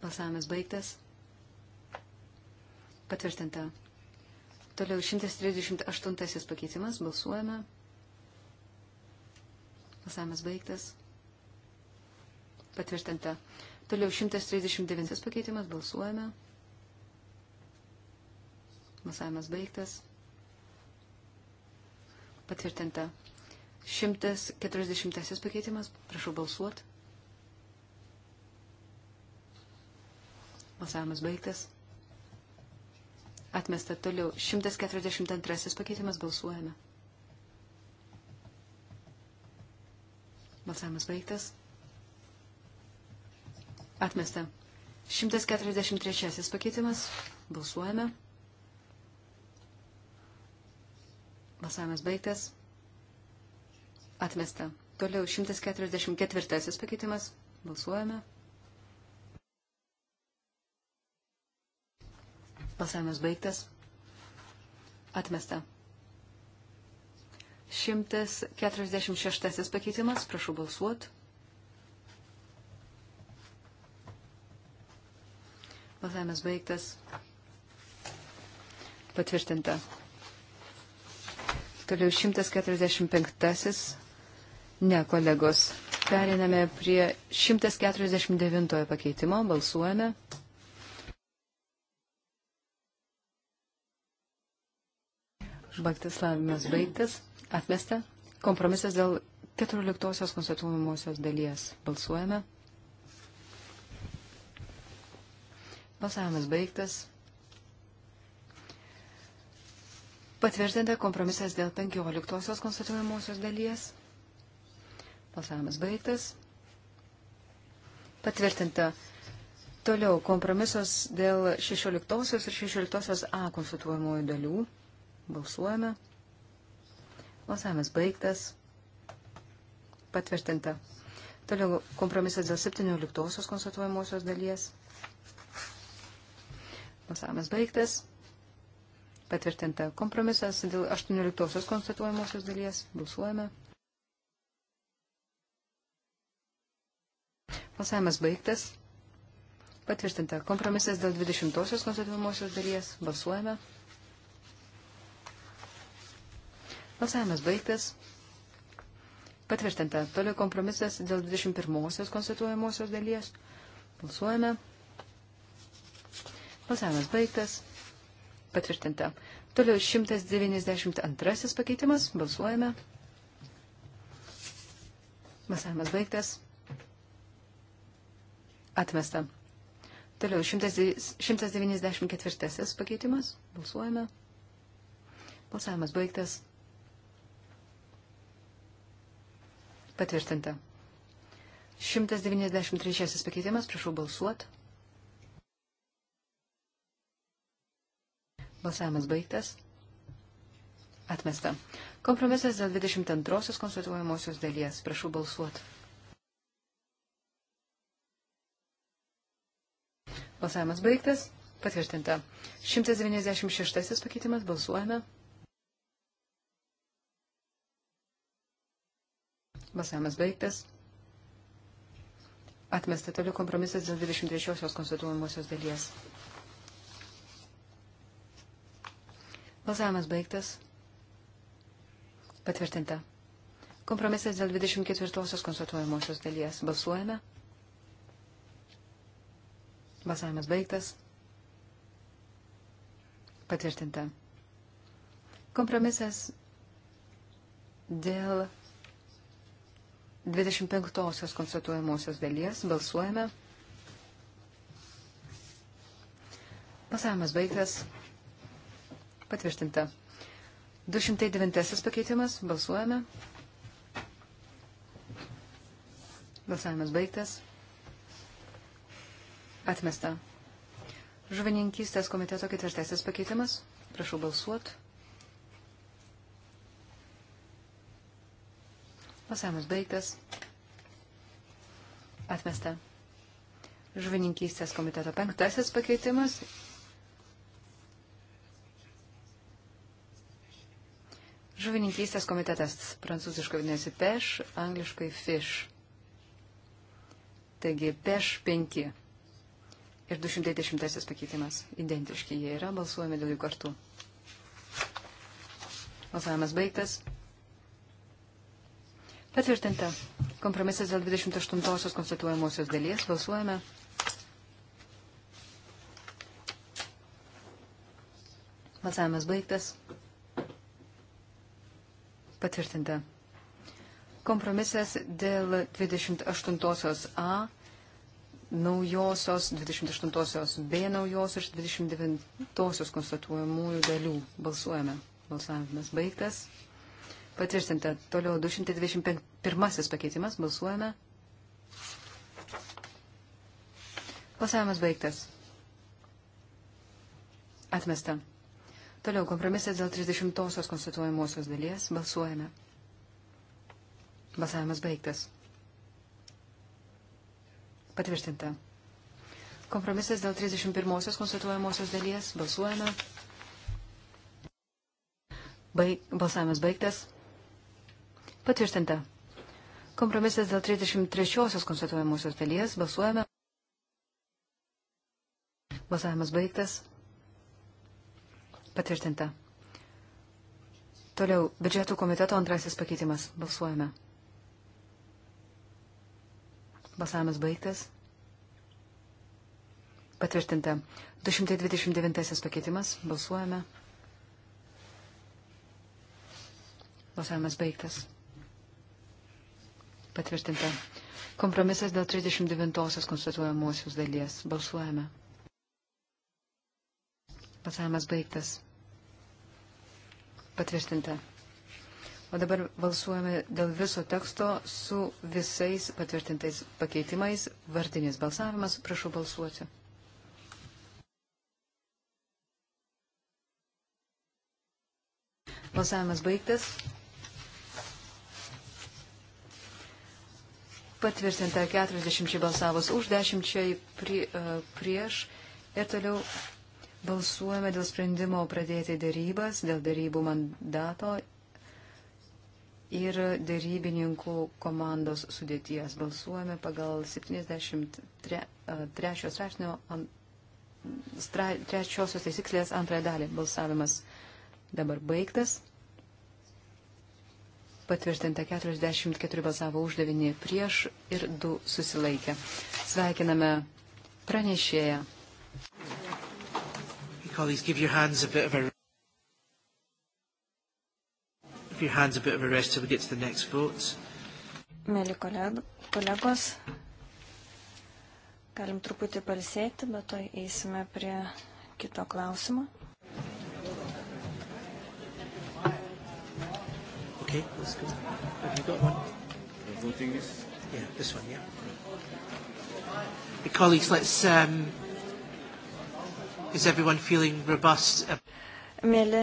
Balsavimas baigtas. Patvirtinta. Toliau 138 pakeitimas. Balsuojame. Balsavimas baigtas. Patvirtinta. Toliau 139 pakeitimas. Balsuojame. Balsavimas baigtas. Patvirtinta. 140 pakeitimas. Prašau balsuoti. Balsavimas baigtas. Atmesta toliau. 142 pakeitimas. Balsuojame. Balsavimas baigtas. Atmesta. 143 pakeitimas. Balsuojame. Balsavimas baigtas. Atmesta. Toliau 144 pakeitimas. Balsuojame. Balsavimas baigtas. Atmesta. 146 pakeitimas. Prašau balsuot. Balsavimas baigtas. Patvirtinta. Toliau 145. Ne, kolegos. Periname prie 149 pakeitimo. Balsuojame. Baigtas lavimas baigtas. Atmesta. Kompromisas dėl 14 konstatuojamosios dalies. Balsuojame. Balsavimas baigtas. Patvirtinta kompromisas dėl 15 konstatuojamosios dalies. Balsavimas baigtas. Patvirtinta toliau kompromisas dėl 16 ir 16 A konstatuojamojų dalių. Balsuojame. Balsavimas baigtas. Patvirtinta. Toliau kompromisas dėl 17 konstatuojamosios dalies. Balsavimas baigtas. Patvirtinta kompromisas dėl 18 konstatuojamosios dalies. Balsuojame. Balsavimas baigtas. Patvirtinta kompromisas dėl 20 konstatuojamosios dalies. Balsuojame. Balsavimas baigtas. Patvirtinta. Toliau kompromisas dėl 21 konstatuojamosios dalies. Balsuojame. Balsavimas baigtas patvirtinta. Toliau 192 pakeitimas. Balsuojame. Balsavimas baigtas. Atmesta. Toliau 194 pakeitimas. Balsuojame. Balsavimas baigtas. Patvirtinta. 193 pakeitimas. Prašau balsuoti. Balsavimas baigtas. Atmesta. Kompromisas dėl 22 konsultuojamosios dalies. Prašau balsuoti. Balsavimas baigtas. Patvirtinta. 196 pakeitimas. Balsuojame. Balsavimas baigtas. Atmesta toliau kompromisas dėl 23 konstituojamosios dalies. Balsavimas baigtas. Patvirtinta. Kompromisas dėl 24 konstatuojamosios dalies. Balsuojame. Balsavimas baigtas. Patvirtinta. Kompromisas dėl 25 konstatuojamosios dalies. Balsuojame. Balsavimas baigtas. Patvirtinta. 209 pakeitimas. Balsuojame. Balsavimas baigtas. Atmesta. Žuvininkystės komiteto ketvirtasis pakeitimas. Prašau balsuot. Balsavimas baigtas. Atmesta. Žuvininkystės komiteto penktasis pakeitimas Žuvininkystės komitetas prancūziškai vadinasi peš, angliškai fish. Taigi peš 5 ir 210 pakeitimas. Identiški jie yra, balsuojame dėl jų kartų. Balsavimas baigtas. Patvirtinta. Kompromisas dėl 28 konstatuojamosios dalies. Balsuojame. Balsavimas baigtas. Patvirtinta. Kompromisas dėl 28 A, naujosios 28 B naujos ir 29 konstatuojamųjų dalių. Balsuojame. Balsavimas baigtas. Patvirtinta. Toliau 221 pakeitimas. Balsuojame. Balsavimas baigtas. Atmesta. Toliau kompromisas dėl 30-osios konstituojamosios dalies. Balsuojame. Balsavimas baigtas. Patvirtinta. Kompromisas dėl 31-osios konstituojamosios dalies. Balsuojame. Baig... Balsavimas baigtas. Patvirtinta. Kompromisas dėl 33-osios konstituojamosios dalies. Balsuojame. Balsavimas baigtas. Patvirtinta. Toliau, biudžetų komiteto antrasis pakeitimas. Balsuojame. Balsavimas baigtas. Patvirtinta. 229 pakeitimas. Balsuojame. Balsavimas baigtas. Patvirtinta. Kompromisas dėl 39 konstatuojamosios dalies. Balsuojame. Pasavimas baigtas. Patvirtinta. O dabar balsuojame dėl viso teksto su visais patvirtintais pakeitimais. Vardinis balsavimas. Prašau balsuoti. Balsavimas baigtas. Patvirtinta 40 balsavus už, 10 prie, prieš ir toliau Balsuojame dėl sprendimo pradėti darybas, dėl darybų mandato ir darybininkų komandos sudėties. Balsuojame pagal 73 straipsnio trečiosios taisyklės antrąją dalį. Balsavimas dabar baigtas. Patvirtinta 44 balsavo uždavinį prieš ir 2 susilaikė. Sveikiname pranešėją. Colleagues, give your hands a bit of a give your hands a bit of a rest till we get to the next vote. Mėly kolegos, galim truputį palsėti, bet to eisime prie kito klausimo. Okay, let's go. Have you got one? The voting is? Yeah, this one, yeah. The colleagues, let's um, Is everyone feeling robust? Mėly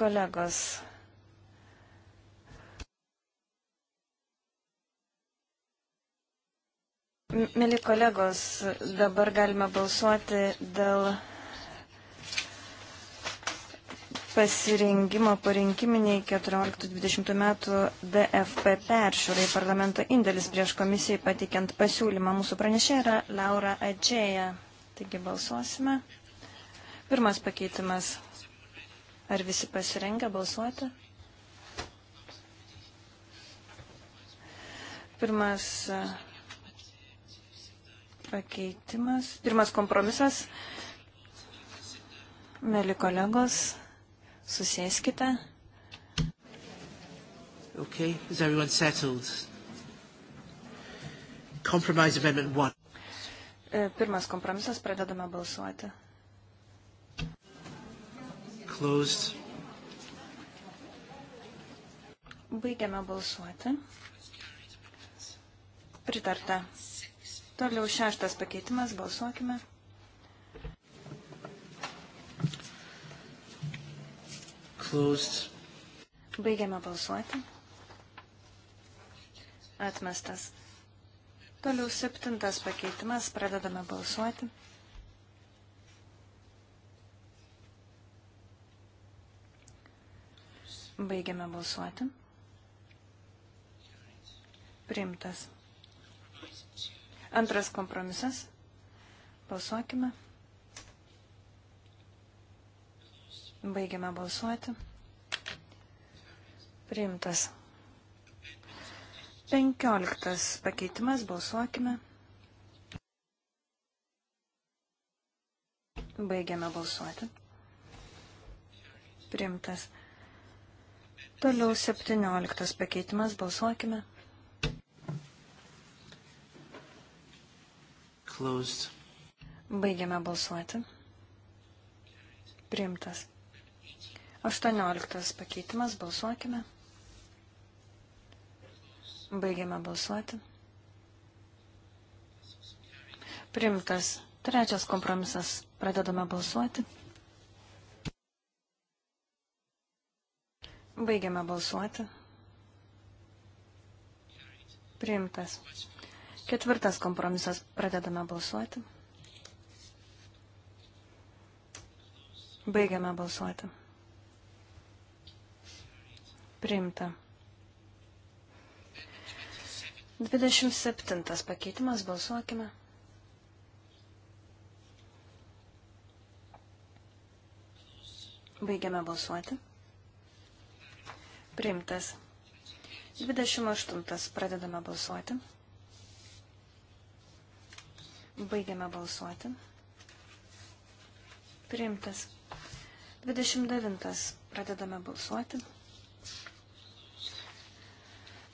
kolegos, Mėly kolegos, dabar galime balsuoti dėl pasirengimo parinkiminiai 14-20 metų DFP peršiūrai parlamento indėlis prieš komisijai pateikiant pasiūlymą. Mūsų pranešė yra Laura Adžėja. Taigi balsuosime. Pirmas pakeitimas. Ar visi pasirengę balsuoti? Pirmas e, pakeitimas, pirmas kompromisas. Mėly kolegos, susėskite. Okay, is everyone settled? Compromise amendment 1. E, pirmas kompromisas, pradedame balsuoti closed. Baigiame balsuoti. Pritarta. Toliau šeštas pakeitimas. Balsuokime. Closed. Baigiame balsuoti. Atmestas. Toliau septintas pakeitimas. Pradedame balsuoti. Balsuoti. Baigiame balsuoti. Priimtas. Antras kompromisas. Balsuokime. Baigiame balsuoti. Priimtas. Penkioliktas pakeitimas. Balsuokime. Baigiame balsuoti. Priimtas. Toliau 17 pakeitimas, balsuokime. Closed. Baigiame balsuoti. Priimtas. 18 pakeitimas, balsuokime. Baigiame balsuoti. Priimtas. Trečias kompromisas. Pradedame balsuoti. Baigiame balsuoti. Priimtas. Ketvirtas kompromisas. Pradedame balsuoti. Baigiame balsuoti. Priimta. 27 pakeitimas. Balsuokime. Baigiame balsuoti. Priimtas. 28. Pradedame balsuoti. Baigiame balsuoti. Priimtas. 29. Pradedame balsuoti.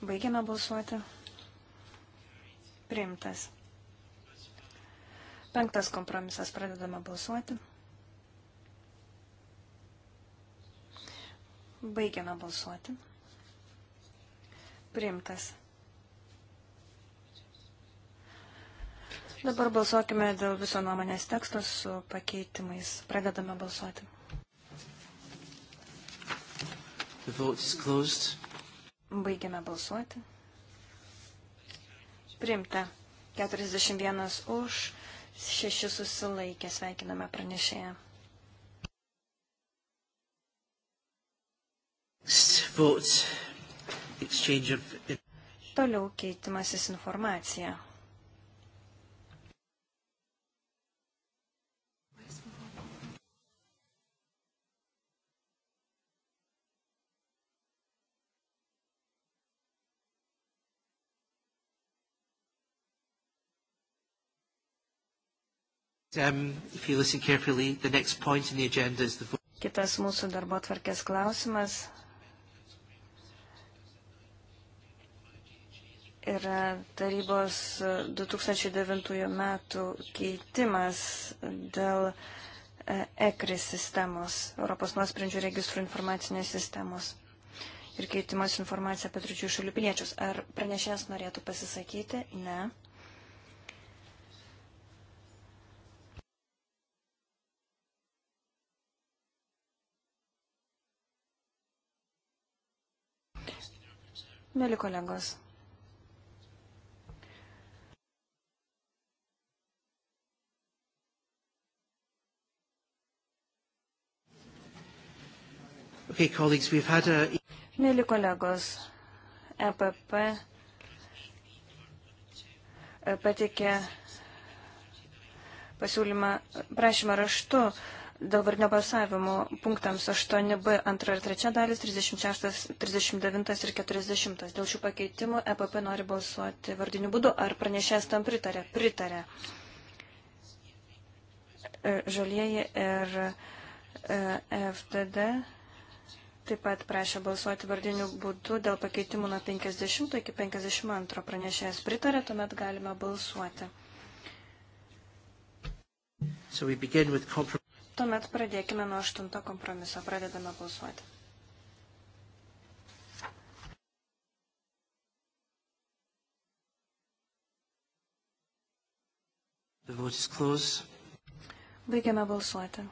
Baigiame balsuoti. Priimtas. Penktas kompromisas. Pradedame balsuoti. Baigiame balsuoti. Priimtas. Dabar balsuokime dėl viso nuomonės teksto su pakeitimais. Pradedame balsuoti. Baigiame balsuoti. Priimta. 41 už, 6 susilaikė. Sveikiname pranešėją. Toliau keitimasis informacija. Um, if you listen carefully, the next point in the agenda is the vote. Kitas mūsų darbo tvarkės klausimas yra tarybos 2009 metų keitimas dėl ECRIS sistemos, Europos nuosprendžių registrų informacinės sistemos ir keitimas informacija apie trečiųjų šalių piliečius. Ar pranešėjas norėtų pasisakyti? Ne. Mėly kolegos, Okay, colleagues, we've had a... Mėly kolegos, EPP patikė pasiūlymą, prašymą raštu dėl vardinio balsavimo punktams 8b, 2 ir 3 dalis, 36, 39 ir 40. Dėl šių pakeitimų EPP nori balsuoti vardiniu būdu. Ar pranešęs tam pritarė? Pritarė. E, žalieji ir e, FTD Taip pat prašė balsuoti vardiniu būdu dėl pakeitimų nuo 50 iki 52. Pranešėjas pritarė, tuomet galime balsuoti. So with... Tuomet pradėkime nuo 8 kompromiso. Pradedame balsuoti. The vote is closed. Baigiame balsuoti.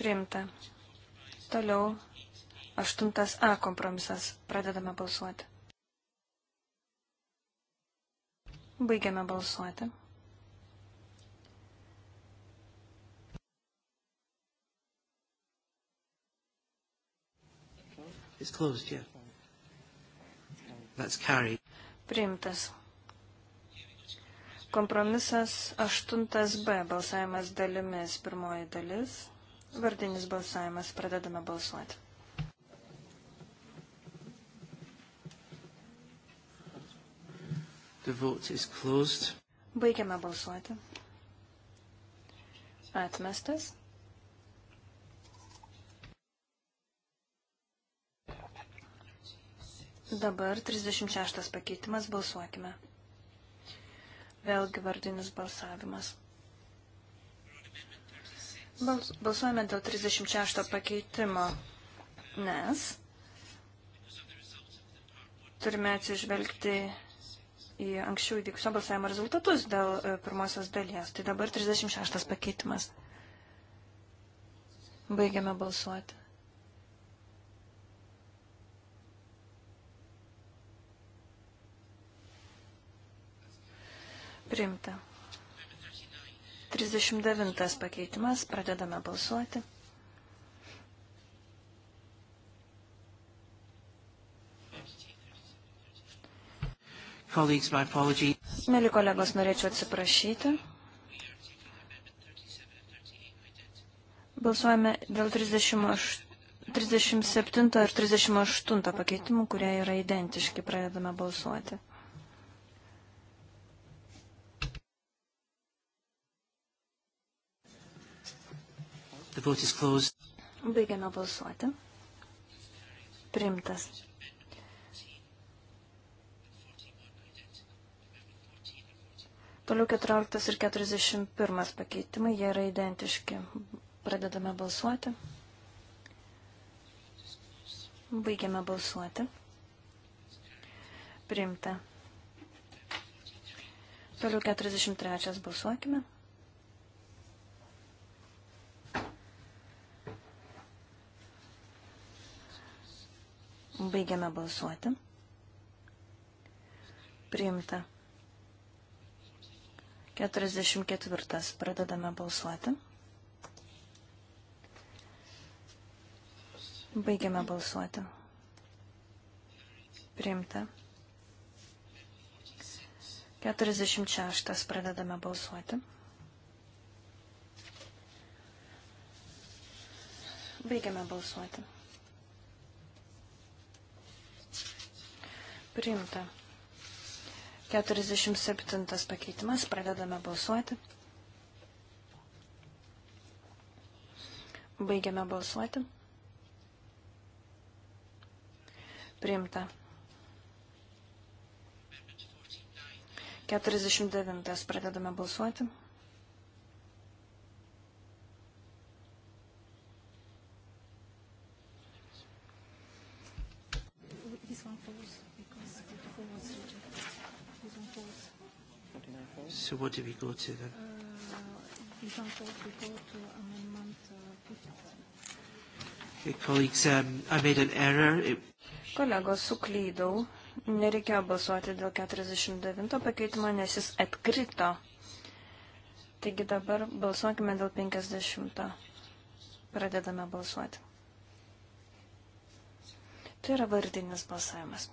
Priimta. Toliau 8a kompromisas. Pradedame balsuoti. Baigiame balsuoti. It's closed, yeah. That's carried. Priimtas. Kompromisas 8b, balsavimas dalimis, pirmoji dalis. Vardinis balsavimas. Pradedame balsuoti. The vote is closed. Baigiame balsuoti. Atmestas. Dabar 36 pakeitimas balsuokime. Vėlgi vardinis balsavimas. Balsuojame dėl 36 pakeitimo, nes turime atsižvelgti į anksčiau įvykusio balsavimo rezultatus dėl e, pirmosios dalies. Tai dabar 36 pakeitimas. Baigiame balsuoti. Priimta. 39 pakeitimas, pradedame balsuoti. Mėly kolegos, norėčiau atsiprašyti. Balsuojame dėl 38, 37 ir 38 pakeitimų, kurie yra identiški. Pradedame balsuoti. The vote is closed. Baigiame balsuoti. Primtas. Toliau 14 ir 41 pakeitimai, jie yra identiški. Pradedame balsuoti. Baigiame balsuoti. Primta. Toliau 43 balsuokime. Baigiame balsuoti. Priimta. 44. Pradedame balsuoti. Baigiame balsuoti. Priimta. 46. Pradedame balsuoti. Baigiame balsuoti. priimta. 47 pakeitimas, pradedame balsuoti. Baigiame balsuoti. Priimta. 49 pradedame balsuoti. So what do we go to then? Uh, we go to amendment uh, 50. Colleagues, um, I made an error. It... Kolegos, suklydau. Nereikėjo balsuoti dėl 49 pakeitimo, nes jis atkrito. Taigi dabar balsuokime dėl 50. Pradedame balsuoti. Tai yra vardinis balsavimas.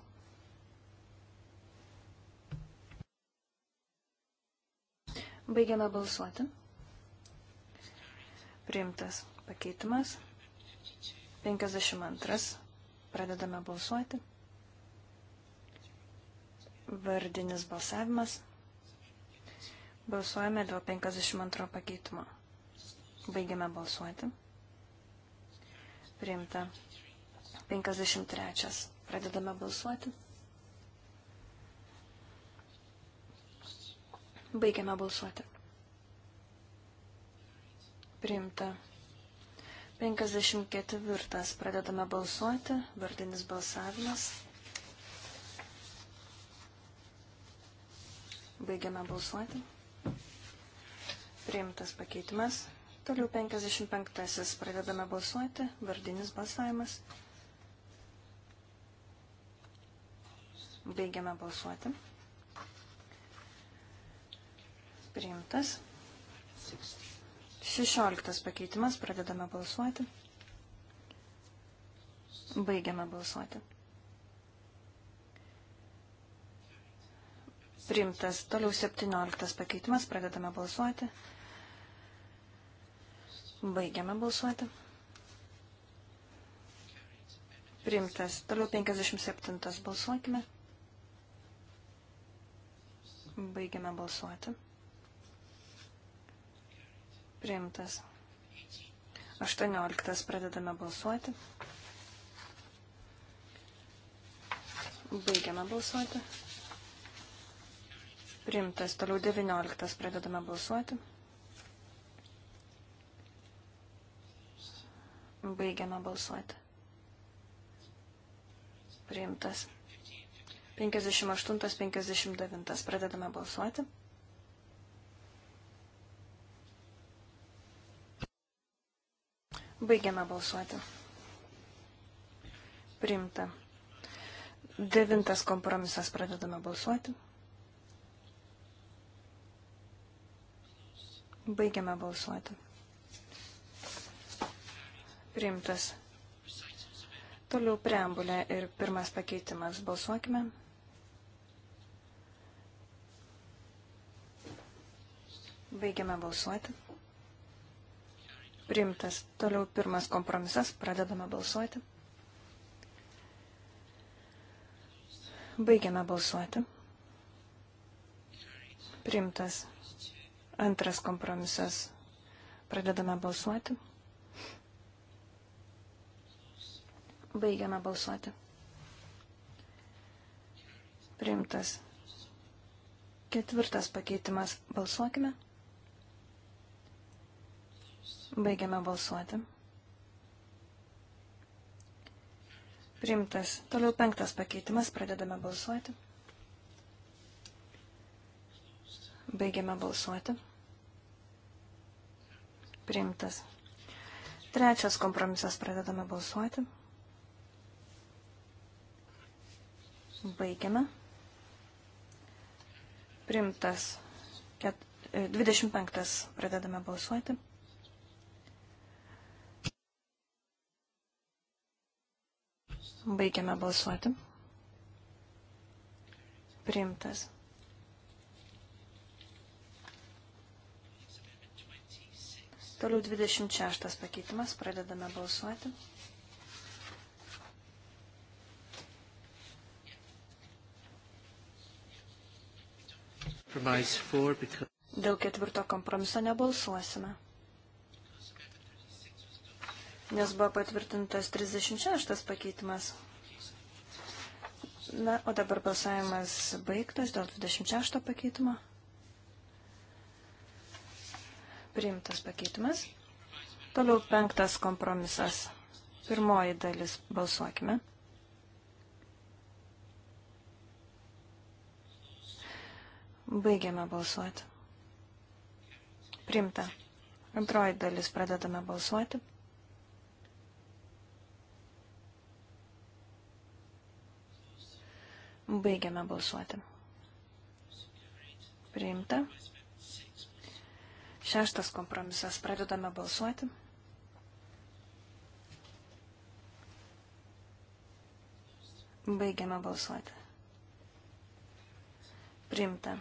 Baigiame balsuoti. Priimtas pakeitimas. 52. Pradedame balsuoti. Vardinis balsavimas. Balsuojame dėl 52 pakeitimo. Baigiame balsuoti. Priimta. 53. Pradedame balsuoti. Baigiame balsuoti. Priimta. 54. Pradedame balsuoti. Vardinis balsavimas. Baigiame balsuoti. Priimtas pakeitimas. Toliau 55. Pradedame balsuoti. Vardinis balsavimas. Baigiame balsuoti priimtas. 16 pakeitimas, pradedame balsuoti. Baigiame balsuoti. Priimtas. Toliau 17 pakeitimas, pradedame balsuoti. Baigiame balsuoti. Priimtas. Toliau 57 balsuokime. Baigiame balsuoti. Priimtas. 18 pradedame balsuoti. Baigiame balsuoti. Priimtas. Toliau 19 pradedame balsuoti. Baigiame balsuoti. Priimtas. 58-59 pradedame balsuoti. Baigiame balsuoti. Primta. Devintas kompromisas pradedame balsuoti. Baigiame balsuoti. Priimtas. Toliau preambulė ir pirmas pakeitimas. Balsuokime. Baigiame balsuoti priimtas. Toliau pirmas kompromisas, pradedame balsuoti. Baigiame balsuoti. Priimtas. Antras kompromisas, pradedame balsuoti. Baigiame balsuoti. Priimtas. Ketvirtas pakeitimas, balsuokime. Balsuokime. Baigiame balsuoti. Priimtas. Toliau penktas pakeitimas. Pradedame balsuoti. Baigiame balsuoti. Priimtas. Trečias kompromisas pradedame balsuoti. Baigiame. Primtas. Ket... 25 e, pradedame balsuoti. Baigiame balsuoti. Priimtas. Toliau 26 pakeitimas, pradedame balsuoti. Dėl ketvirto kompromiso nebalsuosime nes buvo patvirtintas 36 pakeitimas. Na, o dabar balsavimas baigtas dėl 26 pakeitimo. Priimtas pakeitimas. Toliau penktas kompromisas. Pirmoji dalis balsuokime. Baigiame balsuoti. Primta. Antroji dalis pradedame balsuoti. Baigiame balsuoti. Priimta. Šeštas kompromisas. Pradedame balsuoti. Baigiame balsuoti. Priimta.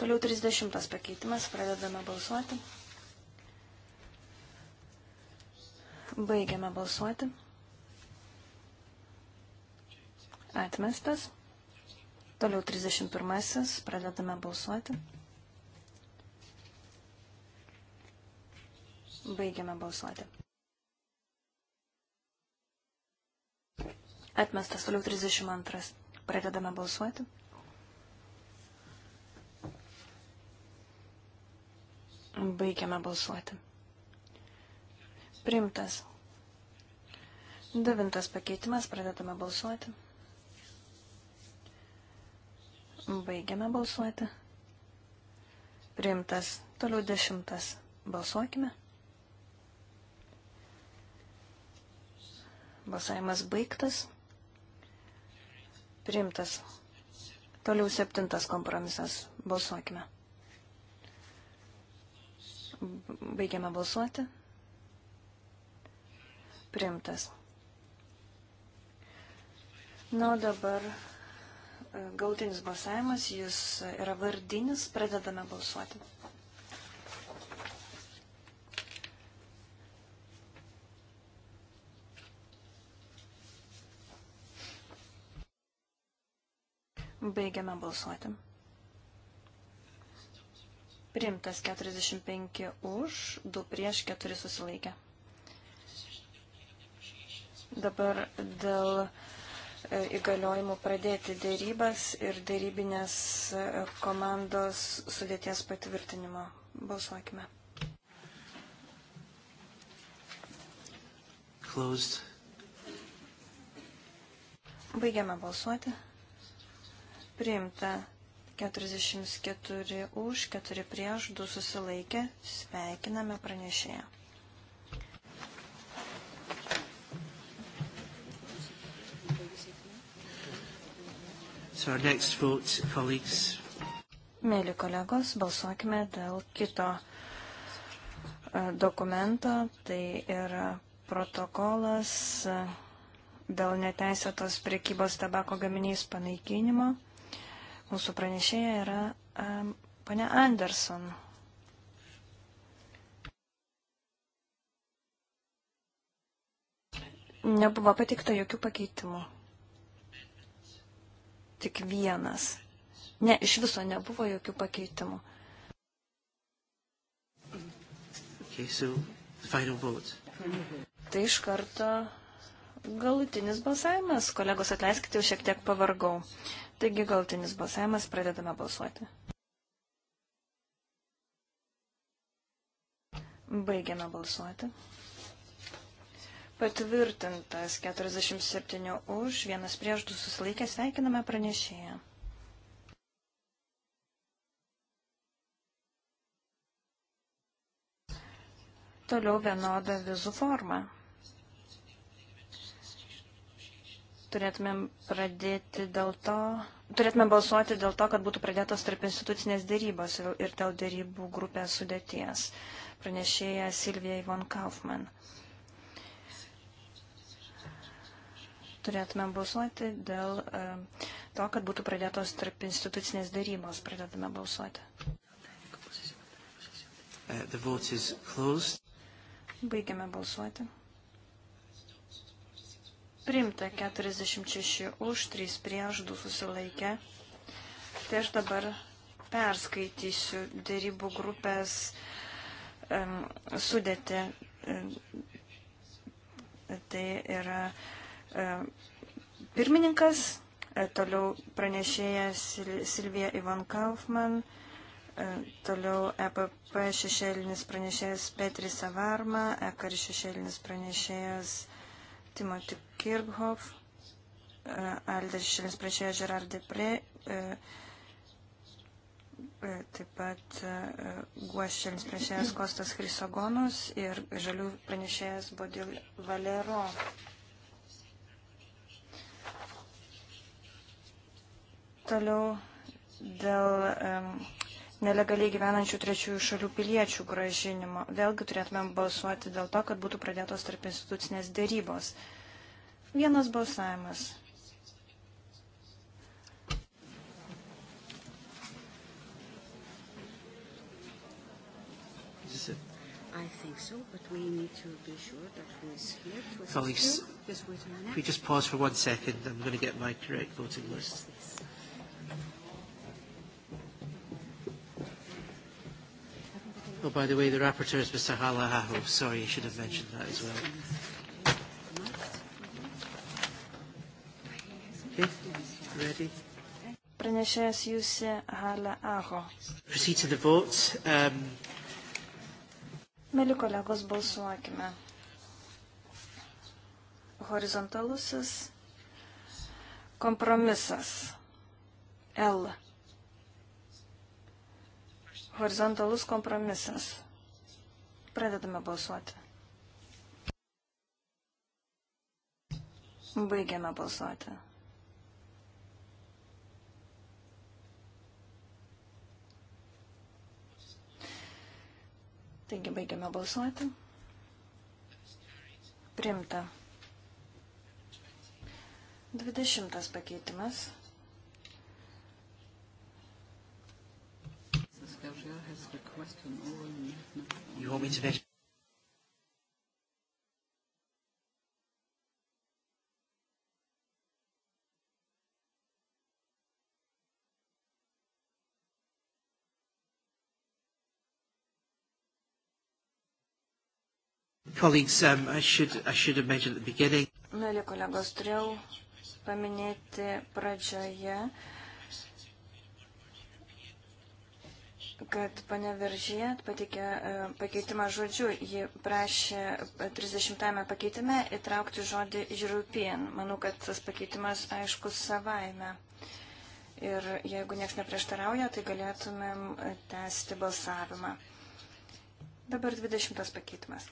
Toliau 30 pakeitimas. Pradedame balsuoti. Baigiame balsuoti. Atmestas. Toliau 31. Pradedame balsuoti. Baigiame balsuoti. Atmestas toliau 32. Pradedame balsuoti. Baigiame balsuoti. Primtas. Devintas pakeitimas. Pradedame balsuoti. Baigiame balsuoti. Priimtas. Toliau dešimtas. Balsuokime. Balsavimas baigtas. Priimtas. Toliau septintas kompromisas. Balsuokime. Baigiame balsuoti. Priimtas. Na, nu, dabar E, gautinis balsavimas, jis yra vardinis, pradedame balsuoti. Baigiame balsuoti. Primtas 45 už, 2 prieš, 4 susilaikė. Dabar dėl uh, įgaliojimų pradėti dėrybas ir dėrybinės komandos sudėties patvirtinimo. Balsuokime. Closed. Baigiame balsuoti. Priimta 44 už, 4 prieš, 2 susilaikė. Sveikiname pranešėją. So our next vote, colleagues. Mėly kolegos, balsuokime dėl kito e, dokumento. Tai yra protokolas e, dėl neteisėtos prekybos tabako gaminiais panaikinimo. Mūsų pranešėja yra um, e, pane Anderson. Nebuvo patikta jokių pakeitimų tik vienas. Ne, iš viso nebuvo jokių pakeitimų. Okay, so tai iš karto galutinis balsavimas. Kolegos, atleiskite, jau šiek tiek pavargau. Taigi galutinis balsavimas, pradedame balsuoti. Baigiame balsuoti. Patvirtintas 47 už, vienas prieš du susilaikė, sveikiname pranešėją. Toliau vienoda vizų forma. Turėtumėm pradėti dėl to, turėtumėm balsuoti dėl to, kad būtų pradėtos tarp institucinės dėrybos ir dėl dėrybų grupės sudėties. Pranešėja Silvija Ivon Kaufman. turėtume balsuoti dėl e, to, kad būtų pradėtos tarp institucinės darymos. Pradedame balsuoti. Uh, Baigiame balsuoti. Primta 46 už, 3 prieš, 2 susilaikė. Tai aš dabar perskaitysiu dėrybų grupės um, sudėti. Tai yra uh, E, pirmininkas, e, toliau pranešėja Silvija Ivan Kaufman, e, toliau EPP šešėlinis pranešėjas Petris Savarma, EKR šešėlinis pranešėjas Timothy Kirchhoff, Aldas šešėlinis pranešėjas Gerard Depre, taip pat Guošėlis pranešėjas Kostas Krisogonus ir žalių pranešėjas Bodil Valero. Toliau dėl um, nelegaliai gyvenančių trečiųjų šalių piliečių gražinimo. Vėlgi turėtumėm balsuoti dėl to, kad būtų pradėtos tarp institucinės dėrybos. Vienas balsavimas. I think so, but we need to be sure that who is here to assist Colleagues, you. Yes, wait a minute. If we just pause for one second, I'm going to get my correct voting list. Yes. Oh, by the way, the rapporteur is Mr. Halahaho. Sorry, I should have mentioned that as well. Okay, ready? Pranešėjas Jūsė Halahaho. Proceed to the vote. Um... Mėly kolegos, balsuokime. Horizontalusis kompromisas. L Horizontalus kompromisas. Pradedame balsuoti. Baigiame balsuoti. Taigi baigiame balsuoti. Primta. Dvidešimtas pakeitimas. Berger has requested an oral amendment. You want me to make Colleagues, um, I should I should have mentioned at the beginning. Mėly kolegos, turėjau paminėti pradžioje, uh, kad pane Viržyje pateikė e, pakeitimą žodžiu. Ji prašė 30-ame pakeitime įtraukti žodį European. Manau, kad tas pakeitimas aiškus savaime. Ir jeigu nieks neprieštarauja, tai galėtumėm e, tęsti balsavimą. Dabar 20 pakeitimas.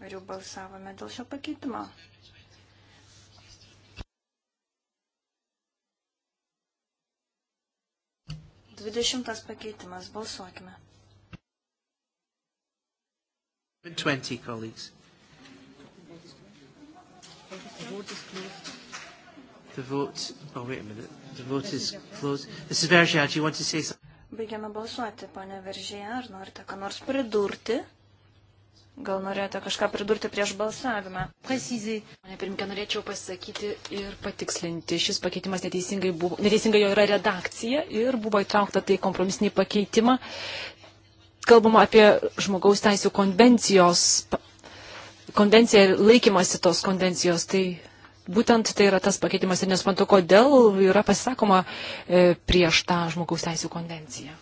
Ar jau balsavome dėl šio pakeitimo? 20 pakeitimas. Balsuokime. 20, colleagues. The vote is closed. The vote, oh wait a minute, the vote is closed. Mrs. Vergia, do you want to say something? Baigiame balsuoti, ponia Veržėje, ar norite ką nors pridurti? Gal norėjote kažką pridurti prieš balsavimą? Pasizai. Mane pirmkia, norėčiau pasakyti ir patikslinti. Šis pakeitimas neteisingai, buvo, neteisingai jo yra redakcija ir buvo įtraukta tai kompromisinį pakeitimą. Kalbama apie žmogaus teisų konvencijos, konvenciją ir laikymasi tos konvencijos. Tai būtent tai yra tas pakeitimas ir nesuprantu, kodėl yra pasisakoma e, prieš tą žmogaus teisų konvenciją.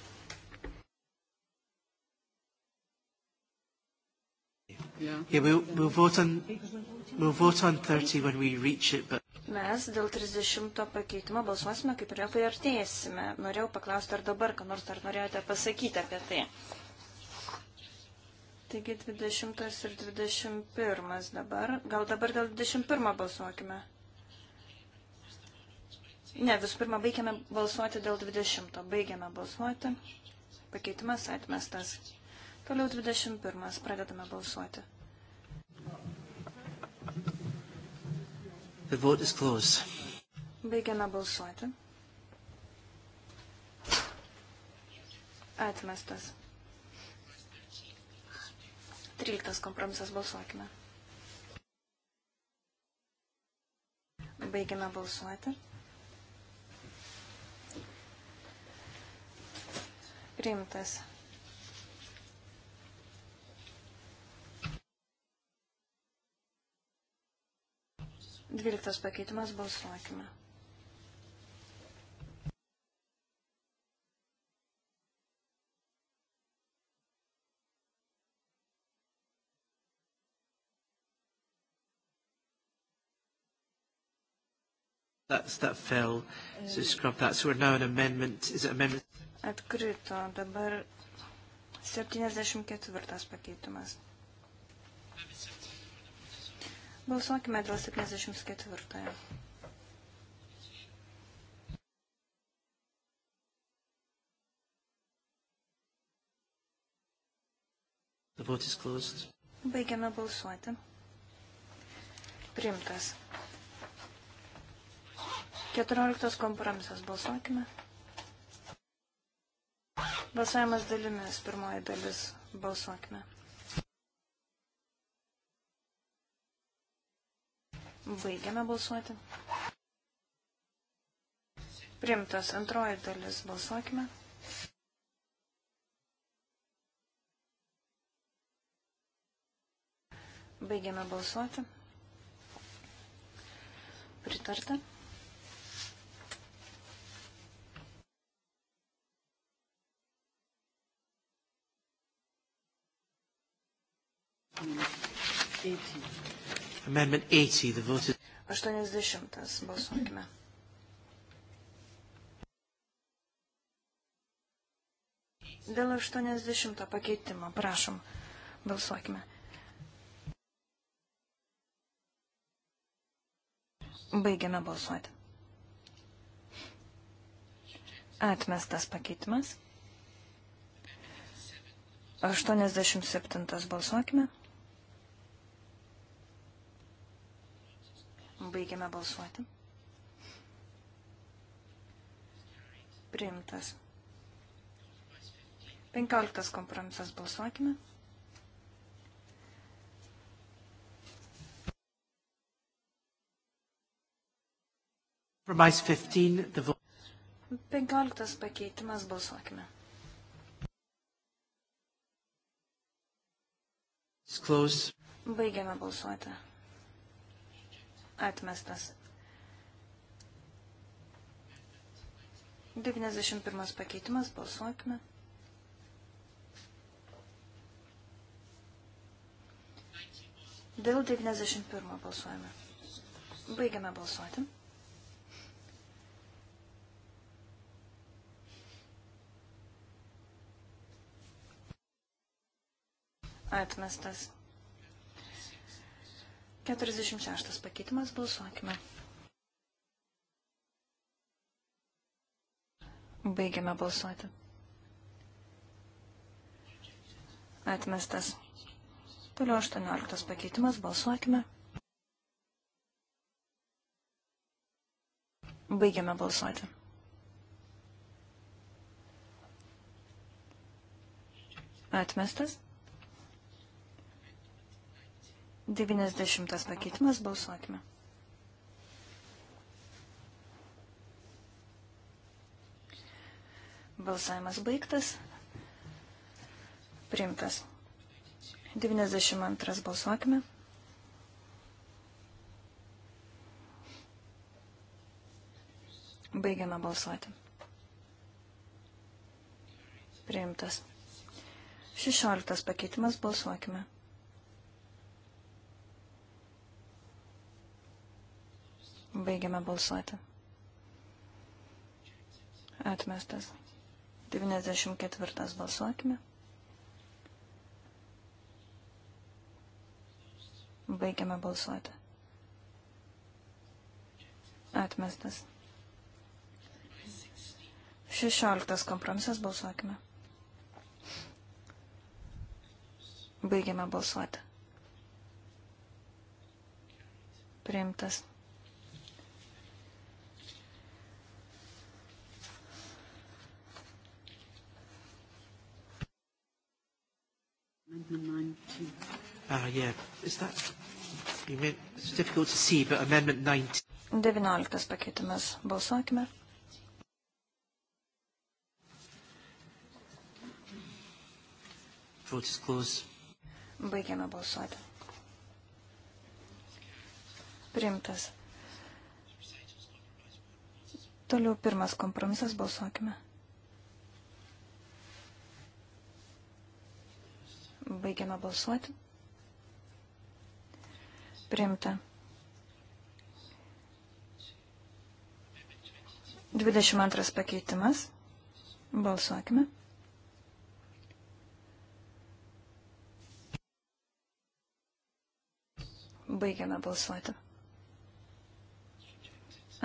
Yeah. Yeah, we'll, we'll vote on, we'll vote on 30 when we reach it, but... Mes dėl 30 pakeitimo balsuosime, kaip ir jau kai artėsime. Norėjau paklausti, ar dabar, ką nors dar norėjote pasakyti apie tai. Taigi 20 ir 21 dabar. Gal dabar dėl 21 balsuokime? Ne, visų pirma, baigiame balsuoti dėl 20. Baigiame balsuoti. Pakeitimas atmestas. Toliau 21. Pradedame balsuoti. The vote is closed. Baigiame balsuoti. Atmestas. 13 kompromisas balsuokime. Baigiame balsuoti. Priimtas. 12 pakeitimas balsuokime. That's, that fell, so scrub that. So we're now an amendment. Is it amendment? Atkrito. Dabar 74 pakeitimas. Balsuokime dėl 74. The vote is closed. Baigiame balsuoti. Primtas. 14 kompromisas balsuokime. Balsavimas dalimis, pirmoji dalis balsuokime. Baigiame balsuoti. Primtas antroji dalis. Balsuokime. Baigiame balsuoti. Pritarta. Eighteen. Amendment 80, the vote is... 80. Balsuokime. Dėl 80 pakeitimo, prašom, balsuokime. Baigiame balsuoti. Atmestas pakeitimas. 87 balsuokime. Baigiame balsuoti. Priimtas. 15 kompromisas balsuokime. Compromise 15, the vote. 15 pakeitimas balsuokime. Close. Baigiame balsuoti. Atmestas. 91 pakeitimas, balsuokime. Dėl 91 balsuojame. Baigiame balsuoti. Atmestas. 46 pakeitimas balsuokime. Baigiame balsuoti. Atmestas. Toliau 18 pakeitimas balsuokime. Baigiame balsuoti. Atmestas. 90 pakeitimas, balsuokime. Balsavimas baigtas. Priimtas. 92 balsuokime. Baigiame balsuoti. Priimtas. 16 pakeitimas balsuokime. Baigiame balsuoti. Atmestas. 94 balsuokime. Baigiame balsuoti. Atmestas. 16 kompromisas balsuokime. Baigiame balsuoti. Priimtas. Ah, yeah. Is that... It's difficult to see, but Amendment 19. 19 pakeitimas. Balsuokime. Vote is closed. Baigiame balsuoti. Primtas. Toliau pirmas kompromisas. Balsuokime. Baigiame balsuoti. Priimta. 22 pakeitimas. Balsuokime. Baigiame balsuoti.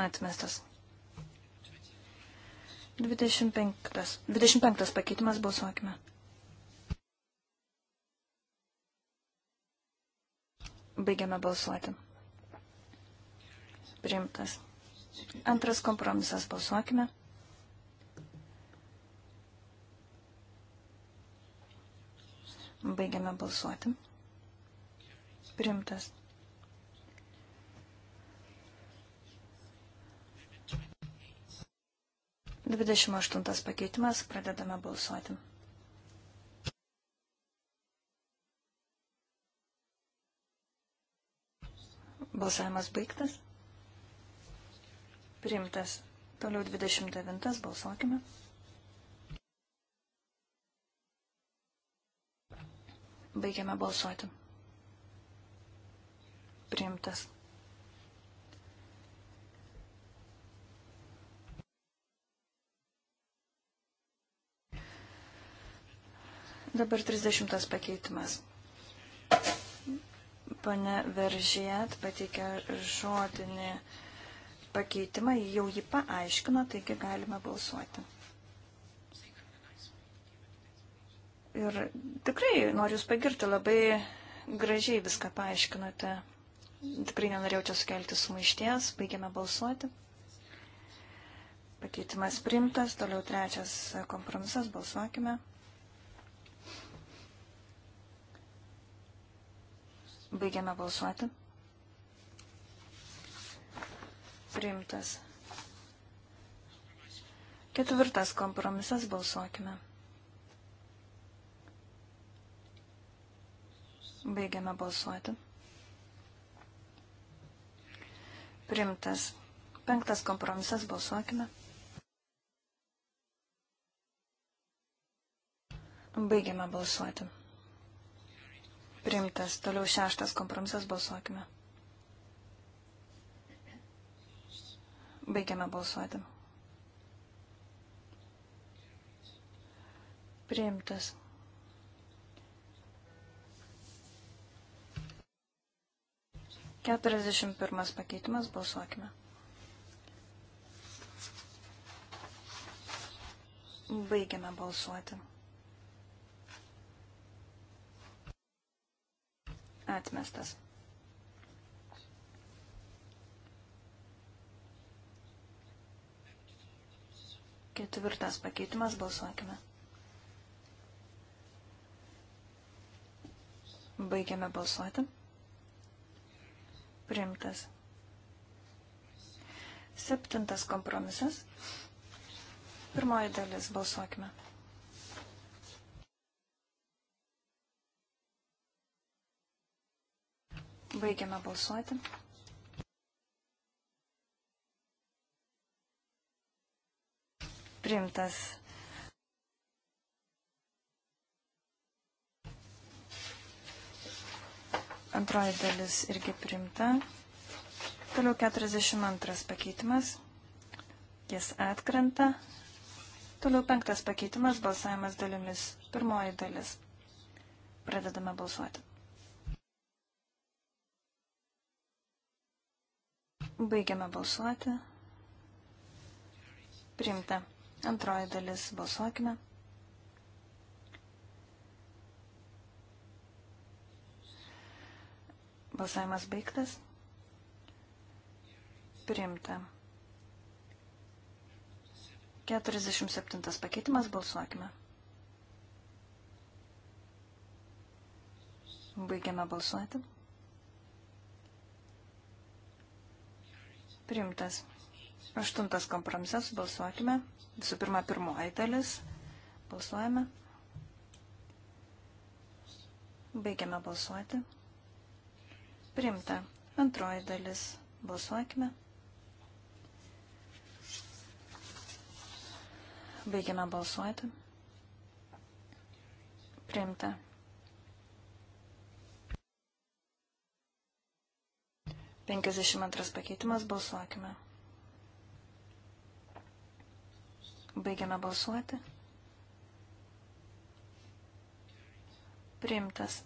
Atmestas. 25, 25 pakeitimas balsuokime. Baigiame balsuoti. Priimtas. Antras kompromisas balsuokime. Baigiame balsuoti. Primtas. Dvidešimt aštuntas pakeitimas. Pradedame balsuoti. Balsavimas baigtas. Priimtas. Toliau 29. Balsuokime. Baigiame balsuoti. Priimtas. Dabar 30 pakeitimas. Pane Veržėt pateikė žodinį pakeitimą, jau jį paaiškino, taigi galime balsuoti. Ir tikrai noriu Jūs pagirti, labai gražiai viską paaiškinote. Tikrai nenorėjau čia sukelti sumaišties, baigėme balsuoti. Pakeitimas primtas, toliau trečias kompromisas, balsuokime. Baigiame balsuoti. Priimtas. Ketvirtas kompromisas balsuokime. Baigiame balsuoti. Primtas. Penktas kompromisas balsuokime. Baigiame balsuoti. Primtas. Toliau šeštas kompromisas balsuokime. Baigiame balsuoti. Priimtas. Keturiasdešimt pirmas pakeitimas, balsuokime. Baigiame balsuoti. Atmestas. Ketvirtas pakeitimas, balsuokime. Baigiame balsuoti. Primtas. Septintas kompromisas. Pirmoji dalis, balsuokime. Baigiame balsuoti. Primtas. Antroji dalis irgi primta. Toliau 42 pakeitimas. Jis atkrenta. Toliau penktas pakeitimas, balsavimas dalimis. Pirmoji dalis. Pradedame balsuoti. Baigiame balsuoti. Priimta. Antroji dalis balsuokime. Balsavimas baigtas. Priimta. 47 pakeitimas balsuokime. Baigiame balsuoti. Priimtas. Aštuntas kompromisas, balsuokime. Visų pirma, pirmoji dalis. Balsuojame. Baigiame balsuoti. Priimta. Antroji dalis. Balsuokime. Baigiame balsuoti. Priimta. 52 pakeitimas, balsuokime. Baigiame balsuoti. Priimtas.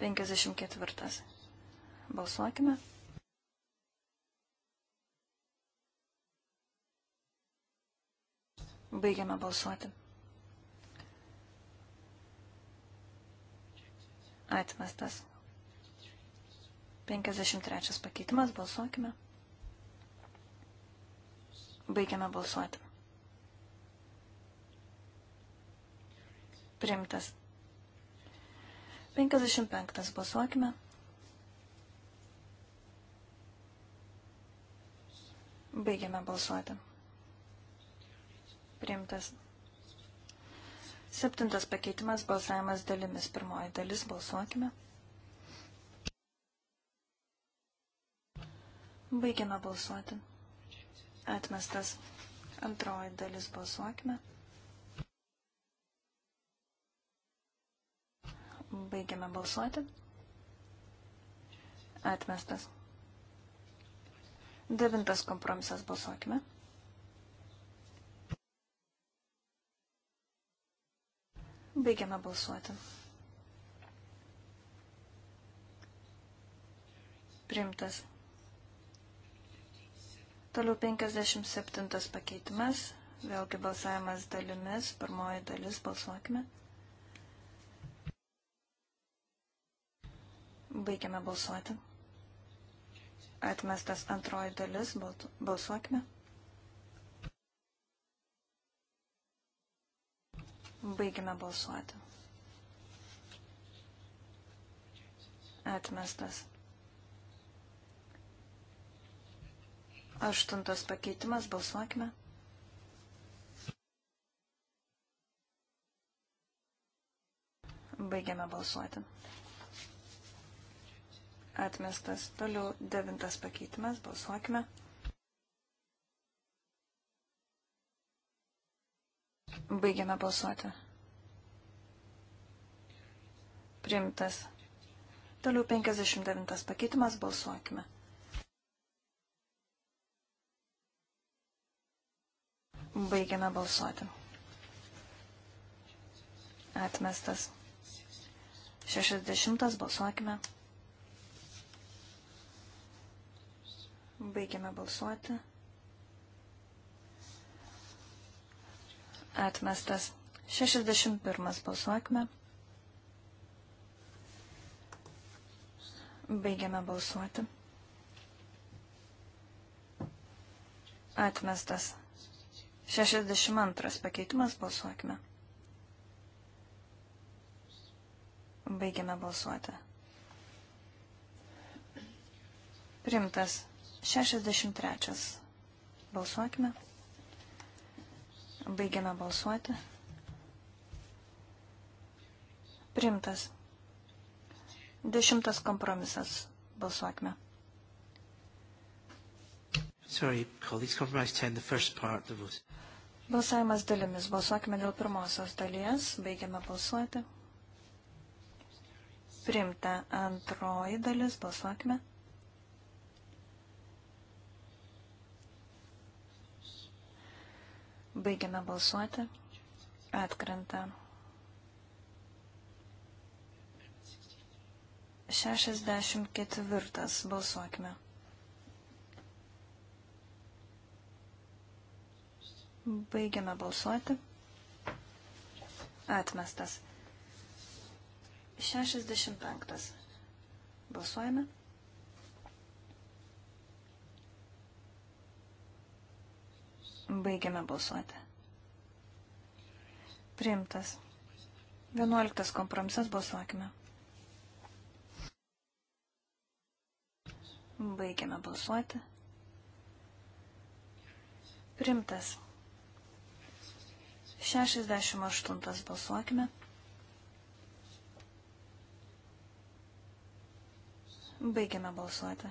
54. Balsuokime. Baigiame balsuoti. Atmestas. 53 pakeitimas, balsuokime. Baigiame balsuoti. Primtas. 55 balsuokime. Baigiame balsuoti. Primtas. Septintas pakeitimas balsavimas dalimis. Pirmoji dalis balsuokime. Baigiame balsuoti. Atmestas. Antroji dalis balsuokime. Baigiame balsuoti. Atmestas. Devintas kompromisas balsuokime. Baigiame balsuoti. Primtas. Toliau 57 pakeitimas. Vėlgi balsavimas dalimis. Pirmoji dalis balsuokime. Baigiame balsuoti. Atmestas antroji dalis. Balsuokime. Baigiame balsuoti. Atmestas. Aštuntas pakeitimas, balsuokime. Baigiame balsuoti. Atmestas. Toliau devintas pakeitimas, balsuokime. Baigiame balsuoti. Primtas. Toliau 59 pakeitimas, balsuokime. Baigiame balsuoti. Atmestas. 60 balsuokime. Baigiame balsuoti. Atmestas. 61 balsuokime. Baigiame balsuoti. Atmestas. 62 pakeitimas balsuokime. Baigiame balsuoti. Primtas 63. Balsuokime. Baigiame balsuoti. Primtas. Dešimtas kompromisas. Balsuokime. Sorry, colleagues, compromise 10, the first part, the vote. Balsavimas dalimis. Balsuokime dėl pirmosios dalies. Baigiame balsuoti. Primta antroji dalis. Balsuokime. Baigiame balsuoti. Atkrenta. 64. Balsuokime. Baigiame balsuoti. Atmestas. 65. Balsuojame. Baigiame balsuoti. Priimtas. 11 kompromisas balsuokime. Baigiame balsuoti. Primtas. 68 balsuokime. Baigiame balsuoti.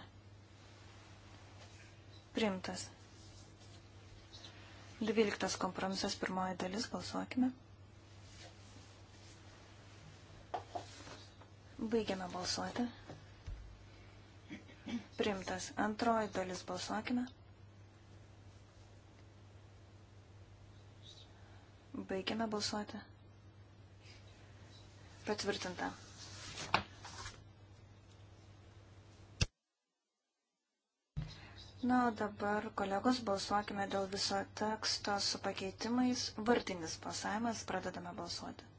Primtas. 12 kompromisas pirmoji dalis balsuokime. Baigiame balsuoti. Primtas. Antroji dalis balsuokime. Balsuokime. Baigiame balsuoti. Patvirtinta. Na, o dabar, kolegos, balsuokime dėl viso teksto su pakeitimais. Vartinis balsavimas, pradedame balsuoti.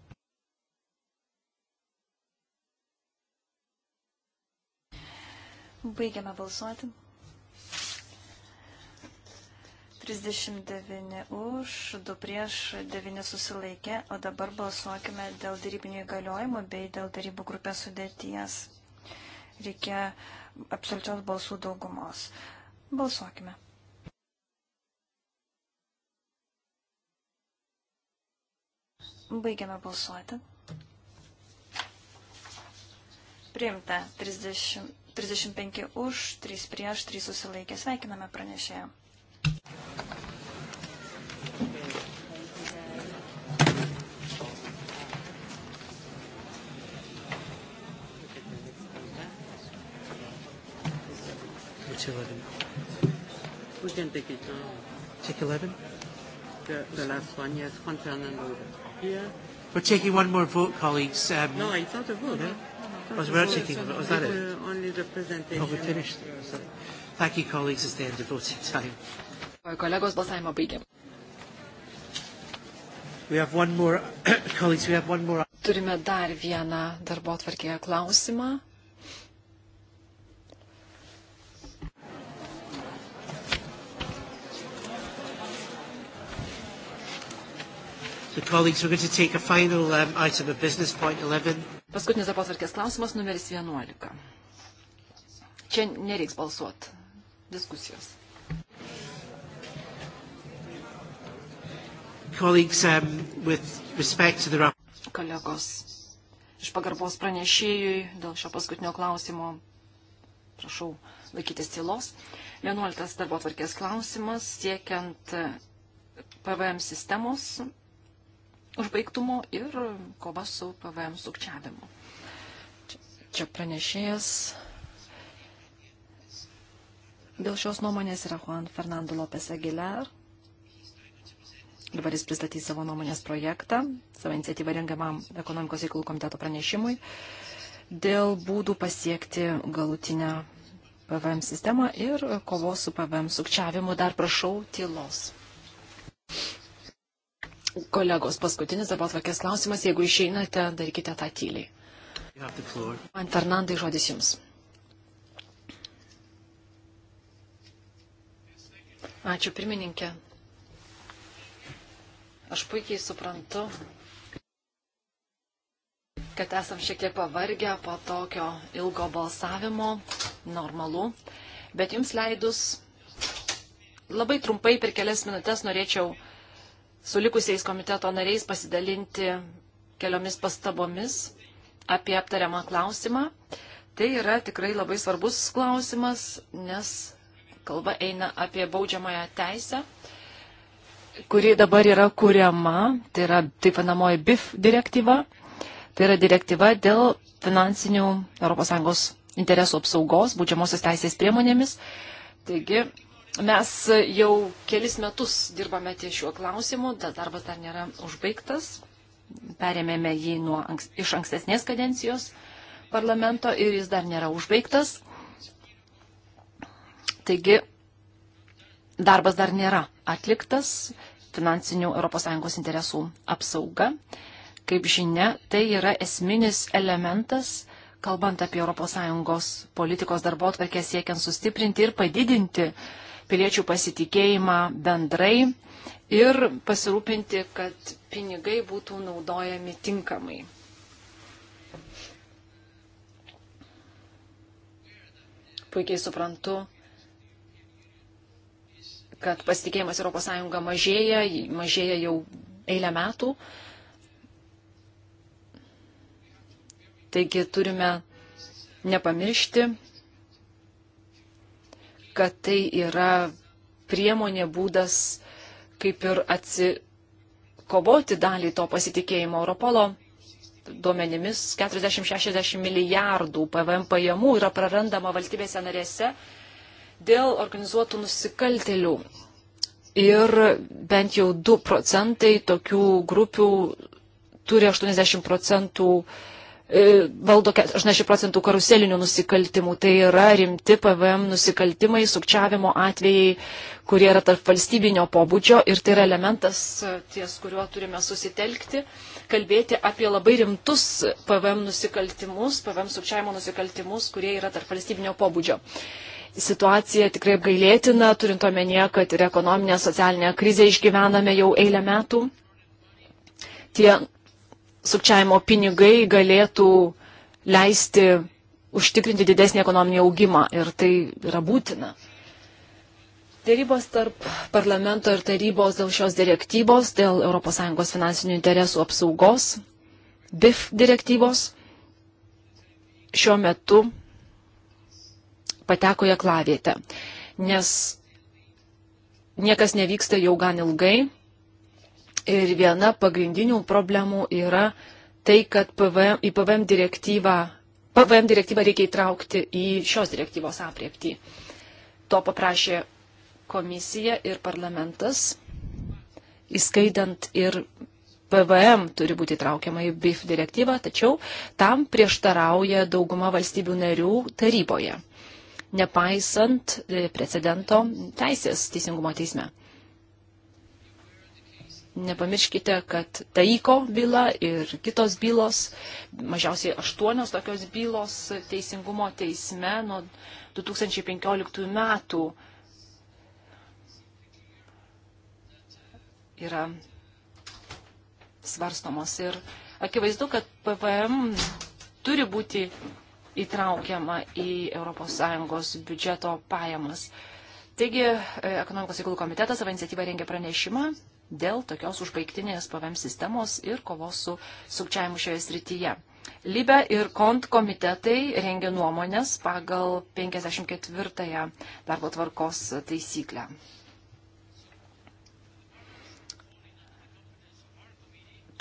Baigiame balsuoti. 39 už, 2 prieš, 9 susilaikė, o dabar balsuokime dėl darybinių įgaliojimų bei dėl darybų grupės sudėties. Reikia absoliučios balsų daugumos. Balsuokime. Baigiame balsuoti. Priimta 30, 35 už, 3 prieš, 3 susilaikė. Sveikiname pranešėją. Which 11? We can take it now. Take 11? The, the last one, yes, concerning order. Here. We're taking one more vote, colleagues. Um, no, it's not a vote. No? No, no, was we're taking a vote. Was that it? Only the presentation. Oh, we finished. Sorry. Thank you, colleagues. It's the end of voting time. Kolegos balsavimą baigiam. More... more... Turime dar vieną darbo atvarkėje klausimą. So, colleagues, we're going to take a final um, item of business, point 11. Paskutinis darbotvarkės klausimas, numeris 11. Čia nereiks balsuoti. Diskusijos. Colleagues, um, with respect to the Kolegos, iš pagarbos pranešėjui dėl šio paskutinio klausimo, prašau laikytis tylos. 11 darbo tvarkės klausimas siekiant PVM sistemos užbaigtumo ir kova su PVM sukčiavimu. Čia, čia pranešėjas Dėl šios nuomonės yra Juan Fernando Lopes Aguilar. Dabar jis pristatys savo nuomonės projektą, savo iniciatyvą rengiamam ekonomikos reikalų komiteto pranešimui dėl būdų pasiekti galutinę PVM sistemą ir kovos su PVM sukčiavimu. Dar prašau tylos. Kolegos, paskutinis darbo atvakės klausimas. Jeigu išeinate, darykite tą tyliai. Man Fernandai žodis jums. Ačiū pirmininkė. Aš puikiai suprantu, kad esam šiek tiek pavargę po tokio ilgo balsavimo, normalu, bet jums leidus labai trumpai per kelias minutės norėčiau su likusiais komiteto nariais pasidalinti keliomis pastabomis apie aptariamą klausimą. Tai yra tikrai labai svarbus klausimas, nes kalba eina apie baudžiamąją teisę kuri dabar yra kuriama, tai yra taip vadinamoji BIF direktyva, tai yra direktyva dėl finansinių ES interesų apsaugos būdžiamosios teisės priemonėmis. Taigi mes jau kelis metus dirbame ties šiuo klausimu, tas darbas dar nėra užbaigtas, perėmėme jį nuo, iš ankstesnės kadencijos parlamento ir jis dar nėra užbaigtas. Taigi darbas dar nėra atliktas, finansinių ES interesų apsauga. Kaip žinia, tai yra esminis elementas, kalbant apie ES politikos darbo atvarkę siekiant sustiprinti ir padidinti piliečių pasitikėjimą bendrai ir pasirūpinti, kad pinigai būtų naudojami tinkamai. Puikiai suprantu, kad pasitikėjimas ES mažėja, mažėja jau eilę metų. Taigi turime nepamiršti, kad tai yra priemonė būdas kaip ir atsikovoti dalį to pasitikėjimo Europolo duomenimis 40-60 milijardų PVM pajamų yra prarandama valstybėse narėse dėl organizuotų nusikaltelių. Ir bent jau 2 procentai tokių grupių turi 80 procentų, e, valdo 80 procentų karuselinių nusikaltimų. Tai yra rimti PVM nusikaltimai, sukčiavimo atvejai, kurie yra tarp valstybinio pobūdžio ir tai yra elementas, e, ties kuriuo turime susitelkti, kalbėti apie labai rimtus PVM nusikaltimus, PVM sukčiavimo nusikaltimus, kurie yra tarp valstybinio pobūdžio situacija tikrai apgailėtina, turint omenyje, kad ir ekonominę, socialinę krizę išgyvename jau eilę metų. Tie sukčiavimo pinigai galėtų leisti užtikrinti didesnį ekonominį augimą ir tai yra būtina. Dėrybos tarp parlamento ir tarybos dėl šios direktyvos, dėl ES finansinių interesų apsaugos, BIF direktyvos, šiuo metu pateko į aklavietę, nes niekas nevyksta jau gan ilgai ir viena pagrindinių problemų yra tai, kad PVM, į PVM direktyvą, PVM direktyvą reikia įtraukti į šios direktyvos apriepti. To paprašė komisija ir parlamentas, įskaitant ir PVM turi būti traukiama į BIF direktyvą, tačiau tam prieštarauja dauguma valstybių narių taryboje nepaisant e, precedento teisės teisingumo teisme. Nepamirškite, kad Taiko byla ir kitos bylos, mažiausiai aštuonios tokios bylos teisingumo teisme nuo 2015 metų yra svarstomos. Ir akivaizdu, kad PVM turi būti įtraukiama į ES biudžeto pajamas. Taigi, e, ekonomikos įgulų komitetas savo iniciatyvą rengė pranešimą dėl tokios užbaigtinės PVM sistemos ir kovos su sukčiavimu šioje srityje. Libe ir kont komitetai rengia nuomonės pagal 54 darbo tvarkos taisyklę.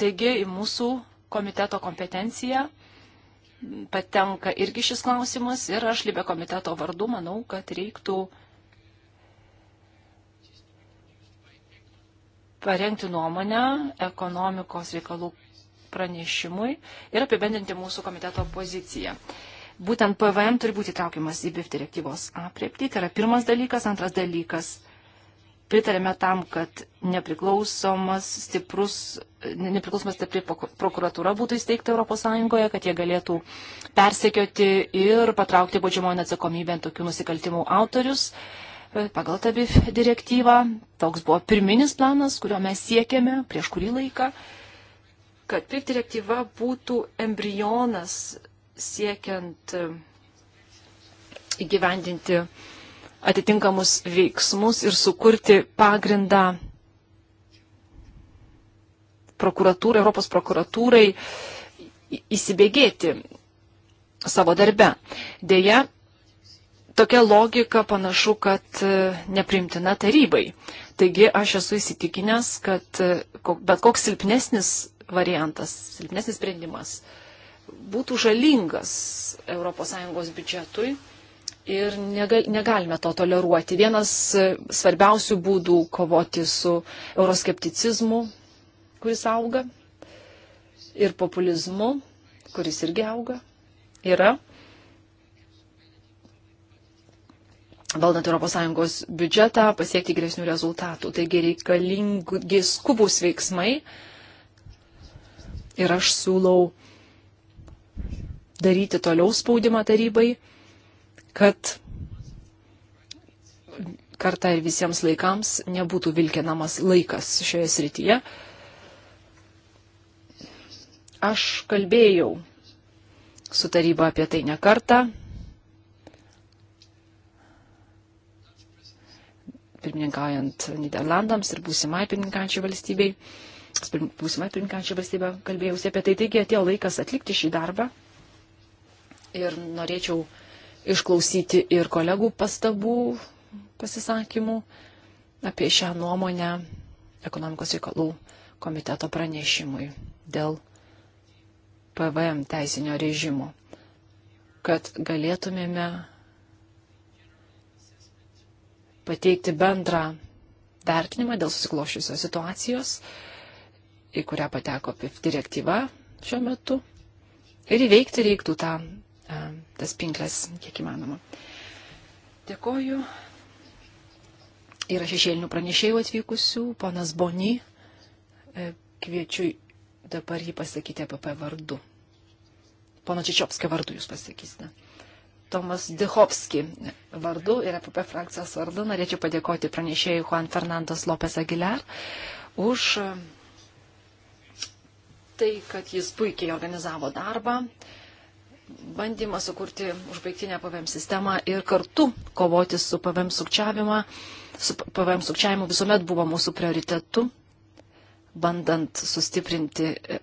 Taigi, į mūsų komiteto kompetenciją patenka irgi šis klausimas ir aš Libė komiteto vardu manau, kad reiktų parengti nuomonę ekonomikos reikalų pranešimui ir apibendinti mūsų komiteto poziciją. Būtent PVM turi būti traukiamas į BIF direktyvos apriepti. Tai yra pirmas dalykas. Antras dalykas pritarėme tam, kad nepriklausomas, stiprus, nepriklausomas stipri prokuratūra būtų įsteigta ES, kad jie galėtų persekioti ir patraukti baudžiamojo atsakomybę tokių nusikaltimų autorius. E, pagal TABIF direktyvą toks buvo pirminis planas, kurio mes siekėme prieš kurį laiką, kad PIF direktyva būtų embrionas siekiant e, įgyvendinti uh, atitinkamus veiksmus ir sukurti pagrindą prokuratūrai, Europos prokuratūrai įsibėgėti savo darbe. Deja, tokia logika panašu, kad e, neprimtina tarybai. Taigi aš esu įsitikinęs, kad e, bet koks silpnesnis variantas, silpnesnis sprendimas būtų žalingas ES biudžetui ir negalime to toleruoti. Vienas svarbiausių būdų kovoti su euroskepticizmu, kuris auga, ir populizmu, kuris irgi auga, yra valdant ES biudžetą pasiekti geresnių rezultatų. Taigi reikalingi skubus veiksmai ir aš siūlau daryti toliau spaudimą tarybai kad kartą ir visiems laikams nebūtų vilkinamas laikas šioje srityje. Aš kalbėjau su taryba apie tai ne kartą. Pirmininkaujant Niderlandams ir būsimai pirmininkančiai valstybei, būsimai pirmininkančiai valstybė kalbėjausi apie tai, taigi atėjo laikas atlikti šį darbą. Ir norėčiau uh, išklausyti ir kolegų pastabų, pasisakymų apie šią nuomonę ekonomikos reikalų komiteto pranešimui dėl PVM teisinio režimo, kad galėtumėme pateikti bendrą vertinimą dėl susikloščiusios situacijos, į kurią pateko PIF direktyva šiuo metu, ir įveikti reiktų tą e, tas pinkles, kiek įmanoma. Dėkoju. Yra šešėlinių pranešėjų atvykusių. Ponas Boni, e, kviečiu dabar jį pasakyti PP vardu. Pono Čičiopskio vardu jūs pasakysite. Tomas Dihovski vardu ir APP frakcijos vardu norėčiau padėkoti pranešėjui Juan Fernandas Lopes Aguilar už e, tai, kad jis puikiai organizavo darbą, bandymą sukurti užbaigtinę PVM sistemą ir kartu kovoti su PVM sukčiavimą. Su PVM sukčiavimu visuomet buvo mūsų prioritetu, bandant sustiprinti e,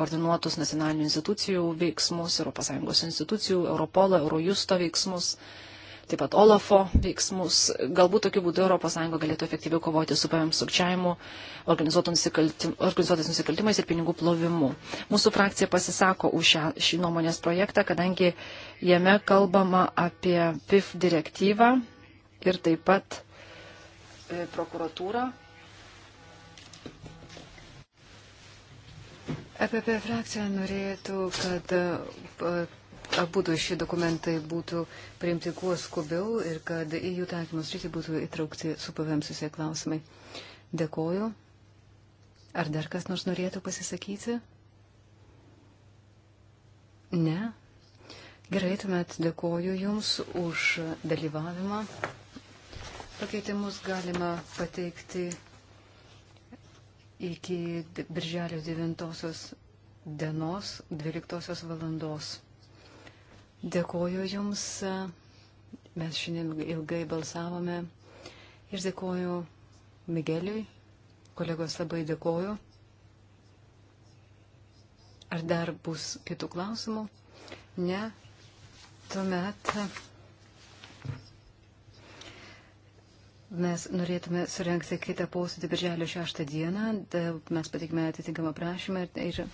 koordinuotus nacionalinių institucijų veiksmus, ES institucijų, Europolo, Eurojusto veiksmus. veiksmus taip pat Olafo veiksmus. Galbūt tokiu būdu ES galėtų efektyviau kovoti su pavėm sukčiavimu, organizuotais nusikaltimais ir pinigų plovimu. Mūsų frakcija pasisako už šią, šį nuomonės projektą, kadangi jame kalbama apie PIF direktyvą ir taip pat e, prokuratūrą. EPP frakcija norėtų, kad e, abu šie dokumentai būtų priimti kuo skubiau ir kad į jų taikymus rytį būtų įtraukti su PVM susiję klausimai. Dėkoju. Ar dar kas nors norėtų pasisakyti? Ne. Gerai, tuomet dėkoju Jums už dalyvavimą. Pakeitimus galima pateikti iki birželio 9 dienos 12 valandos. Dėkoju Jums. Mes šiandien ilgai balsavome ir dėkoju Migeliui. Kolegos labai dėkoju. Ar dar bus kitų klausimų? Ne. Tuomet mes norėtume surenkti kitą posėdį birželio 6 dieną. Mes patikime atitinkamą prašymą ir, ir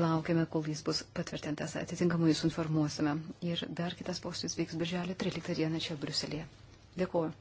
Laukiame, kol jis bus patvirtintas. Atitinkamai jūs informuosime. Ir dar kitas postis vyks birželio 13 dieną čia Bruselėje. Dėkuoju.